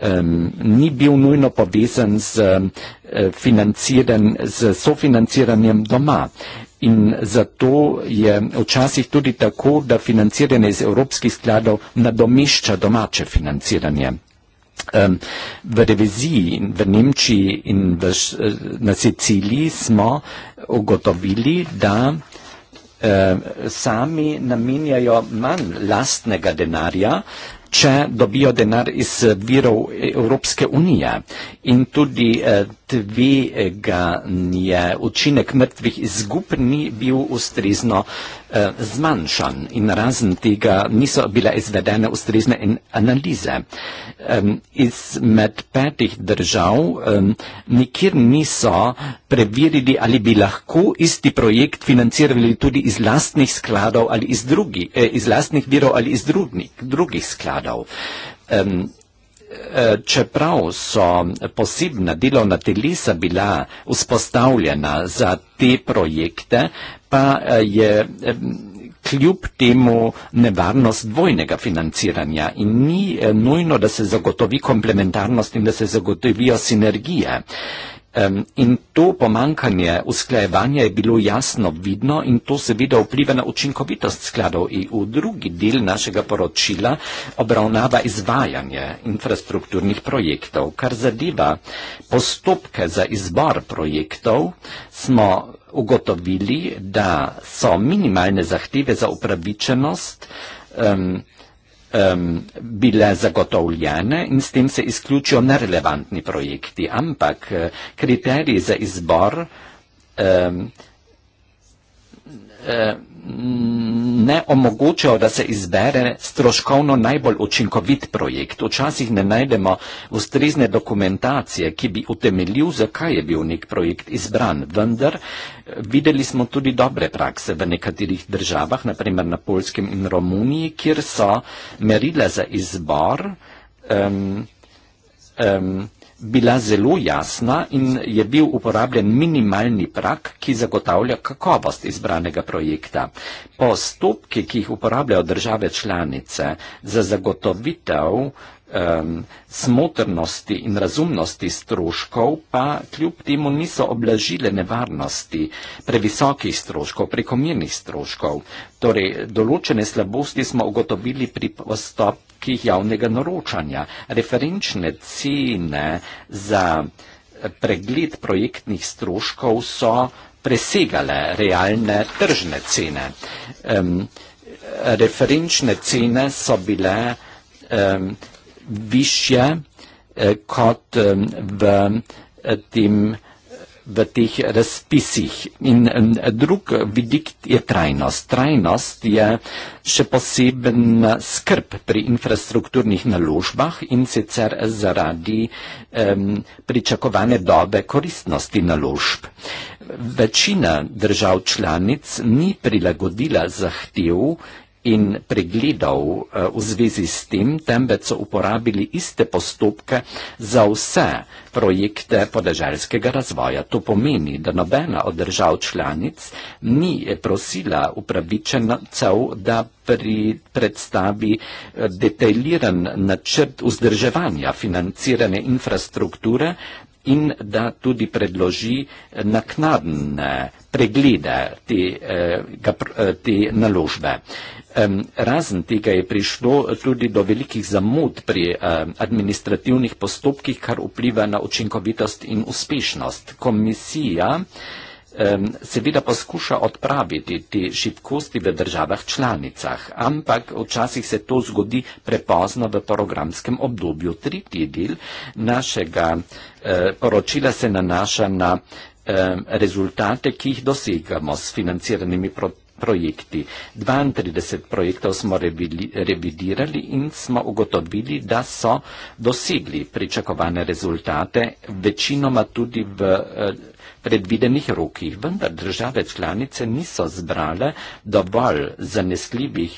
um, ni bil nujno povezan z, z ehm, sofinanciranjem doma. In zato je včasih tudi tako, da financiranje iz evropskih skladov nadomešča domače financiranje. Um, v reviziji v Nemčiji in v, eh, na Siciliji smo ugotovili, da uh, sami namenjajo manj lastnega denarja, uh, če dobijo denar iz eh, virov e-, Evropske unije in tudi eh, tveganje, učinek mrtvih izgub ni bil ustrezno eh, zmanjšan in razen tega niso bile izvedene ustrezne analize. Eh, izmed petih držav eh, nikjer niso preverili, ali bi lahko isti projekt financirali tudi iz lastnih skladov ali iz drugih, eh, iz lastnih virov ali iz drugih, drugih skladov. Eh, Eh, čeprav so posebna delovna telesa bila vzpostavljena za te projekte, pa eh, je eh, kljub temu nevarnost dvojnega financiranja in ni nujno, da se zagotovi komplementarnost in da se zagotovijo sinergije. Um, in to pomankanje usklajevanja je bilo jasno vidno in to seveda vpliva na učinkovitost skladov EU. Drugi del našega poročila obravnava izvajanje infrastrukturnih projektov, kar zadeva postopke za izbor projektov, smo ugotovili, da so minimalne zahteve za upravičenost um, um, bile zagotovljene in s tem se izključijo nerelevantni projekti, ampak eh, kriteriji za izbor um, um, ne omogočajo, da se izbere stroškovno najbolj učinkovit projekt. Včasih ne najdemo ustrezne dokumentacije, ki bi utemeljil, zakaj je bil nek projekt izbran. Vendar eh, videli smo tudi dobre prakse v nekaterih državah, naprimer na Polskem in Romuniji, kjer so merila za izbor um, um, bila zelo jasna in je bil uporabljen minimalni prak, ki zagotavlja kakovost izbranega projekta. Postopki, ki jih uporabljajo države članice za zagotovitev um, smotrnosti in razumnosti stroškov pa kljub temu niso oblažile nevarnosti previsokih stroškov, prekomirnih stroškov. Torej, določene slabosti smo ugotovili pri postopkih javnega naročanja. Referenčne cene za pregled projektnih stroškov so presegale realne tržne cene. Um, referenčne cene so bile um, višje eh, kot v, eh, tem, v teh razpisih. In drug vidik je trajnost. Trajnost je še posebna skrb pri infrastrukturnih naložbah in sicer zaradi um, pričakovane dobe koristnosti naložb. Večina držav članic ni prilagodila zahtev in pregledov eh, v zvezi s tem, temveč so uporabili iste postopke za vse projekte podeželskega razvoja. To pomeni, da nobena od držav članic ni prosila upravičencev, da pri predstavi eh, detajliran načrt vzdrževanja financirane infrastrukture in da tudi predloži eh, naknadne preglede te, te naložbe. Razen tega je prišlo tudi do velikih zamud pri administrativnih postopkih, kar vpliva na učinkovitost in uspešnost. Komisija seveda poskuša odpraviti te šibkosti v državah članicah, ampak včasih se to zgodi prepozno v programskem obdobju. Tretji del našega e, poročila se nanaša na rezultate, ki jih dosegamo s financiranimi projekti. 32 projektov smo revidirali in smo ugotovili, da so dosegli pričakovane rezultate, večinoma tudi v eh, predvidenih rokih, vendar države članice niso zbrale dovolj zanesljivih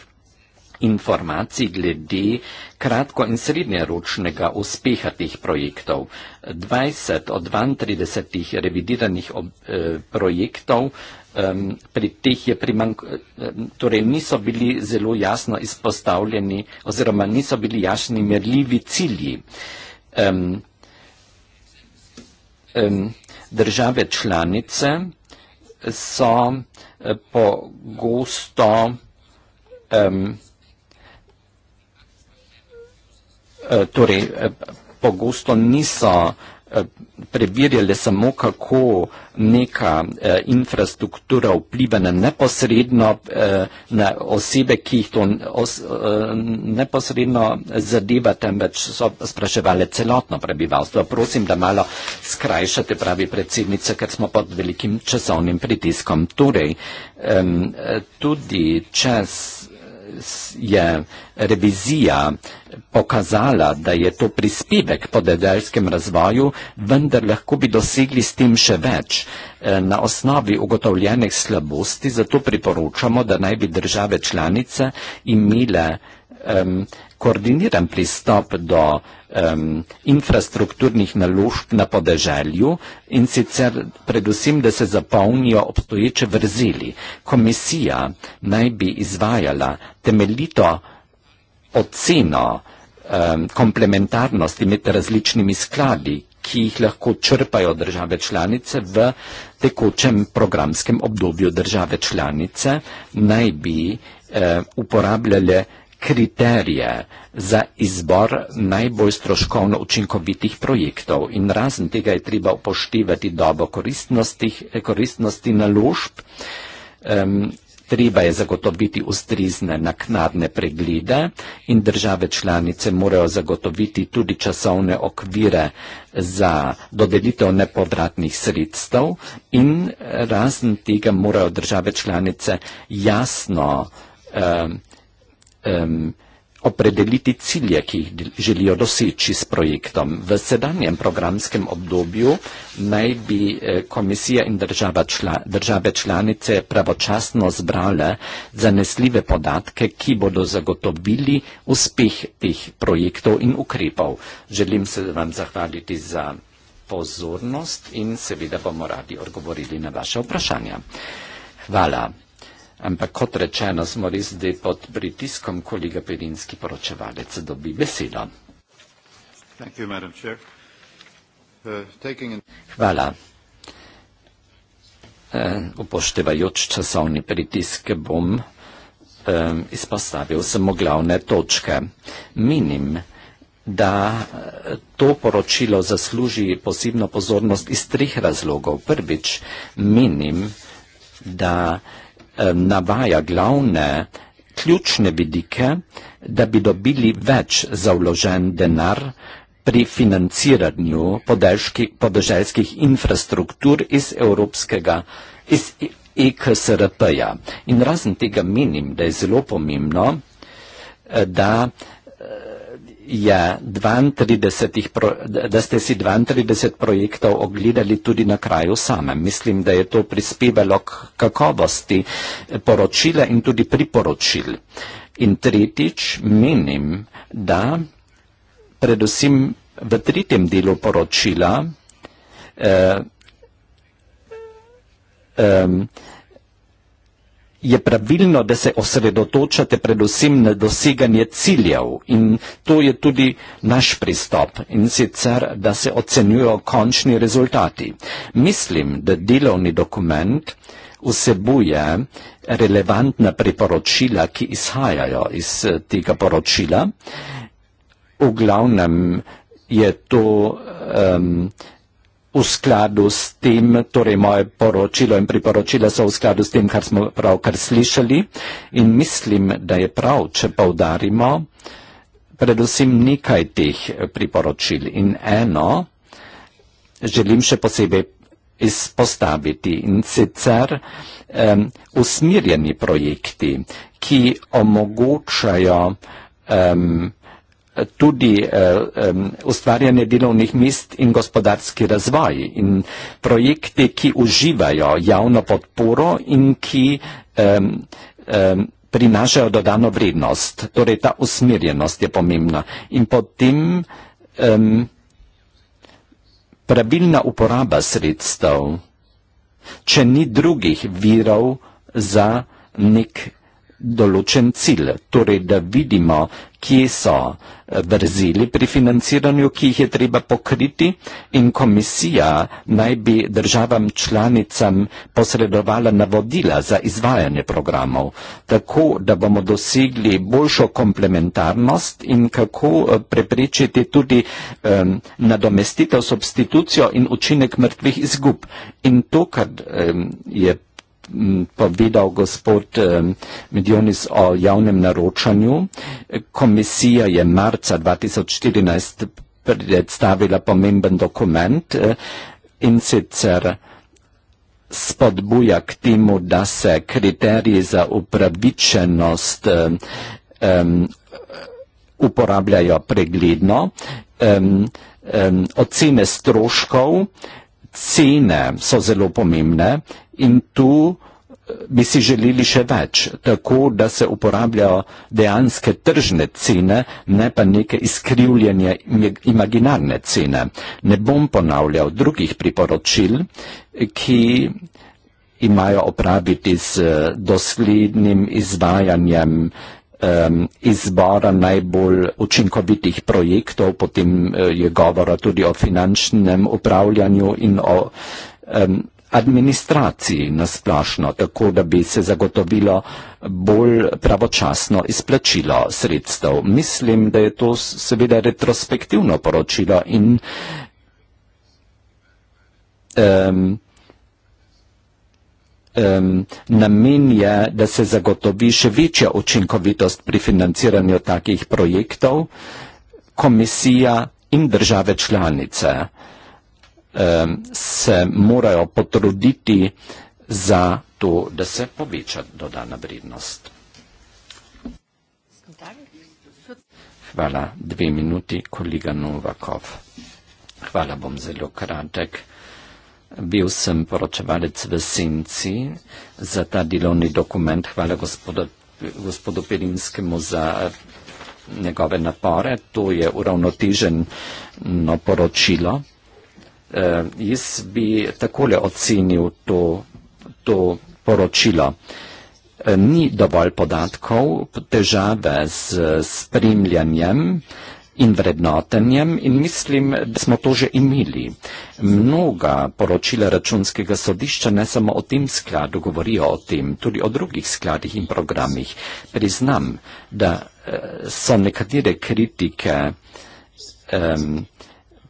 informacij glede kratko in srednjeročnega uspeha teh projektov. 20 od 32 revidiranih ob, eh, projektov eh, um, pri teh je primank, ehm, torej niso bili zelo jasno izpostavljeni oziroma niso bili jasni merljivi cilji. Um, um, države članice so e, pogosto um, Torej, e, pogosto niso preverjali samo, kako neka eh, infrastruktura vpliva na neposredno eh, na osebe, ki jih to os, eh, neposredno zadeva, temveč so spraševali celotno prebivalstvo. Prosim, da malo skrajšate, pravi predsednica, ker smo pod velikim časovnim pritiskom. Torej, eh, tudi čas je revizija pokazala, da je to prispevek po dedelskem razvoju, vendar lahko bi dosegli s tem še več. E, na osnovi ugotovljenih slabosti zato priporočamo, da naj bi države članice imele um, koordiniran pristop do um, infrastrukturnih naložb na podeželju in sicer predvsem, da se zapolnijo obstoječe vrzeli. Komisija naj bi izvajala temeljito oceno um, komplementarnosti med različnimi skladi, ki jih lahko črpajo države članice v tekočem programskem obdobju države članice, naj bi uh, uporabljale kriterije za izbor najbolj stroškovno učinkovitih projektov in razen tega je treba upoštevati dobo koristnosti naložb, um, treba je zagotoviti ustrizne naknadne preglede in države članice morajo zagotoviti tudi časovne okvire za dodelitev nepovratnih sredstev in razen tega morajo države članice jasno um, um, opredeliti cilje, ki jih želijo doseči s projektom. V sedanjem programskem obdobju naj bi eh, komisija in država čla, države članice pravočasno zbrale zanesljive podatke, ki bodo zagotovili uspeh teh projektov in ukrepov. Želim se vam zahvaliti za pozornost in seveda bomo radi odgovorili na vaše vprašanja. Hvala ampak kot rečeno, smo res zdaj pod pritiskom, kolega Perinski poročevalec dobi besedo. Uh, Hvala. Uh, upoštevajoč časovni pritisk bom um, izpostavil samo glavne točke. Menim, da uh, to poročilo zasluži posebno pozornost iz treh razlogov. Prvič, menim, da navaja glavne ključne vidike, da bi dobili več za vložen denar pri financiranju podeželskih infrastruktur iz evropskega, iz EKSRP-ja. In razen tega menim, da je zelo pomembno, eh, da je ja, 32, da ste si 32 projektov ogledali tudi na kraju samem. Mislim, da je to prispevalo k kakovosti eh, poročila in tudi priporočil. In tretjič, menim, da predvsem v tretjem delu poročila eh, eh, je pravilno, da se osredotočate predvsem na doseganje ciljev in to je tudi naš pristop in sicer, da se ocenjujo končni rezultati. Mislim, da delovni dokument vsebuje relevantna priporočila, ki izhajajo iz tega poročila. V glavnem je to. Um, v skladu s tem, torej moje poročilo in priporočila so v skladu s tem, kar smo pravkar slišali in mislim, da je prav, če povdarimo predvsem nekaj teh priporočil in eno želim še posebej izpostaviti in sicer um, usmirjeni projekti, ki omogočajo um, tudi um, ustvarjanje delovnih mest in gospodarski razvoj in projekte, ki uživajo javno podporo in ki um, um, prinašajo dodano vrednost. Torej, ta usmerjenost je pomembna. In potem um, pravilna uporaba sredstev, če ni drugih virov za nek določen cilj, torej da vidimo, kje so eh, vrzili pri financiranju, ki jih je treba pokriti in komisija naj bi državam članicam posredovala navodila za izvajanje programov, tako da bomo dosegli boljšo komplementarnost in kako eh, preprečiti tudi um, nadomestitev substitucijo in učinek mrtvih izgub. In to, kar um, je povedal gospod Medionis o javnem naročanju. Komisija je marca 2014 predstavila pomemben dokument eh, in sicer spodbuja k temu, da se kriteriji za upravičenost um, uporabljajo pregledno, um, um, ocene stroškov, cene so zelo pomembne in tu eh, bi si želeli še več, tako da se uporabljajo dejanske tržne cene, ne pa neke izkrivljenje imaginarne cene. Ne bom ponavljal drugih priporočil, ki imajo opraviti z eh, doslednim izvajanjem izbora najbolj učinkovitih projektov, potem eh, je govora tudi o finančnem upravljanju in o administraciji nasplošno, tako da bi se zagotovilo bolj pravočasno izplačilo sredstev. Mislim, da je to seveda retrospektivno poročilo in um, um, namen je, da se zagotovi še večja učinkovitost pri financiranju takih projektov komisija in države članice se morajo potruditi za to, da se poveča dodana vrednost. Hvala. Dve minuti, kolega Novakov. Hvala, bom zelo kratek. Bil sem poročevalec v Senci za ta delovni dokument. Hvala gospodu, gospodu Pelinskemu za njegove napore. To je uravnoteženo poročilo. Eh, jaz bi takole ocenil to, to poročilo. Eh, ni dovolj podatkov, težave z spremljanjem in vrednotenjem in mislim, da smo to že imeli. Mnoga poročila računskega sodišča ne samo o tem skladu govorijo o tem, tudi o drugih skladih in programih. Priznam, da eh, so nekatere kritike eh,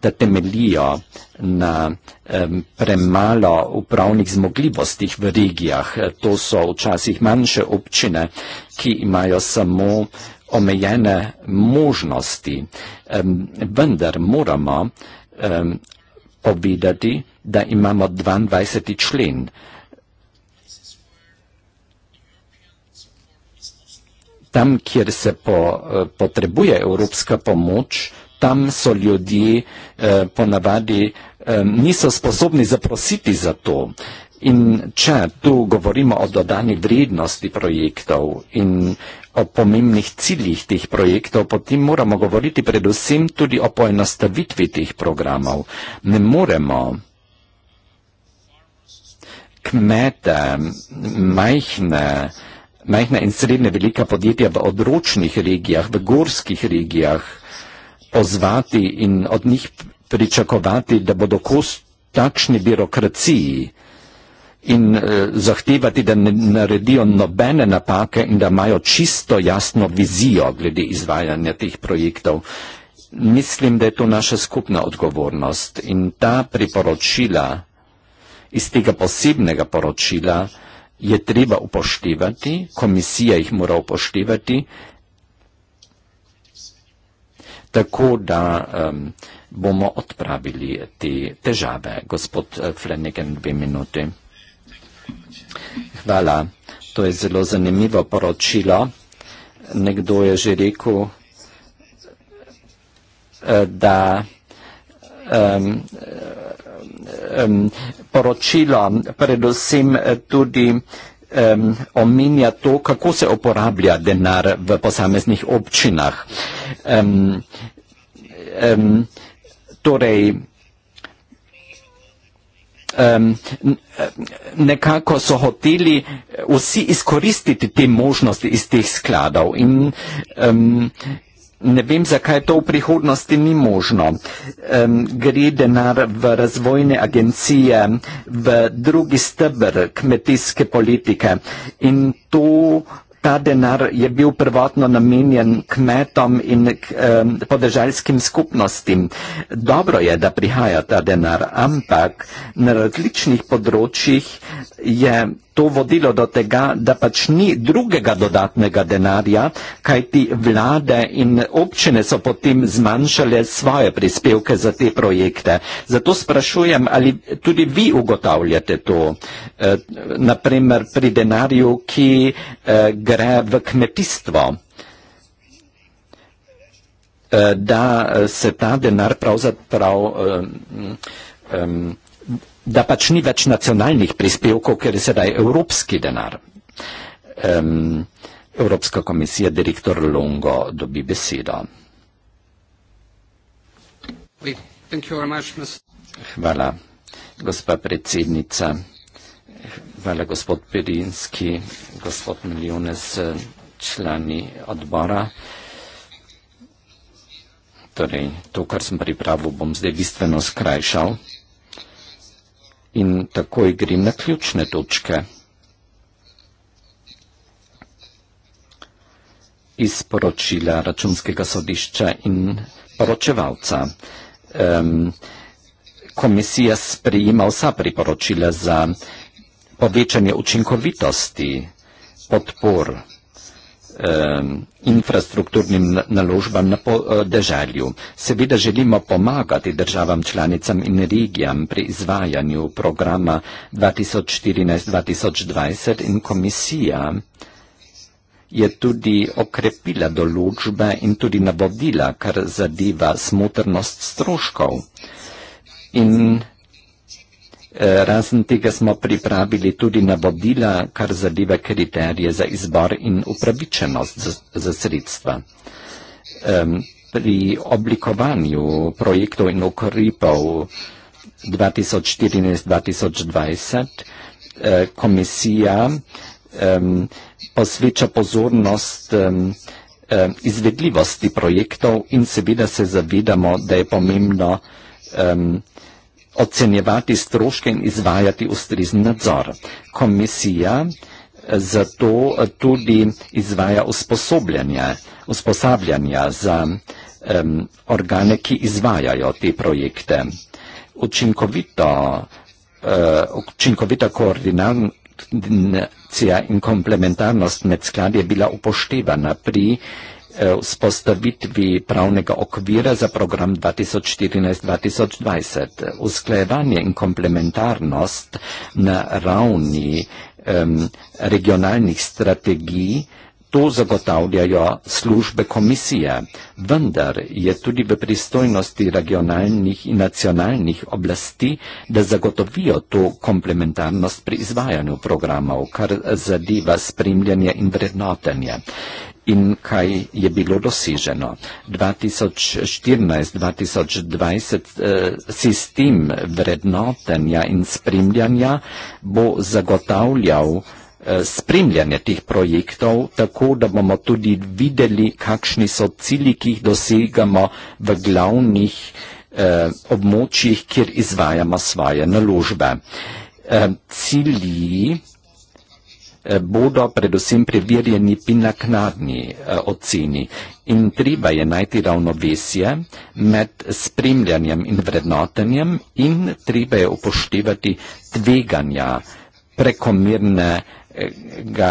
da temelijo na um, premalo upravnih zmogljivostih v regijah. To so včasih manjše občine, ki imajo samo omejene možnosti. Um, vendar moramo um, povedati, da imamo 22. člen. Tam, kjer se po, eh, potrebuje evropska pomoč, tam so ljudje eh, ponavadi eh, niso sposobni zaprositi za to. In če tu govorimo o dodani vrednosti projektov in o pomembnih ciljih teh projektov, potem moramo govoriti predvsem tudi o poenostavitvi teh programov. Ne moremo kmete, majhne, majhne in srednje velika podjetja v odročnih regijah, v gorskih regijah, ozvati in od njih pričakovati, da bodo kos takšni birokraciji in eh, zahtevati, da ne naredijo nobene napake in da imajo čisto jasno vizijo glede izvajanja teh projektov. Mislim, da je to naša skupna odgovornost in ta priporočila iz tega posebnega poročila je treba upoštevati, komisija jih mora upoštevati tako da um, bomo odpravili te težave. Gospod eh, Flanagan, dve minuti. Hvala. To je zelo zanimivo poročilo. Nekdo je že rekel, eh, da um, um, poročilo predvsem tudi um, omenja to, kako se uporablja denar v posameznih občinah. Um, um, torej, um, nekako so hoteli eh, vsi izkoristiti te možnosti iz teh skladov in um, Ne vem, zakaj to v prihodnosti ni možno. Um, gre denar v razvojne agencije, v drugi stebr kmetijske politike in to, ta denar je bil prvotno namenjen kmetom in um, podržalskim skupnostim. Dobro je, da prihaja ta denar, ampak na različnih področjih je to vodilo do tega, da pač ni drugega dodatnega denarja, kajti vlade in občine so potem zmanjšale svoje prispevke za te projekte. Zato sprašujem, ali tudi vi ugotavljate to, e, eh, naprimer pri denarju, ki e, gre v kmetijstvo, e, da se ta denar pravzaprav. E, e, da pač ni več nacionalnih prispevkov, ker je sedaj evropski denar. Um, Evropska komisija, direktor Longo, dobi besedo. Hvala, gospa predsednica. Hvala, gospod Pirinski, gospod Miljones, člani odbora. Torej, to, kar sem pripravil, bom zdaj bistveno skrajšal in takoj grem na ključne točke. Iz poročila računskega sodišča in poročevalca. Um, komisija sprejima vsa priporočila za povečanje učinkovitosti, podpor Ehm, infrastrukturnim naložbam na podeželju. Eh, Seveda želimo pomagati državam članicam in regijam pri izvajanju programa 2014-2020 in komisija je tudi okrepila določbe in tudi navodila, kar zadeva smotrnost stroškov. In Eh, razen tega smo pripravili tudi navodila, kar zadeva kriterije za izbor in upravičenost za sredstva. Pri oblikovanju projektov in ukrepov 2014-2020 eh, komisija posveča pozornost izvedljivosti projektov in seveda se zavedamo, da je pomembno izvedljivosti ocenjevati stroške in izvajati ustrezen nadzor. Komisija eh, zato eh, tudi izvaja usposabljanja, usposabljanja za um, organe, ki izvajajo te projekte. Učinkovito, uh, učinkovita koordinacija in komplementarnost med skladi je bila upoštevana pri Eh, vzpostavitvi pravnega okvira za program 2014-2020. Usklajevanje in komplementarnost na ravni um, regionalnih strategij To zagotavljajo službe komisije, vendar je tudi v pristojnosti regionalnih in nacionalnih oblasti, da zagotovijo to komplementarnost pri izvajanju programov, kar zadeva spremljanje in vrednotenje. In kaj je bilo doseženo? 2014-2020 eh, sistem vrednotenja in spremljanja bo zagotavljal Eh, spremljanje teh projektov, tako da bomo tudi videli, kakšni so cilji, ki jih dosegamo v glavnih eh, območjih, kjer izvajamo svoje naložbe. Eh, cilji eh, bodo predvsem preverjeni pri naknadni eh, oceni in treba je najti ravnovesje med spremljanjem in vrednotenjem in treba je upoštevati tveganja prekomirne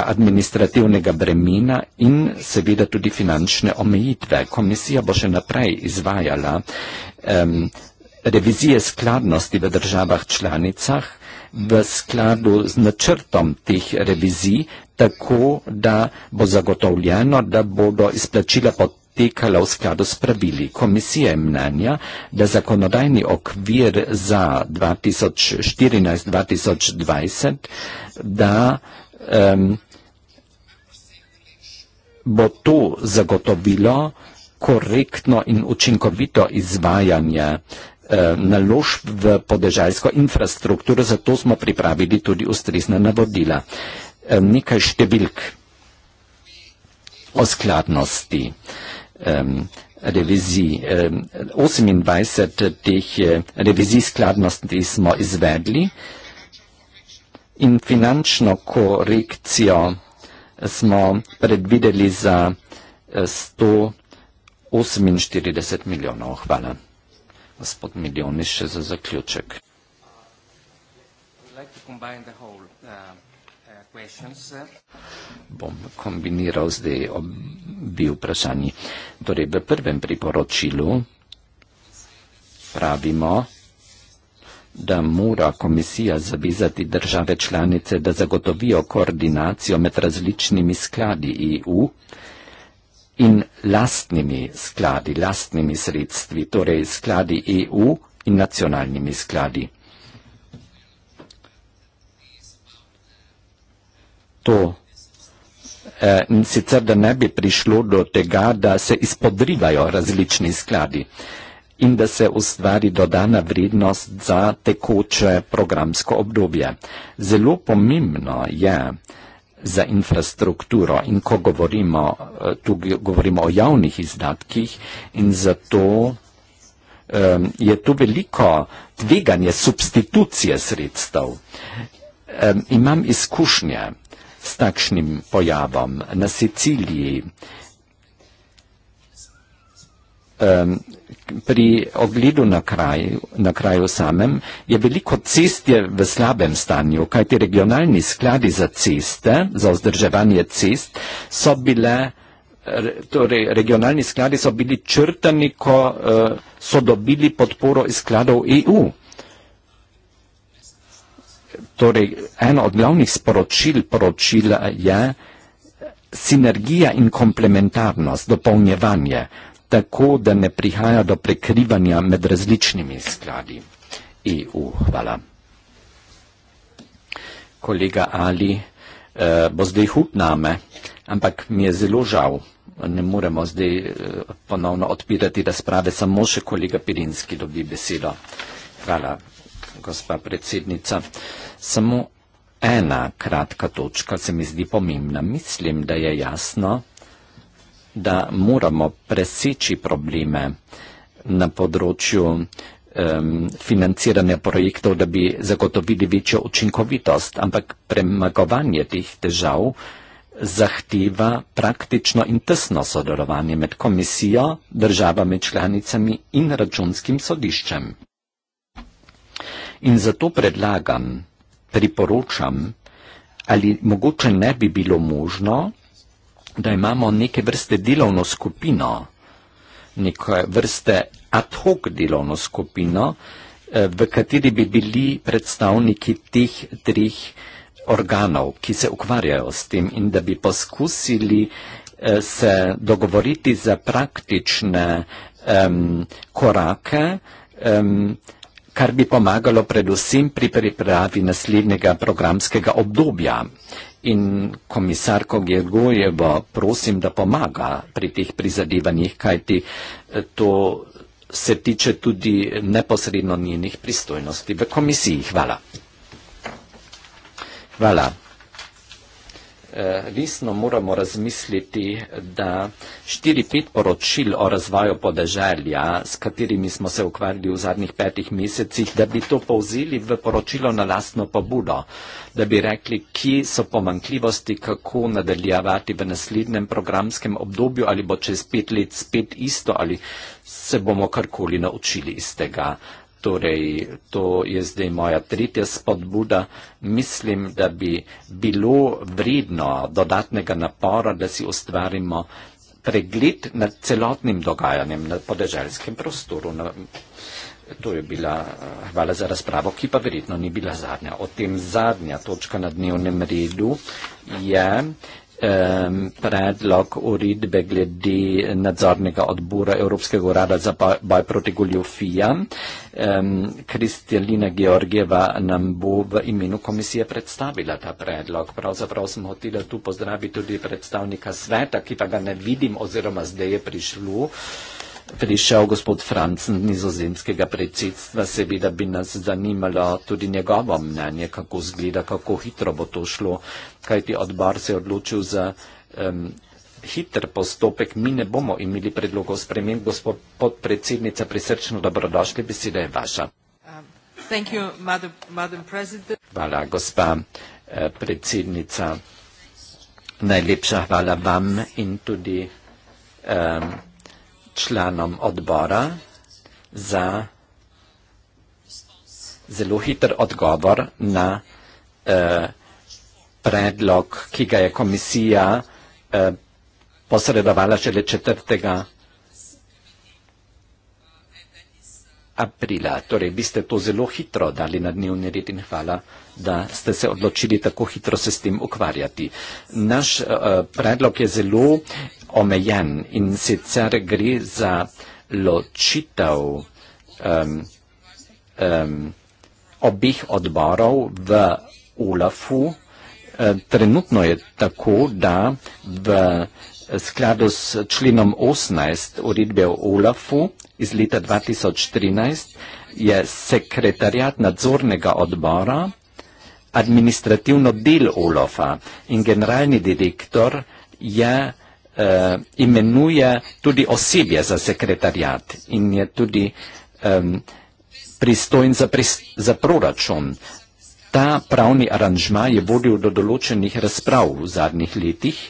administrativnega bremena in seveda tudi finančne omejitve. Komisija bo še naprej izvajala um, revizije skladnosti v državah članicah v skladu z načrtom teh revizij, tako da bo zagotovljeno, da bodo izplačila potekala v skladu s pravili. Komisija je mnenja, da zakonodajni okvir za 2014-2020, da bo to zagotovilo korektno in učinkovito izvajanje e, naložb v podeželsko infrastrukturo, zato smo pripravili tudi ustrezna navodila. Nekaj številk o skladnosti revizij. 28 teh eh, revizij skladnosti smo izvedli in finančno korekcijo smo predvideli za 148 eh, milijonov. Hvala. Gospod Miljoni, še za zaključek. Uh, uh, Bom kombiniral zdaj obi vprašanji. Torej, v prvem priporočilu pravimo, da mora komisija zavezati države članice, da zagotovijo koordinacijo med različnimi skladi EU in lastnimi skladi, lastnimi sredstvi, torej skladi EU in nacionalnimi skladi. To eh, sicer, da ne bi prišlo do tega, da se izpodrivajo različni skladi. Eh, in da se ustvari dodana vrednost za tekoče programsko obdobje. Zelo pomembno je za infrastrukturo in ko govorimo, eh, tu govorimo o javnih izdatkih in zato um, je tu veliko tveganje substitucije sredstev. Um, imam izkušnje s takšnim pojavom na Siciliji um, pri ogledu na kraju, na kraju samem je veliko cest je v slabem stanju, kajti regionalni skladi za ceste, za vzdrževanje cest so bile Torej, regionalni skladi so bili črtani, ko uh, so dobili podporo iz skladov EU. Torej, eno od glavnih sporočil poročila je sinergija in komplementarnost, dopolnjevanje tako da ne prihaja do prekrivanja med različnimi skladi EU. Hvala. Kolega Ali eh, bo zdaj hud name, ampak mi je zelo žal. Ne moremo zdaj eh, ponovno odpirati razprave, samo še kolega Pirinski dobi besedo. Hvala, gospa predsednica. Samo ena kratka točka se mi zdi pomembna. Mislim, da je jasno, da moramo preseči probleme na področju um, financiranja projektov, da bi zagotovili večjo učinkovitost, ampak premagovanje teh težav zahteva praktično in tesno sodelovanje med komisijo, državami članicami in računskim sodiščem. In zato predlagam, priporočam, ali mogoče ne bi bilo možno, da imamo neke vrste delovno skupino, neke vrste ad hoc delovno skupino, eh, v kateri bi bili predstavniki teh treh organov, ki se ukvarjajo s tem in da bi poskusili eh, se dogovoriti za praktične um, korake, um, kar bi pomagalo predvsem pri pripravi naslednjega programskega obdobja in komisarko Gergojevo prosim, da pomaga pri teh prizadevanjih, kajti eh, to se tiče tudi neposredno njenih pristojnosti v komisiji. Hvala. Hvala resno eh, moramo razmisliti, da štiri pet poročil o razvoju podeželja, s katerimi smo se ukvarjali v zadnjih petih mesecih, da bi to povzeli v poročilo na lastno pobudo, da bi rekli, kje so pomankljivosti, kako nadaljevati v naslednjem programskem obdobju ali bo čez pet let spet isto ali se bomo karkoli naučili iz tega. Uh, Torej, to je zdaj moja tretja spodbuda. Mislim, da bi bilo vredno dodatnega napora, da si ustvarimo pregled nad celotnim dogajanjem na podeželjskem prostoru. Na, to je bila hvala za razpravo, ki pa verjetno ni bila zadnja. O tem zadnja točka na dnevnem redu je um, predlog uredbe glede nadzornega odbora Evropskega urada za boj proti goljofijam. Um, ehm, Kristelina Georgieva nam bo v imenu komisije predstavila ta predlog. Pravzaprav sem hotela tu pozdraviti tudi predstavnika sveta, ki pa ga ne vidim oziroma zdaj je prišlo prišel gospod Francen z nizozemskega predsedstva, seveda bi nas zanimalo tudi njegovo mnenje, kako zgleda, kako hitro bo to šlo, kajti odbor se je odločil za um, hiter postopek, mi ne bomo imeli predlogov spremen. Gospod podpredsednica, prisrčno dobrodošli, beseda je vaša. Um, you, madam, madam hvala, gospa eh, predsednica. Najlepša hvala vam in tudi. Eh, članom odbora za zelo hiter odgovor na eh, predlog, ki ga je komisija eh, posredovala šele 4. aprila. Torej, vi ste to zelo hitro dali na dnevni red in hvala, da ste se odločili tako hitro se s tem ukvarjati. Naš eh, predlog je zelo omejen in sicer gre za ločitev um, um, obih odborov v ULAFu. E, trenutno je tako, da v e, skladu s členom 18 uredbe o ULAFu iz leta 2013 je sekretarjat nadzornega odbora administrativno del ULAFa in generalni direktor je uh, imenuje tudi osebje za sekretarjat in je tudi um, pristojen za, pri, za proračun. Ta pravni aranžma je vodil do določenih razprav v zadnjih letih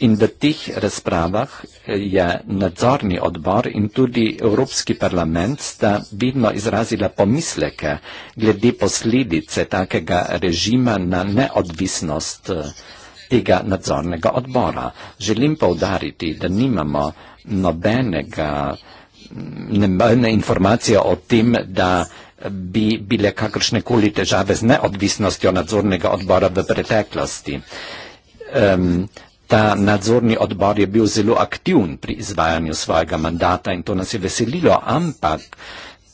in v teh razpravah eh, je nadzorni odbor in tudi Evropski parlament sta vidno izrazila pomisleke glede posledice takega režima na neodvisnost uh, tega nadzornega odbora. Želim povdariti, da nimamo nobenega, nobene informacije o tem, da bi bile kakršne koli težave z neodvisnostjo nadzornega odbora v preteklosti. Um, ta nadzorni odbor je bil zelo aktivn pri izvajanju svojega mandata in to nas je veselilo, ampak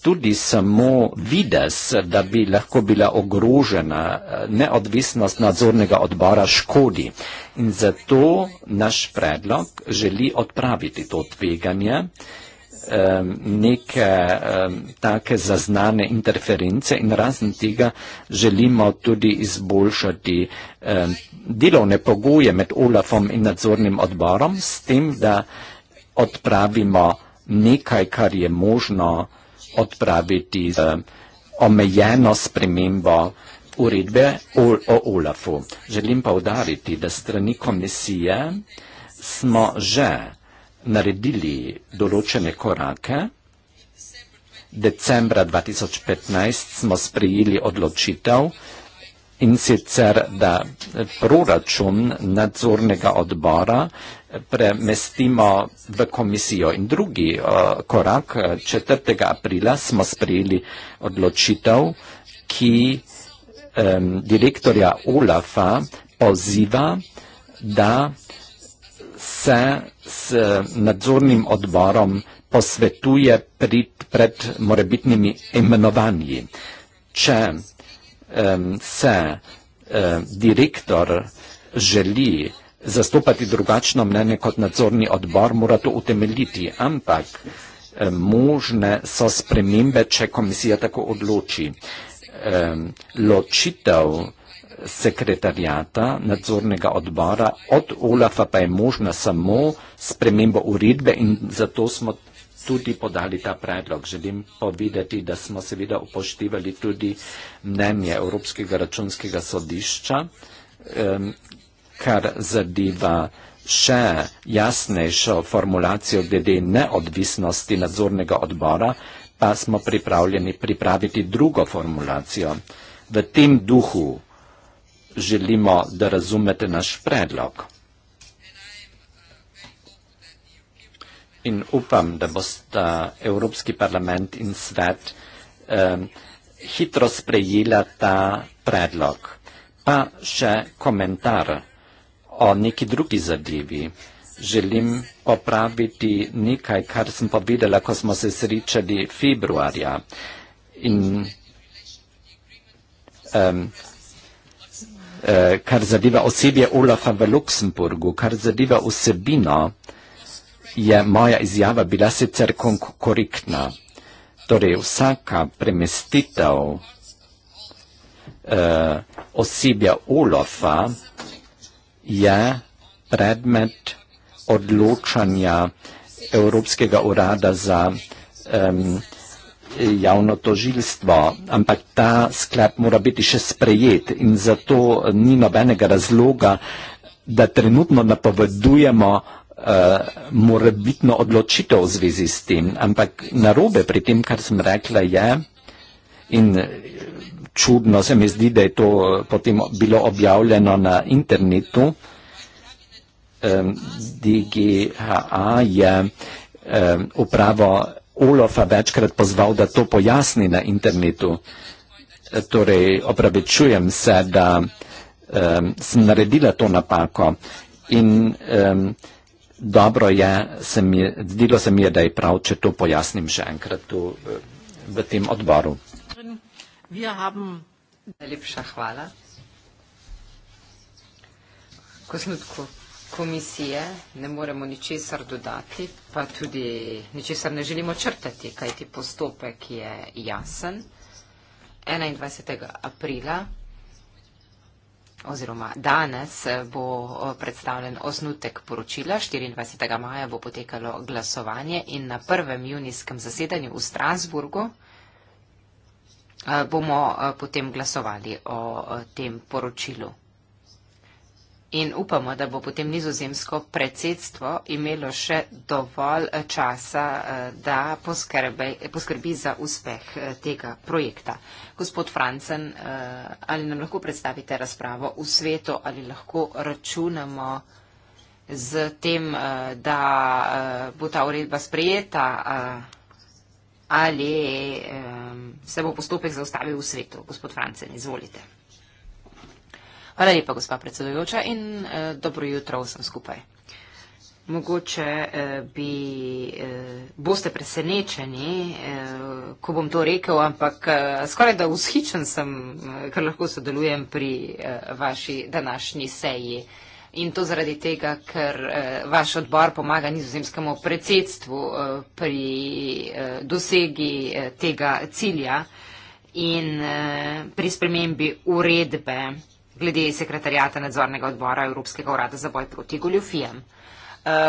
tudi samo vides, da bi lahko bila ogrožena eh, neodvisnost nadzornega odbora škodi. In zato naš predlog želi odpraviti to tveganje ehm, neke ehm, take zaznane interference in razen tega želimo tudi izboljšati ehm, delovne pogoje med Olafom in nadzornim odborom s tem, da odpravimo nekaj, kar je možno odpraviti odpraviti z eh, omejeno spremembo uredbe o OLAF-u. Želim pa udariti, da strani komisije smo že naredili določene korake. Decembra 2015 smo sprejeli odločitev in sicer, da proračun nadzornega odbora premestimo v komisijo. In drugi eh, korak, 4. Eh, aprila smo sprejeli odločitev, ki direktorja Olafa poziva, da se s eh, nadzornim odborom posvetuje pred morebitnimi imenovanji. Če se direktor želi, zastopati drugačno mnenje kot nadzorni odbor, mora to utemeljiti, ampak eh, možne so spremembe, če komisija tako odloči. Ločitev sekretarjata nadzornega odbora od Olafa pa je možna samo spremembo uredbe in zato smo tudi podali ta predlog. Želim povedati, da smo seveda upoštevali tudi mnenje Evropskega računskega sodišča, kar zadeva še jasnejšo formulacijo glede neodvisnosti nadzornega odbora, pa smo pripravljeni pripraviti drugo formulacijo. V tem duhu želimo, da razumete naš predlog. In upam, da boste Evropski parlament in svet eh, hitro sprejela ta predlog. Pa še komentar o neki drugi zadevi. Želim opraviti nekaj, kar sem povedala, ko smo se srečali februarja. In um, kar zadeva osebje Olafa v Luksemburgu, kar zadeva osebino, je moja izjava bila sicer korektna. Torej, vsaka premestitev uh, osebja Olafa je predmet odločanja Evropskega urada za um, javno tožilstvo, ampak ta sklep mora biti še sprejet in zato ni nobenega razloga, da trenutno napovedujemo uh, morebitno odločitev v zvezi s tem, ampak narobe pri tem, kar sem rekla, je in čudno, se mi zdi, da je to eh, potem bilo objavljeno na internetu. Um, DGHA je um, upravo Olofa večkrat pozval, da to pojasni na internetu. E, torej, opravičujem se, da um, sem naredila to napako in um, dobro je, se mi, zdilo se mi je, da je prav, če to pojasnim še enkrat tu, eh, v tem odboru. Wir haben Najlepša hvala. Ko smo komisije, ne moremo ničesar dodati, pa tudi ničesar ne želimo črtati, kajti postopek je jasen. 21. aprila oziroma danes bo predstavljen osnutek poročila, 24. maja bo potekalo glasovanje in na prvem junijskem zasedanju v Strasburgu Eh, bomo eh, potem glasovali o eh, tem poročilu. In upamo, da bo potem nizozemsko predsedstvo imelo še dovolj časa, da poskrbi, poskrbi za uspeh tega projekta. Gospod Francen, ali nam lahko predstavite razpravo v svetu, ali lahko računamo z tem, da bo ta uredba sprejeta? ali eh, se bo postopek zaustavil v svetu. Gospod Francen, izvolite. Hvala lepa, gospa predsedujoča in eh, dobro jutro vsem skupaj. Mogoče eh, bi, eh, boste presenečeni, eh, ko bom to rekel, ampak eh, skoraj da ushičen sem, eh, ker lahko sodelujem pri eh, vaši današnji seji. Eh, in to zaradi tega, ker uh, vaš odbor pomaga nizozemskemu predsedstvu uh, pri uh, dosegi uh, tega cilja in uh, pri spremembi uredbe glede sekretarjata nadzornega odbora Evropskega urada za boj proti goljofijam.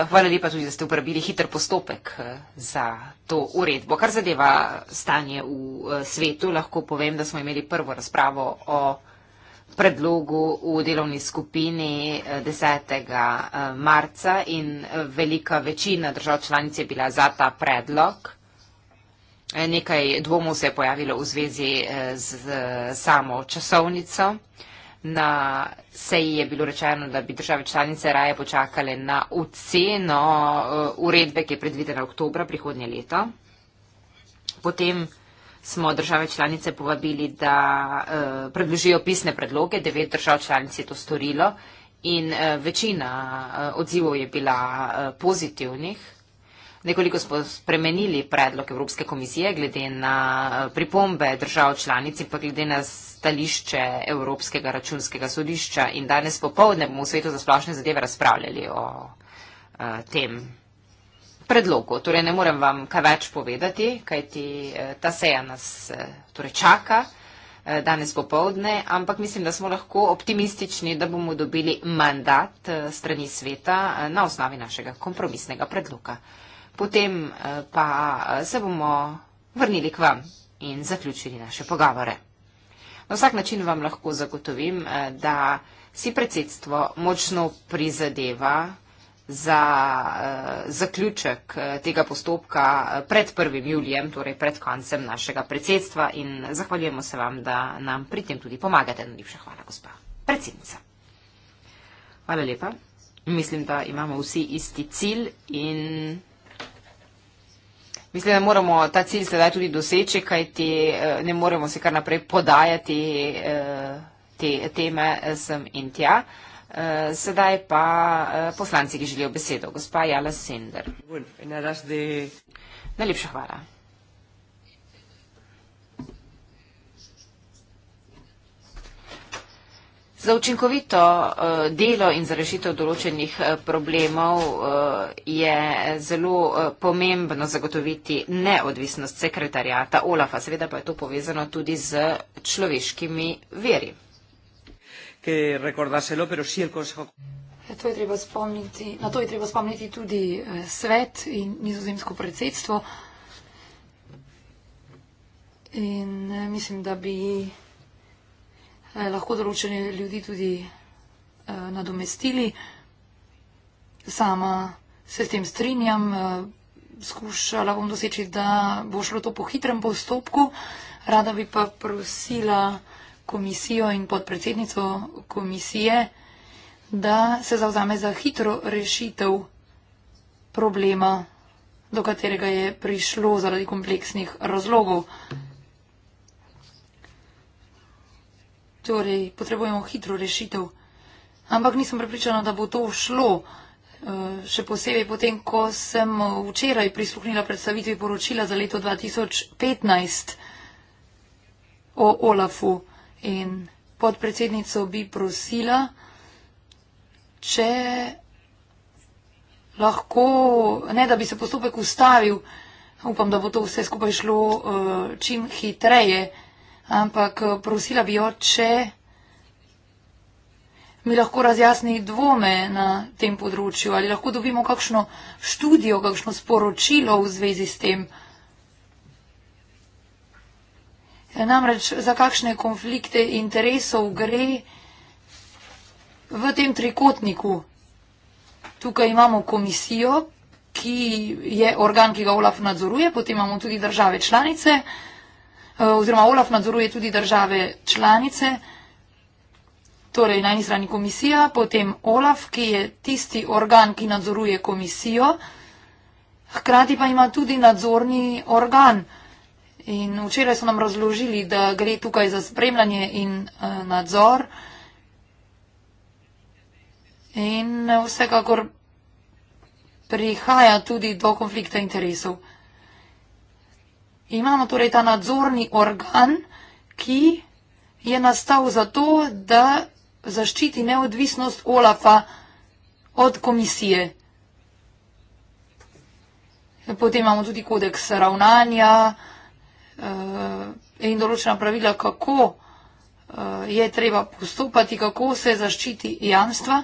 Hvala lepa tudi, da ste uporabili hiter postopek za to uredbo. Kar zadeva stanje v svetu, lahko povem, da smo imeli prvo razpravo o predlogu v delovni skupini 10. Eh, eh, marca in eh, velika večina držav članic je bila za ta predlog. Nekaj dvomov se je pojavilo v zvezi z samo časovnico. Na seji je bilo rečeno, da bi države članice raje počakale na oceno uredbe, ki je predvidena oktobra prihodnje leto. Potem smo države članice povabili, da eh, predložijo pisne predloge. Devet držav članic je to storilo in eh, večina eh, odzivov je bila eh, pozitivnih. Nekoliko smo spremenili predlog Evropske komisije glede na eh, pripombe držav članic in pa glede na stališče Evropskega računskega sodišča. In danes popovdne bomo v svetu za splošne zadeve razpravljali o, o eh, tem predlogu. Torej, ne morem vam kaj več povedati, kaj ti eh, ta seja nas eh, torej, čaka eh, danes popovdne, ampak mislim, da smo lahko optimistični, da bomo dobili mandat strani sveta na osnovi našega kompromisnega predloga. Potem pa se bomo vrnili k vam in zaključili naše pogovore. Na vsak način vam lahko zagotovim, da si predsedstvo močno prizadeva za uh, zaključek uh, tega postopka eh, pred 1. julijem, torej pred koncem našega predsedstva in zahvaljujemo se vam, da nam pri tem tudi pomagate. Najlepša hvala, gospa predsednica. Hvala lepa. Mislim, da imamo vsi isti cilj in mislim, da moramo ta cilj sedaj tudi doseči, kajti uh, ne moremo se kar naprej podajati uh, te teme sem in tja. Eh, sedaj pa eh, poslanci, ki želijo besedo. Gospa Jala Sender. Najlepša hvala. Za učinkovito eh, delo in za rešitev določenih problemov je zelo pomembno zagotoviti neodvisnost sekretarjata OLAF-a. Seveda pa je to povezano tudi z človeškimi veri che ricordarselo, però sì il Consiglio. Na to je treba spomniti tudi eh, svet in nizozemsko predsedstvo. In eh, mislim, da bi eh, lahko določene ljudi tudi nadomestili. Sama se s tem strinjam. Skušala bom doseči, da bo šlo to po hitrem postopku. Rada bi pa prosila komisijo in podpredsednico komisije, da se zavzame za hitro rešitev problema, do katerega je prišlo zaradi kompleksnih razlogov. Torej, potrebujemo hitro rešitev. Ampak nisem prepričana, da bo to šlo, eh, še posebej potem, ko sem včeraj prisluhnila predstavitvi poročila za leto 2015 o Olafu. In podpredsednico bi prosila, če lahko, ne da bi se postopek ustavil, upam, da bo to vse skupaj šlo uh, čim hitreje, ampak eh, prosila bi jo, če mi lahko razjasni dvome na tem področju ali lahko dobimo kakšno študijo, kakšno sporočilo v zvezi s tem. Namreč za kakšne konflikte interesov gre v tem trikotniku. Tukaj imamo komisijo, ki je organ, ki ga Olaf nadzoruje, potem imamo tudi države članice, eh, oziroma Olaf nadzoruje tudi države članice, torej na eni strani komisija, potem Olaf, ki je tisti organ, ki nadzoruje komisijo, hkrati pa ima tudi nadzorni organ. In včeraj so nam razložili, da gre tukaj za spremljanje in uh, nadzor. In vsekakor prihaja tudi do konflikta interesov. Imamo torej ta nadzorni organ, ki je nastal zato, da zaščiti neodvisnost OLAFA od komisije. Potem imamo tudi kodeks ravnanja, uh, in določena pravila, kako uh, je treba postopati, kako se zaščiti jamstva.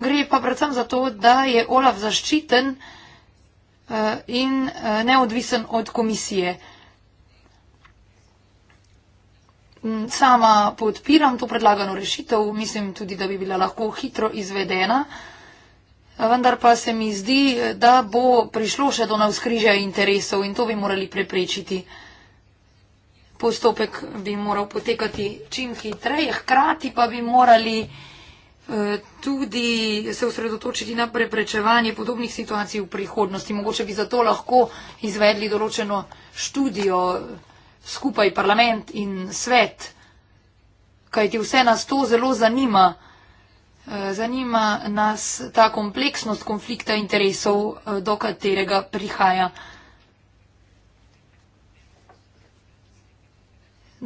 Gre pa predvsem za to, da je Olaf zaščiten uh, in uh, neodvisen od komisije. Mm, sama podpiram to predlagano rešitev, mislim tudi, da bi bila lahko hitro izvedena, vendar pa se mi zdi, da bo prišlo še do navskrižja interesov in to bi morali preprečiti. Uh, postopek bi moral potekati čim hitreje, hkrati pa bi morali eh, tudi se osredotočiti na preprečevanje podobnih situacij v prihodnosti. Mogoče bi zato lahko izvedli določeno študijo eh, skupaj parlament in svet, kajti vse nas to zelo zanima. Eh, zanima nas ta kompleksnost konflikta interesov, do katerega prihaja.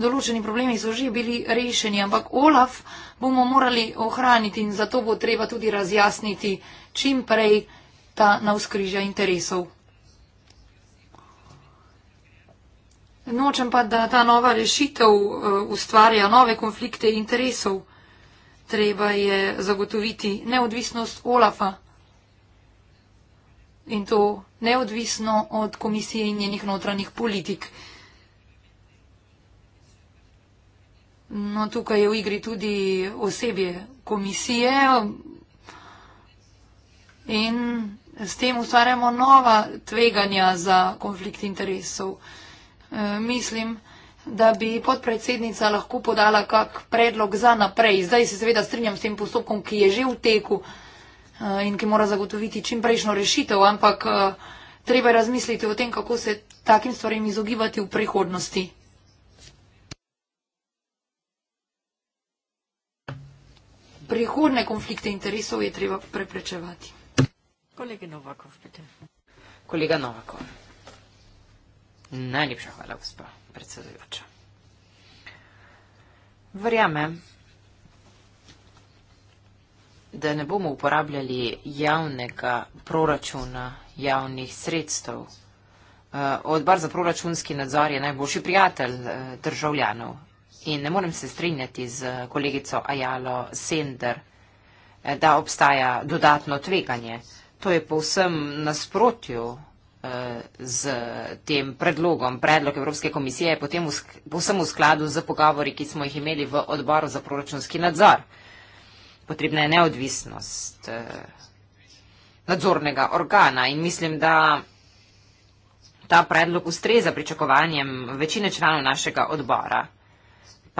določeni problemi so že bili rešeni, ampak OLAF bomo morali ohraniti in zato bo treba tudi razjasniti čim prej ta navskrižja interesov. Nočem pa, da ta nova rešitev eh, ustvarja nove konflikte interesov. Treba je zagotoviti neodvisnost OLAFA in to neodvisno od komisije in njenih notranjih politik. No, tukaj je v igri tudi osebje komisije in s tem ustvarjamo nova tveganja za konflikt interesov. E, mislim, da bi podpredsednica lahko podala kak predlog za naprej. Zdaj se seveda strinjam s tem postopkom, ki je že v teku e, in ki mora zagotoviti čim prejšnjo rešitev, ampak e, treba je razmisliti o tem, kako se takim stvarem izogibati v prihodnosti. prihodne konflikte interesov je treba preprečevati. Kolega Novakov, pite. Kolega Novakov, najlepša hvala, gospa predsedujoča. Verjamem, da ne bomo uporabljali javnega proračuna, javnih sredstev. Eh, Odbar za proračunski nadzor je najboljši prijatelj eh, državljanov In ne morem se strinjati z kolegico Ajalo Sender, eh, da obstaja dodatno tveganje. To je povsem nasprotju eh, z tem predlogom. Predlog Evropske komisije je potem povsem v skladu z pogovori, ki smo jih imeli v odboru za proračunski nadzor. Potrebna je neodvisnost eh, nadzornega organa in mislim, da ta predlog ustreza pričakovanjem večine članov našega odbora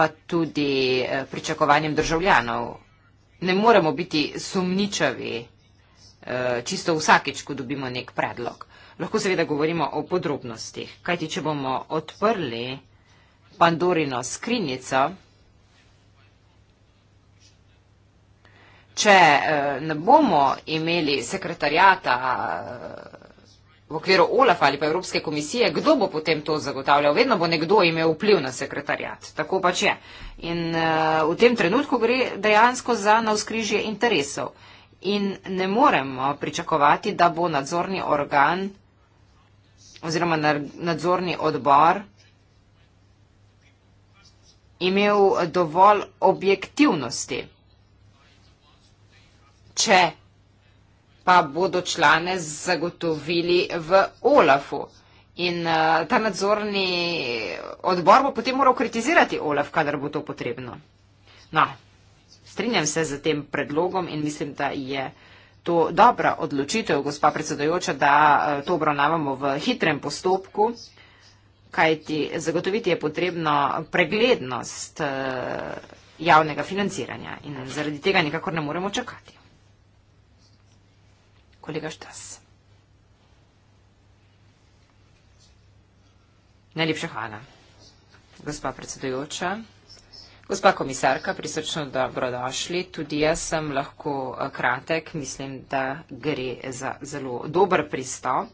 pa tudi eh, pričakovanjem državljanov. Ne moremo biti sumničavi, eh, čisto vsakeč, ko dobimo nek predlog. Lahko seveda govorimo o podrobnostih, kajti če bomo odprli Pandorino skrinjico, če eh, ne bomo imeli sekretarjata, v okviru OLAF ali pa Evropske komisije, kdo bo potem to zagotavljal. Vedno bo nekdo imel vpliv na sekretarjat. Tako pač je. In uh, v tem trenutku gre dejansko za navskrižje interesov. In ne moremo pričakovati, da bo nadzorni organ oziroma nadzorni odbor imel dovolj objektivnosti, če pa bodo člane zagotovili v OLAF-u. In uh, ta nadzorni odbor bo potem moral kritizirati OLAF, kadar bo to potrebno. No, strinjam se z tem predlogom in mislim, da je to dobra odločitev, gospa predsedojoča, da uh, to obravnavamo v hitrem postopku, kajti zagotoviti je potrebno preglednost uh, javnega financiranja in zaradi tega nikakor ne moremo čakati kolega Štas. Najlepša hvala, gospa predsedujoča. Gospa komisarka, prisrčno dobrodošli. Tudi jaz sem lahko eh, kratek. Mislim, da gre za zelo dober pristop.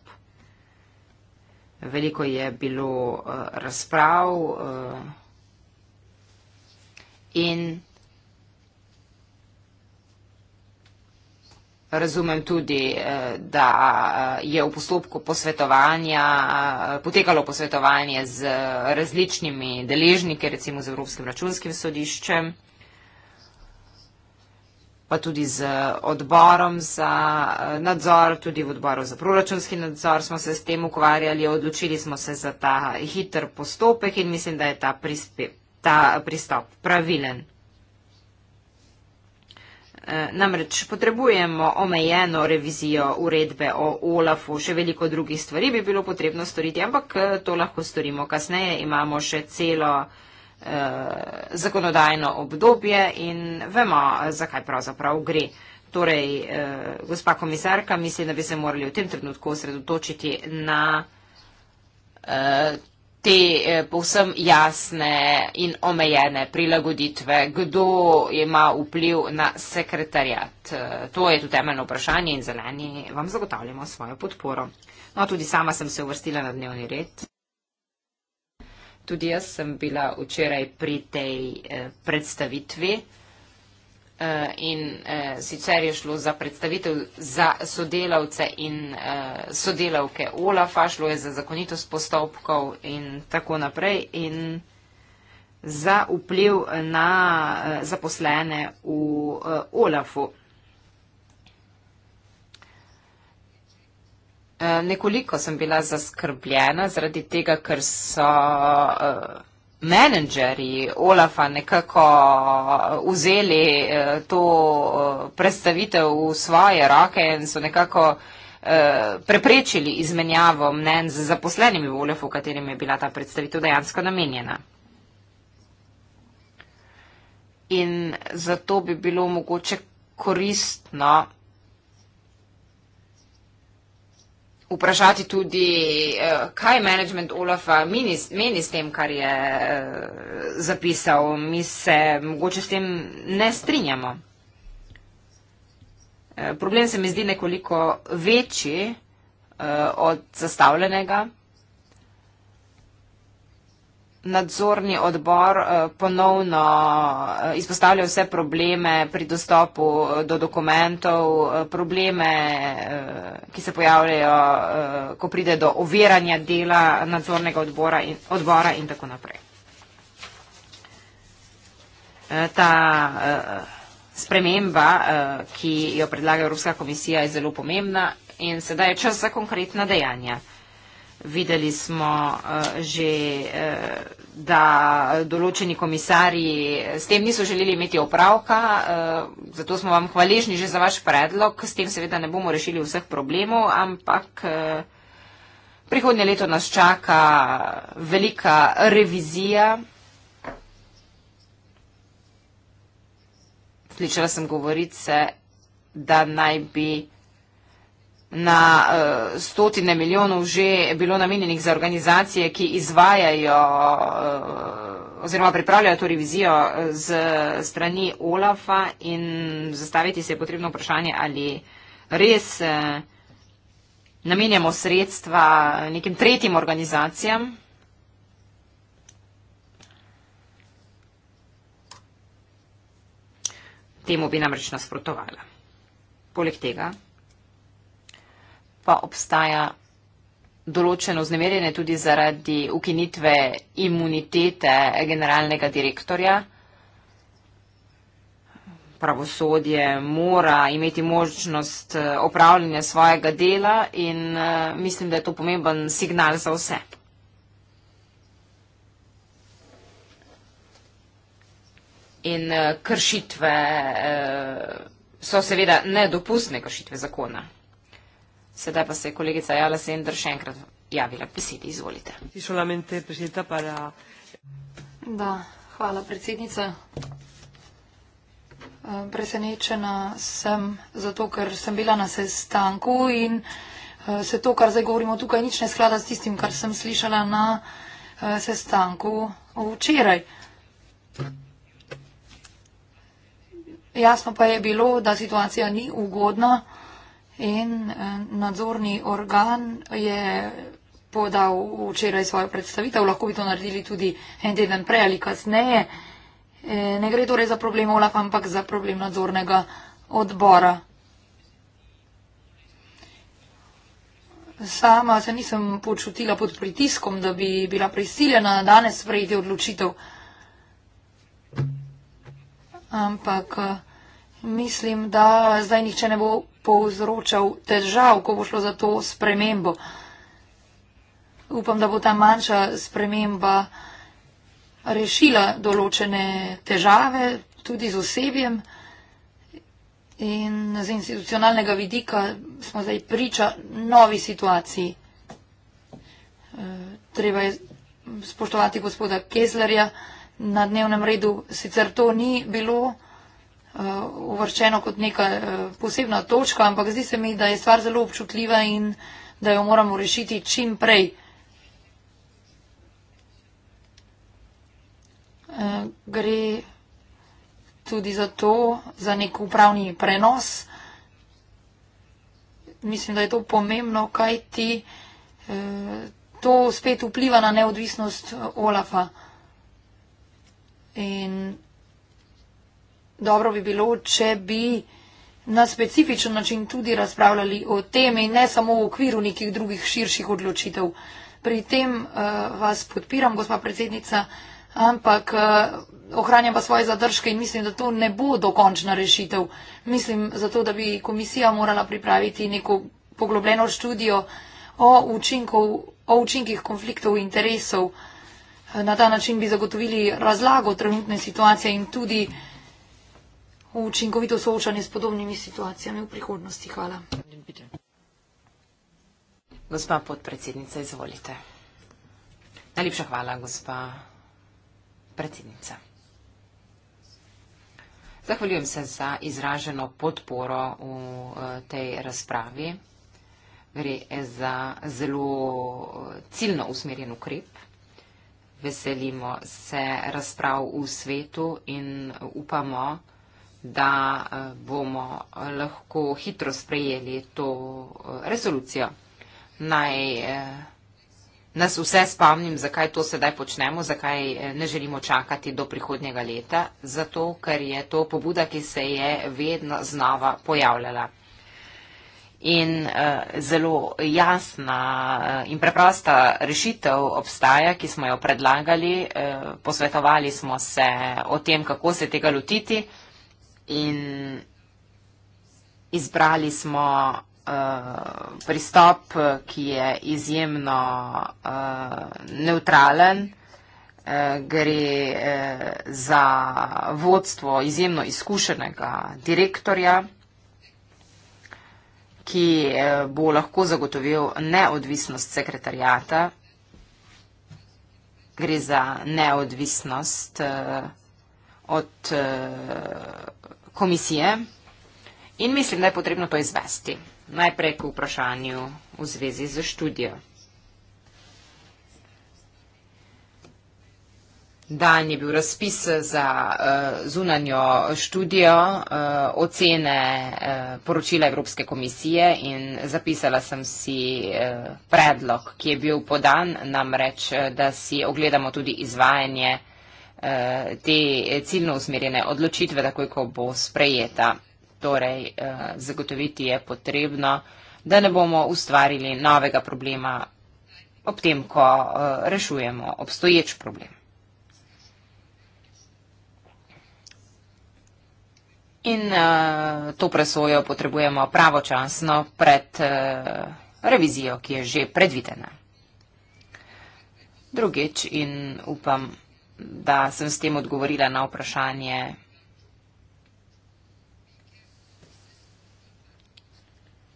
Veliko je bilo eh, razprav eh, in Razumem tudi, eh, da eh, je v postopku posvetovanja, eh, potekalo posvetovanje z različnimi deležniki, recimo z Evropskim računskim sodiščem, pa tudi z odborom za nadzor, tudi v odboru za proračunski nadzor smo se s tem ukvarjali, odločili smo se za ta hiter postopek in mislim, da je ta, prispe, ta pristop pravilen. Eh, namreč potrebujemo omejeno revizijo uredbe o OLAF-u, še veliko drugih stvari bi bilo potrebno storiti, ampak eh, to lahko storimo kasneje. Imamo še celo eh, zakonodajno obdobje in vemo, eh, zakaj pravzaprav gre. Torej, eh, gospa komisarka, mislim, da bi se morali v tem trenutku osredotočiti na eh, te eh, povsem jasne in omejene prilagoditve, kdo ima vpliv na sekretarjat. Eh, to je tudi temeljno vprašanje in zeleni vam zagotavljamo svojo podporo. No, tudi sama sem se uvrstila na dnevni red. Tudi jaz sem bila včeraj pri tej eh, predstavitvi. Eh, in eh, sicer je šlo za predstavitev za sodelavce in eh, sodelavke OLAFA, šlo je za zakonitost postopkov in tako naprej in za vpliv na zaposlene v OLAFu. Nekoliko sem bila zaskrbljena zaradi tega, ker so menedžerji Olafa nekako eh, vzeli eh, to eh, predstavitev v svoje roke in so nekako preprečili izmenjavo mnenj z zaposlenimi v Olafu, v katerim je bila ta predstavitev dejansko namenjena. In zato bi bilo mogoče koristno vprašati tudi, eh, kaj management Olafa meni, meni s tem, kar je eh, zapisal. Mi se mogoče s tem ne strinjamo. Eh, problem se mi zdi nekoliko večji od zastavljenega nadzorni odbor eh, ponovno eh, izpostavlja vse probleme pri dostopu eh, do dokumentov, probleme, ki se pojavljajo, ko pride do oviranja dela nadzornega odbora in, odbora in tako naprej. Ta sprememba, ki jo predlaga Evropska komisija, je zelo pomembna in sedaj je čas za konkretna dejanja. Videli smo uh, že, uh, da določeni komisarji eh, s tem niso želeli imeti opravka, uh, zato smo vam hvaležni že za vaš predlog. S tem seveda ne bomo rešili vseh problemov, ampak uh, prihodnje leto nas čaka velika revizija. Slišala sem govorice, da naj bi na uh, stotine milijonov že bilo namenjenih za organizacije, ki izvajajo uh, oziroma pripravljajo to revizijo eh, z strani OLAFA in zastaviti se je potrebno vprašanje, ali res uh, namenjamo sredstva nekim tretjim organizacijam. Temu bi namreč nasprotovala. Poleg tega pa obstaja določeno vznemirjenje tudi zaradi ukinitve imunitete generalnega direktorja. Pravosodje mora imeti možnost eh, opravljanja svojega dela in eh, mislim, da je to pomemben signal za vse. In eh, kršitve so seveda nedopustne kršitve zakona. Sedaj pa se je kolegica Jala Sender še enkrat javila k besedi. Izvolite. Da, hvala predsednica. Eh, presenečena sem zato, ker sem bila na sestanku in eh, se to, kar zdaj govorimo tukaj, nič ne sklada s tistim, kar sem slišala na eh, sestanku včeraj. Jasno pa je bilo, da situacija ni ugodna. In eh, nadzorni organ je podal včeraj svojo predstavitev, lahko bi to naredili tudi en teden prej ali kasneje. Eh, ne gre torej za problem OLAF, ampak za problem nadzornega odbora. Sama se nisem počutila pod pritiskom, da bi bila prisiljena danes sprejeti odločitev. Ampak eh, mislim, da zdaj nihče ne bo povzročal težav, ko bo šlo za to spremembo. Upam, da bo ta manjša sprememba rešila določene težave tudi z osebjem in z institucionalnega vidika smo zdaj priča novi situaciji. E, treba je spoštovati gospoda Kezlerja na dnevnem redu, sicer to ni bilo. Eh, uvrščeno kot neka eh, posebna točka, ampak zdi se mi, da je stvar zelo občutljiva in da jo moramo rešiti čim prej. Eh, gre tudi za to, za nek upravni prenos. Mislim, da je to pomembno, kaj ti to spet vpliva na neodvisnost Olafa. In dobro bi bilo, če bi na specifičen način tudi razpravljali o temi, ne samo v okviru nekih drugih širših odločitev. Pri tem uh, vas podpiram, gospa predsednica, ampak uh, ohranjam pa svoje zadržke in mislim, da to ne bo dokončna rešitev. Mislim zato, da bi komisija morala pripraviti neko poglobljeno študijo o, učinkov, o učinkih konfliktov interesov. Na ta način bi zagotovili razlago trenutne situacije in tudi uh, v učinkovito soočanje s podobnimi situacijami v prihodnosti. Hvala. Gospa podpredsednica, izvolite. Najlepša hvala, gospa predsednica. Zahvaljujem se za izraženo podporo v eh, tej razpravi. Gre eh, za zelo eh, ciljno usmerjen ukrep. Veselimo se razprav v svetu in upamo, da eh, bomo lahko hitro sprejeli to eh, resolucijo. Naj eh, nas vse spomnim, zakaj to sedaj počnemo, zakaj ne želimo čakati do prihodnjega leta, zato ker je to pobuda, ki se je vedno znova pojavljala. In uh, zelo jasna in preprosta rešitev obstaja, ki smo jo predlagali, uh, posvetovali smo se o tem, kako se tega lotiti. Uh, in izbrali smo uh, pristop, ki je izjemno uh, eh, neutralen. Eh, gre za vodstvo izjemno izkušenega direktorja, ki bo lahko zagotovil neodvisnost sekretarjata. Gre za neodvisnost od komisije in mislim, da je potrebno to izvesti. Najprej k vprašanju v zvezi z študijo. Dan je bil razpis za uh, zunanjo študijo, uh, ocene uh, poročila Evropske komisije in zapisala sem si uh, predlog, ki je bil podan, namreč, da si ogledamo tudi izvajanje uh, Eh, te eh, ciljno usmerjene odločitve, takoj ko bo sprejeta. Torej, eh, zagotoviti je potrebno, da ne bomo ustvarili novega problema ob tem, ko rešujemo obstoječ problem. In to presojo potrebujemo pravočasno pred revizijo, ki je že predvidena. Drugič in upam, da sem s tem odgovorila na vprašanje.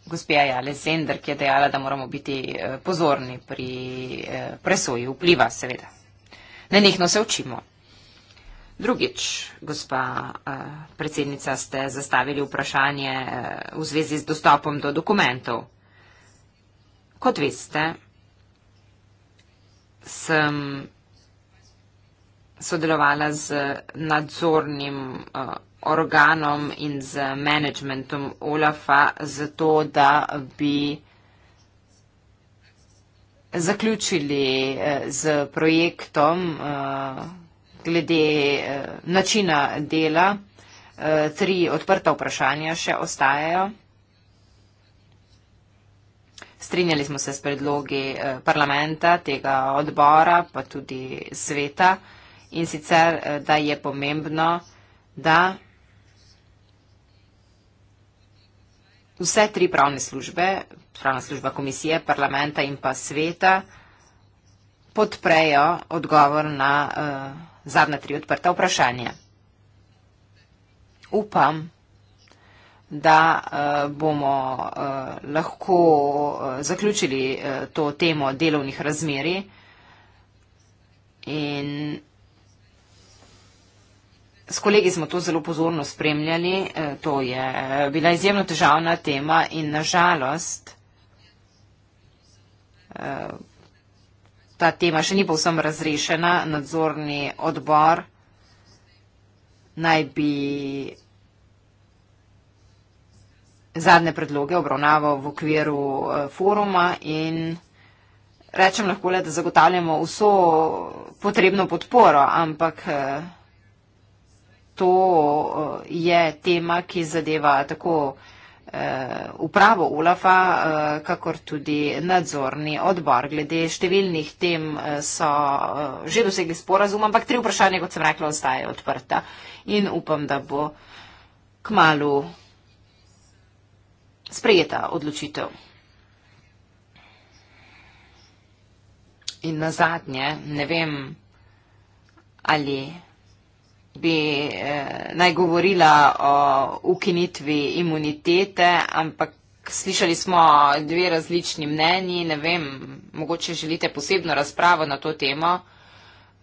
Gospa Jale Zender, ki je dejala, da moramo biti eh, pozorni pri eh, presoji vpliva, seveda. Nenehno se učimo. Drugič, gospa eh, predsednica, ste zastavili vprašanje v zvezi z dostopom do dokumentov. Kot veste, sem sodelovala z nadzornim uh, organom in z managementom OLAF-a zato, da bi zaključili uh, z projektom uh, glede uh, načina dela. Uh, tri odprta vprašanja še ostajajo. Strinjali smo se s predlogi uh, parlamenta, tega odbora, pa tudi sveta. Uh, in sicer, eh, da je pomembno, da vse tri pravne službe, pravna služba komisije, parlamenta in pa sveta, podprejo odgovor na eh, zadnje tri odprte vprašanje. Upam, da eh, bomo lahko zaključili to temo delovnih razmeri in vsega, S kolegi smo to zelo pozorno spremljali, eh, to je eh, bila izjemno težavna tema in nažalost eh, ta tema še ni povsem razrešena. Nadzorni odbor naj bi zadnje predloge obravnaval v okviru foruma in rečem lahko le, da zagotavljamo vso potrebno podporo, ampak to eh, je tema, ki zadeva tako eh, upravo ULAFA, eh, kakor tudi nadzorni odbor. Glede številnih tem so že dosegli sporazum, ampak tri vprašanja, kot sem rekla, ostajajo odprta in upam, da bo kmalo sprejeta odločitev. In na zadnje, ne vem, ali bi eh, naj govorila o ukinitvi imunitete, ampak slišali smo dve različni mnenji, ne vem, mogoče želite posebno razpravo na to temo,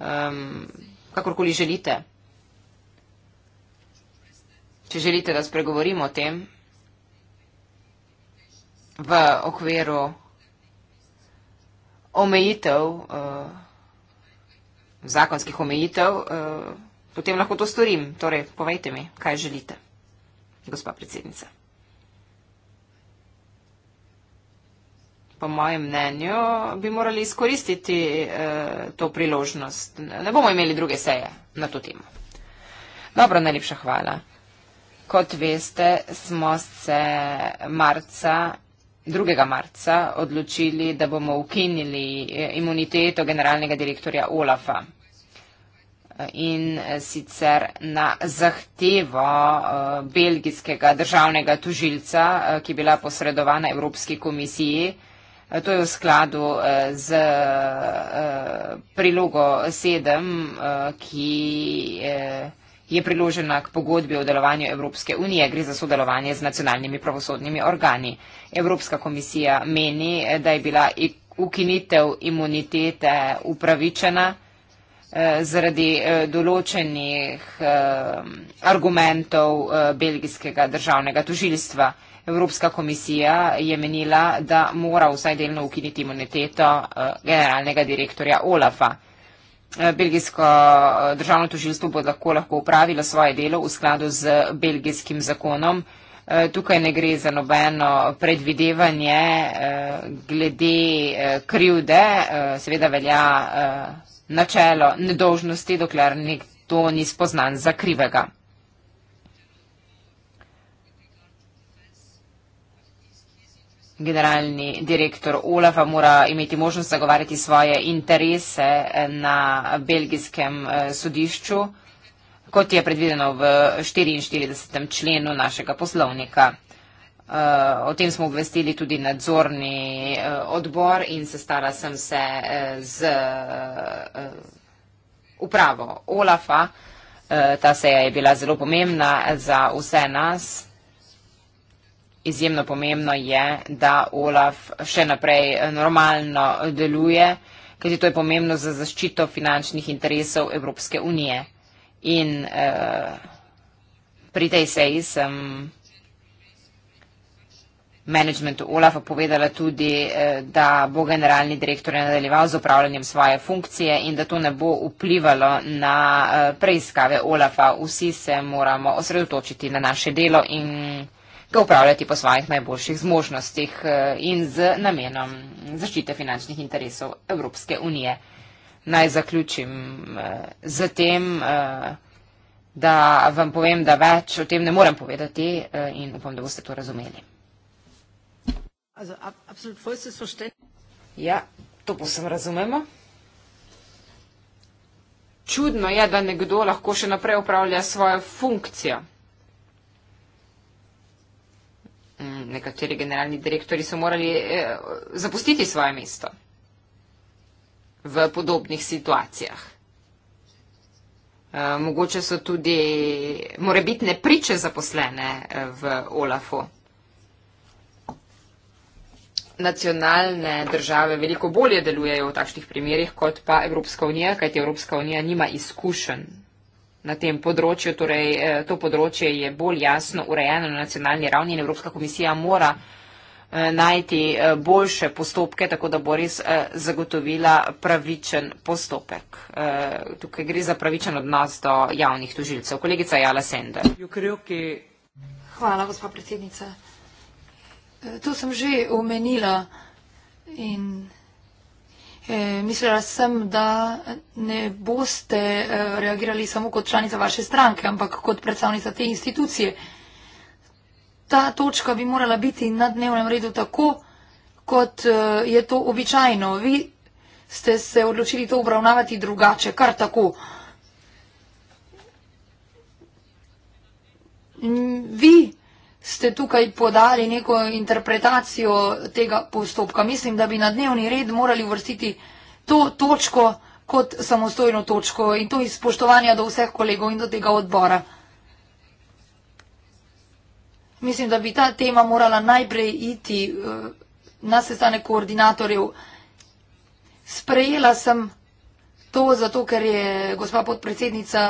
um, kakorkoli želite. Če želite, da spregovorimo o tem v okviru omejitev, uh, zakonskih omejitev, uh, potem lahko to storim. Torej, povejte mi, kaj želite, gospa predsednica. Po mojem mnenju bi morali izkoristiti eh, to priložnost. Ne bomo imeli druge seje na to temo. Dobro, najlepša hvala. Kot veste, smo se marca, 2. marca odločili, da bomo ukinili eh, imuniteto generalnega direktorja Olafa in sicer na zahtevo eh, belgijskega državnega tužilca, eh, ki je bila posredovana Evropski komisiji. Eh, to je v skladu z prilogo sedem, ki je priložena k pogodbi o delovanju Evropske unije, gre za sodelovanje z nacionalnimi pravosodnimi organi. Evropska komisija meni, da je bila ukinitev imunitete upravičena. Eh, zaradi eh, določenih eh, argumentov belgijskega državnega tožilstva. Evropska komisija je menila, da mora vsaj delno ukiniti imuniteto generalnega direktorja Olafa. Belgijsko državno tožilstvo bo lahko, lahko upravilo svoje delo v skladu z belgijskim zakonom. Tukaj ne gre za nobeno predvidevanje glede krivde, seveda velja načelo nedolžnosti, dokler nekdo ni spoznan za krivega. Generalni direktor Olafa mora imeti možnost zagovarjati svoje interese eh, na belgijskem eh, sodišču, kot je predvideno v 44. členu našega poslovnika. Eh, o tem smo obvestili tudi nadzorni eh, odbor in sestala sem se eh, z upravo Olafa. Ta seja je bila zelo pomembna za vse nas. Izjemno pomembno je, da Olaf še naprej normalno deluje, ker je to pomembno za zaščito finančnih interesov Evropske unije. In eh, pri tej seji sem managementu OLAF-a povedala tudi, eh, da bo generalni direktor nadaljeval z upravljanjem svoje funkcije in da to ne bo vplivalo na eh, preiskave OLAF-a. Vsi se moramo osredotočiti na naše delo in ga upravljati po svojih najboljših zmožnostih eh, in z namenom zaščite finančnih interesov Evropske unije. Naj zaključim z tem, da vam povem, da več o tem ne morem povedati in upam, da boste to razumeli. Ja, to posem razumemo. Čudno je, da nekdo lahko še naprej upravlja svojo funkcijo. Mm, nekateri generalni direktori so morali eh, zapustiti svoje mesto v podobnih situacijah. Eh, mogoče so tudi morebitne priče zaposlene eh, v OLAF-u nacionalne države veliko bolje delujejo v takšnih primerjih, kot pa Evropska unija, kajti Evropska unija nima izkušenj na tem področju, torej eh, to področje je bolj jasno urejeno na nacionalni ravni in Evropska komisija mora eh, najti eh, boljše postopke, tako da bo res zagotovila pravičen postopek. Tukaj gre za pravičen odnos do javnih tužilcev. Kolegica Jala Sender. Hvala, gospod predsednica. Eh, to sem že omenila in eh, mislila sem, da ne boste eh, reagirali samo kot članica vaše stranke, ampak kot predstavnica te institucije. Ta točka bi morala biti na dnevnem redu tako, kot eh, je to običajno. Vi ste se odločili to obravnavati drugače, kar tako. Mm, vi ste tukaj podali neko interpretacijo tega postopka. Mislim, da bi na dnevni red morali vrstiti to točko kot samostojno točko in to iz spoštovanja do vseh kolegov in do tega odbora. Mislim, da bi ta tema morala najprej iti eh, na sestane koordinatorjev. Sprejela sem to zato, ker je gospa podpredsednica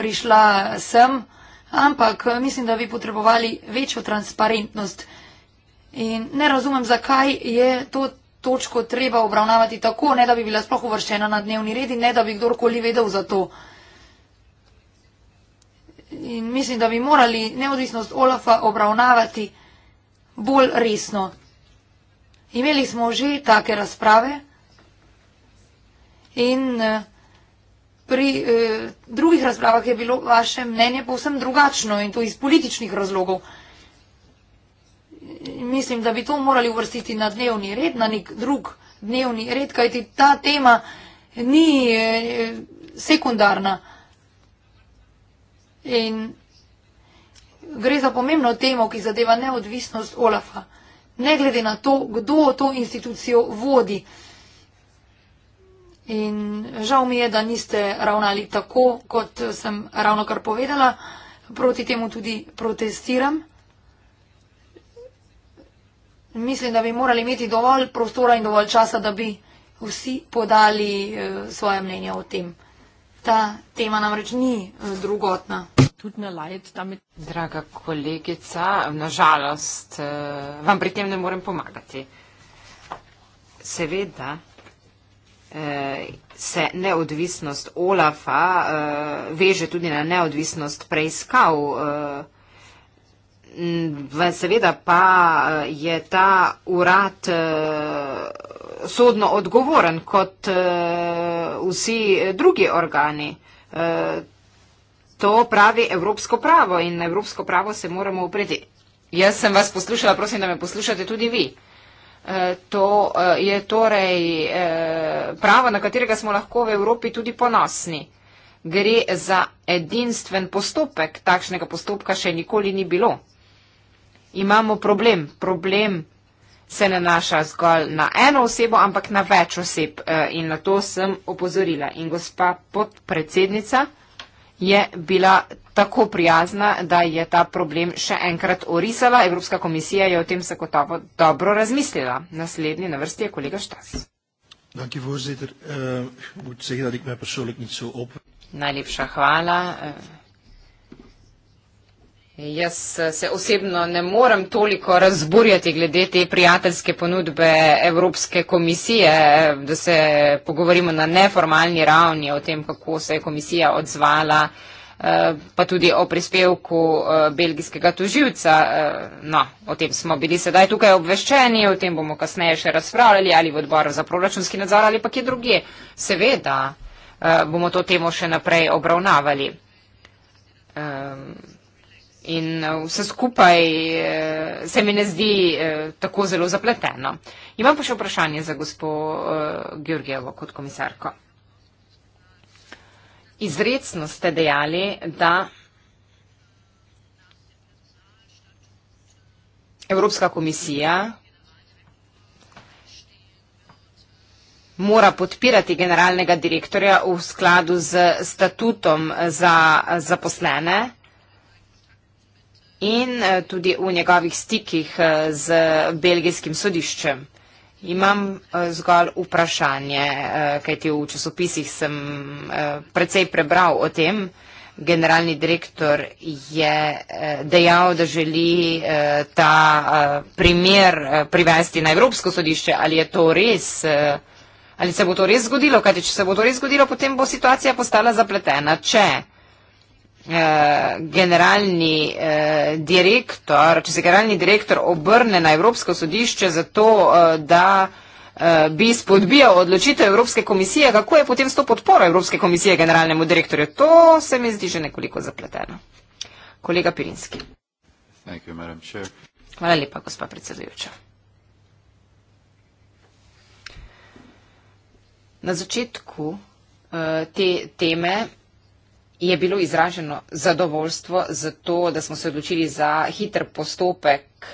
prišla sem ampak eh, mislim, da bi potrebovali večjo transparentnost. In ne razumem, zakaj je to točko treba obravnavati tako, ne da bi bila sploh uvrščena na dnevni red in ne da bi kdorkoli vedel za to. In mislim, da bi morali neodvisnost Olafa obravnavati bolj resno. Imeli smo že take razprave in uh, pri eh, drugih razpravah je bilo vaše mnenje povsem drugačno in to iz političnih razlogov. Mislim, da bi to morali uvrstiti na dnevni red, na nek drug dnevni red, kajti ta tema ni eh, sekundarna. In gre za pomembno temo, ki zadeva neodvisnost Olafa, ne glede na to, kdo to institucijo vodi. In žal mi je, da niste ravnali tako, kot sem ravno kar povedala. Proti temu tudi protestiram. Mislim, da bi morali imeti dovolj prostora in dovolj časa, da bi vsi podali eh, svoje mnenje o tem. Ta tema namreč ni eh, drugotna. Draga kolegica, nažalost eh, vam pri tem ne morem pomagati. Seveda se neodvisnost Olafa eh, veže tudi na neodvisnost preiskav. Eh, seveda pa eh, je ta urad sodno odgovoren kot vsi drugi organi. To pravi evropsko pravo in evropsko pravo se moramo upreti. Jaz sem vas poslušala, prosim, da me poslušate tudi vi. Eh, to eh, je torej eh, pravo, na katerega smo lahko v Evropi tudi ponosni. Gre za edinstven postopek. Takšnega postopka še nikoli ni bilo. Imamo problem. Problem se ne naša zgolj na eno osebo, ampak na več oseb. In na to sem opozorila. In gospa podpredsednica je bila tako prijazna, da je ta problem še enkrat orisala. Evropska komisija je o tem zagotovo dobro razmislila. Naslednji na vrsti je kolega Štas. Eh, Najlepša hvala. Eh, jaz eh, se osebno ne morem toliko razburjati glede te prijateljske ponudbe Evropske komisije, da se pogovorimo na neformalni ravni o tem, kako se je komisija odzvala. Eh, pa tudi o prispevku eh, belgijskega toživca. Eh, no, o tem smo bili sedaj tukaj obveščeni, o tem bomo kasneje še razpravljali ali v odboru za proračunski nadzor ali pa kje druge. Seveda bomo to temo še naprej obravnavali. In vse skupaj se mi ne zdi tako zelo zapleteno. Imam pa še vprašanje za gospod Georgijevo kot komisarko. Izrecno ste dejali, da Evropska komisija mora podpirati generalnega direktorja v skladu z statutom za zaposlene in eh, tudi v njegovih stikih eh, z belgijskim sodiščem. Imam uh, zgolj vprašanje, uh, kajti v časopisih sem uh, precej prebral o tem. Generalni direktor je dejal, da želi ta primer privesti na Evropsko sodišče. Ali, res, ali se bo to res zgodilo? Kajte, če se bo to res zgodilo, potem bo situacija postala zapletena. Če Eh, generalni eh, direktor, če se generalni direktor obrne na Evropsko sodišče za to, eh, da eh, bi spodbijal odločitev Evropske komisije, kako je potem s to podporo Evropske komisije generalnemu direktorju? To se mi zdi že nekoliko zapleteno. Kolega Pirinski. Hvala lepa, gospa predsedujoča. Na začetku eh, te teme je bilo izraženo zadovoljstvo za to, da smo se odločili za hiter postopek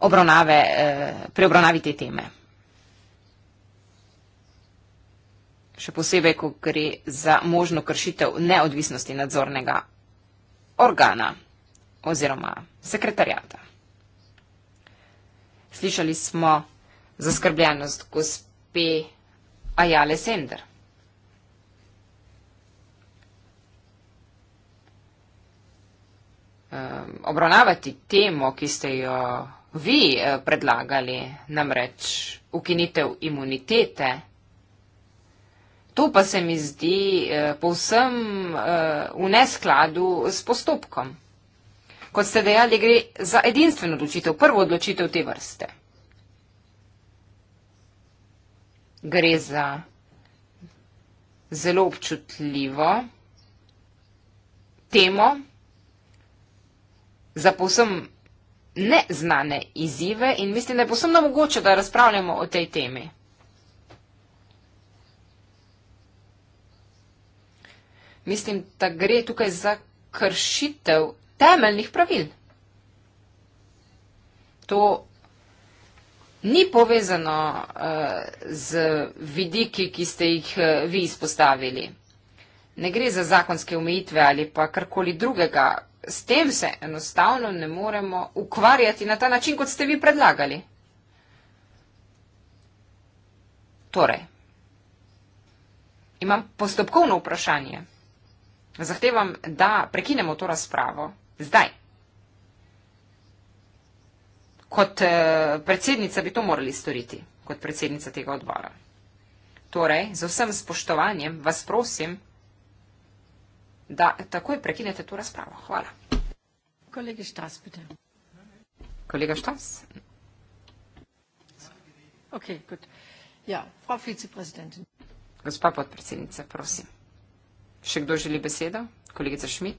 obravnave, eh, pri obravnavi te teme. Še posebej, ko gre za možno kršitev neodvisnosti nadzornega organa oziroma sekretarjata. Slišali smo zaskrbljenost gospe Ajale Sender. Um, obravnavati temo, ki ste jo vi eh, predlagali, namreč ukinitev imunitete. To pa se mi zdi eh, povsem eh, v neskladu s postopkom. Kot ste dejali, gre za edinstveno odločitev, prvo odločitev te vrste. Gre za zelo občutljivo temo, za povsem neznane izzive in mislim, da je povsem nemogoče, da razpravljamo o tej temi. Mislim, da gre tukaj za kršitev temeljnih pravil. To ni povezano uh, z vidiki, ki ste jih uh, vi izpostavili. Ne gre za zakonske omejitve ali pa karkoli drugega, s tem se enostavno ne moremo ukvarjati na ta način, kot ste vi predlagali. Torej, imam postopkovno vprašanje. Zahtevam, da prekinemo to razpravo zdaj. Kot eh, predsednica bi to morali storiti, kot predsednica tega odbora. Torej, z vsem spoštovanjem vas prosim, da takoj prekinete to razpravo. Hvala. Kolega Štas, pite. Kolega Štas. Ok, kot. Ja, prav viceprezidenti. Gospa podpredsednica, prosim. Še kdo želi besedo? Kolegica Šmit.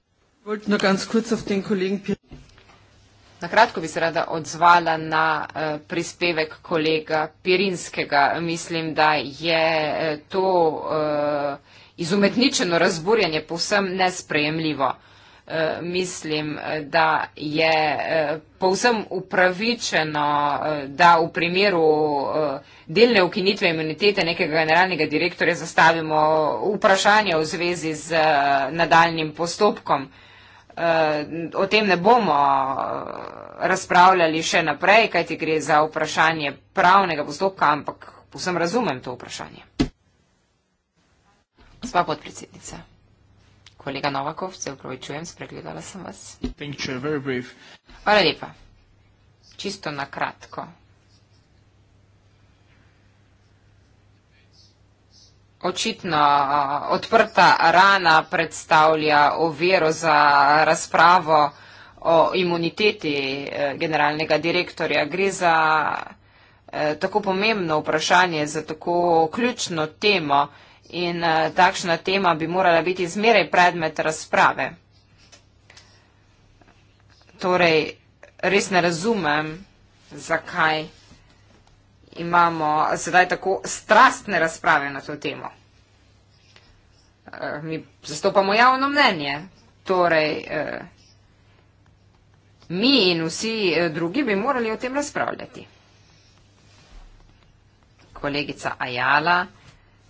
Na kratko bi se rada odzvala na eh, prispevek kolega Pirinskega. Mislim, da je eh, to uh, izumetničeno razburjanje povsem nesprejemljivo. E, mislim, da je e, povsem upravičeno, e, da v primeru e, delne ukinitve imunitete nekega generalnega direktorja zastavimo vprašanje v zvezi z e, nadaljnim postopkom. E, o tem ne bomo e, razpravljali še naprej, kajti gre za vprašanje pravnega postopka, ampak povsem razumem to vprašanje. Sva podpredsednica. Kolega Novakov, se upravičujem, spregledala sem vas. Thank you, very brief. Hvala lepa. Čisto na kratko. Očitno odprta rana predstavlja oviro za razpravo o imuniteti e, generalnega direktorja. Gre za e, tako pomembno vprašanje, za tako ključno temo in uh, takšna tema bi morala biti zmeraj predmet razprave. Torej, res ne razumem, zakaj imamo sedaj tako strastne razprave na to temo. Uh, mi zastopamo javno mnenje. Torej, uh, mi in vsi drugi bi morali o tem razpravljati. Kolegica Ajala.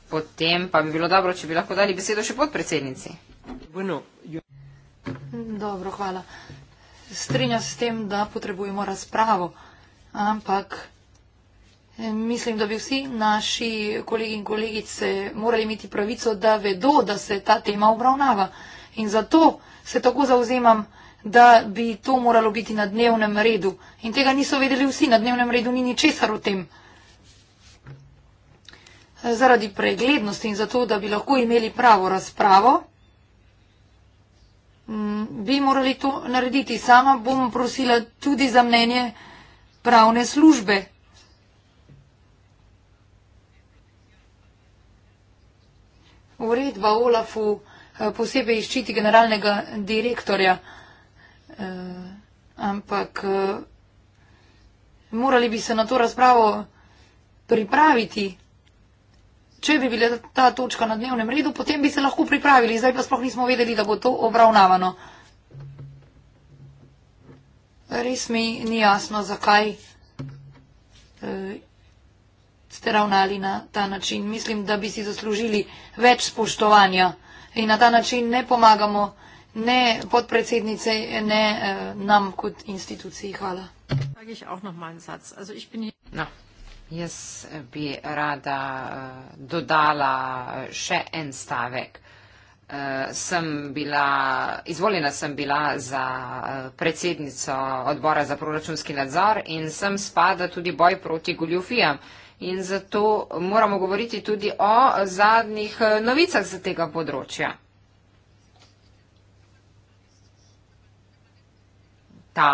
Potem pa bi bilo dobro, če bi lahko dali besedo še podpredsednici. Bueno, yo... Dobro, hvala. Strinjam se s tem, da potrebujemo razpravo, ampak. Eh, mislim, da bi vsi naši kolegi in kolegice morali imeti pravico, da vedo, da se ta tema obravnava. In zato se tako zauzemam, da bi to moralo biti na dnevnem redu. In tega niso vedeli vsi, na dnevnem redu ni ničesar o tem zaradi preglednosti in zato, da bi lahko imeli pravo razpravo, mm, bi morali to narediti. Sama bom prosila tudi za mnenje pravne službe. Uredba Olafu eh, posebej iščiti generalnega direktorja, eh, ampak eh, morali bi se na to razpravo pripraviti. Če bi bila ta točka na dnevnem redu, potem bi se lahko pripravili, zdaj pa sploh nismo vedeli, da bo to obravnavano. Res mi ni jasno, zakaj e, ste ravnali na ta način. Mislim, da bi si zaslužili več spoštovanja in na ta način ne pomagamo ne podpredsednice, ne e, nam kot instituciji. Hvala. No. Jaz bi rada uh, dodala še en stavek. Uh, sem bila, izvoljena sem bila za uh, predsednico odbora za proračunski nadzor in sem spada tudi boj proti goljufijam. In zato moramo govoriti tudi o zadnjih novicah za tega področja. Ta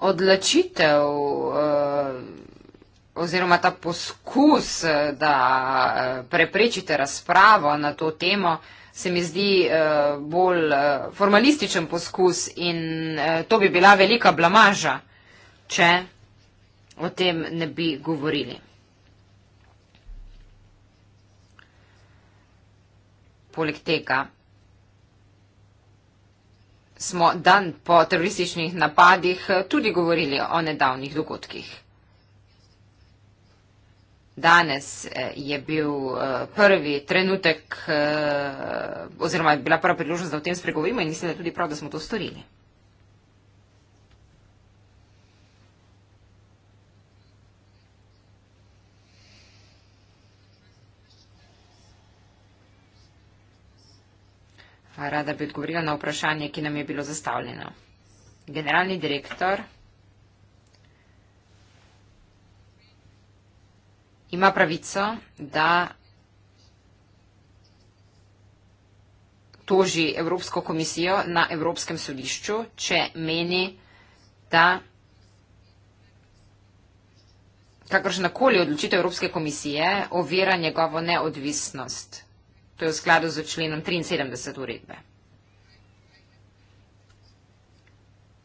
odločitev eh, oziroma ta poskus, eh, da eh, preprečite razpravo na to temo, se mi zdi bolj formalističen poskus in to bi bila velika blamaža, če o tem ne bi govorili. Poleg tega smo dan po terorističnih napadih tudi govorili o nedavnih dogodkih. Danes eh, je bil eh, prvi trenutek eh, oziroma je bila prva priložnost, da o tem spregovorimo in mislim, da je tudi prav, da smo to storili. rada bi odgovorila na vprašanje, ki nam je bilo zastavljeno. Generalni direktor ima pravico, da toži Evropsko komisijo na Evropskem sodišču, če meni, da kakršnakoli odločitev Evropske komisije ovira njegovo neodvisnost. To je v skladu z členom 73 uredbe.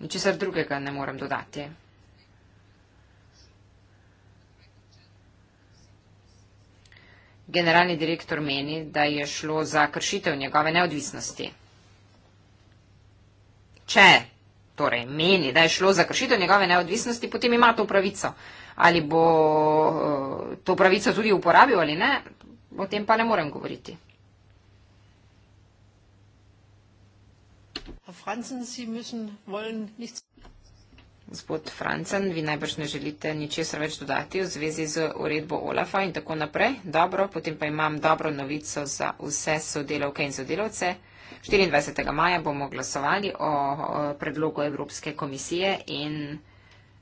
Ničesar drugega ne morem dodati. Generalni direktor meni, da je šlo za kršitev njegove neodvisnosti. Če torej meni, da je šlo za kršitev njegove neodvisnosti, potem ima to pravico. Ali bo eh, to pravico tudi uporabil ali ne, o tem pa ne morem govoriti. Gospod Franzen, si müssen wollen nichts. Gospod Francen, vi najbrž ne želite ničesar več dodati v zvezi z uredbo OLAFA in tako naprej. Dobro, potem pa imam dobro novico za vse sodelavke in sodelavce. 24. maja bomo glasovali o predlogu Evropske komisije in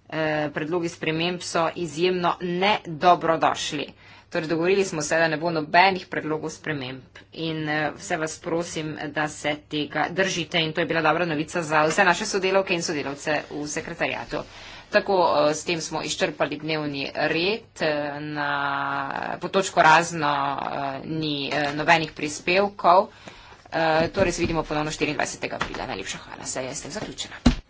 eh, predlogi sprememb so izjemno nedobrodošli. Torej, dogovorili smo se, da ne bo nobenih predlogov sprememb in eh, vse vas prosim, da se tega držite in to je bila dobra novica za vse naše sodelovke in sodelovce v sekretarijatu. Tako eh, s tem smo izčrpali dnevni red. Eh, na, po točko razno ni nobenih prispevkov. Torej, se vidimo ponovno 24. aprila. Najlepša hvala. Se je s tem zaključena.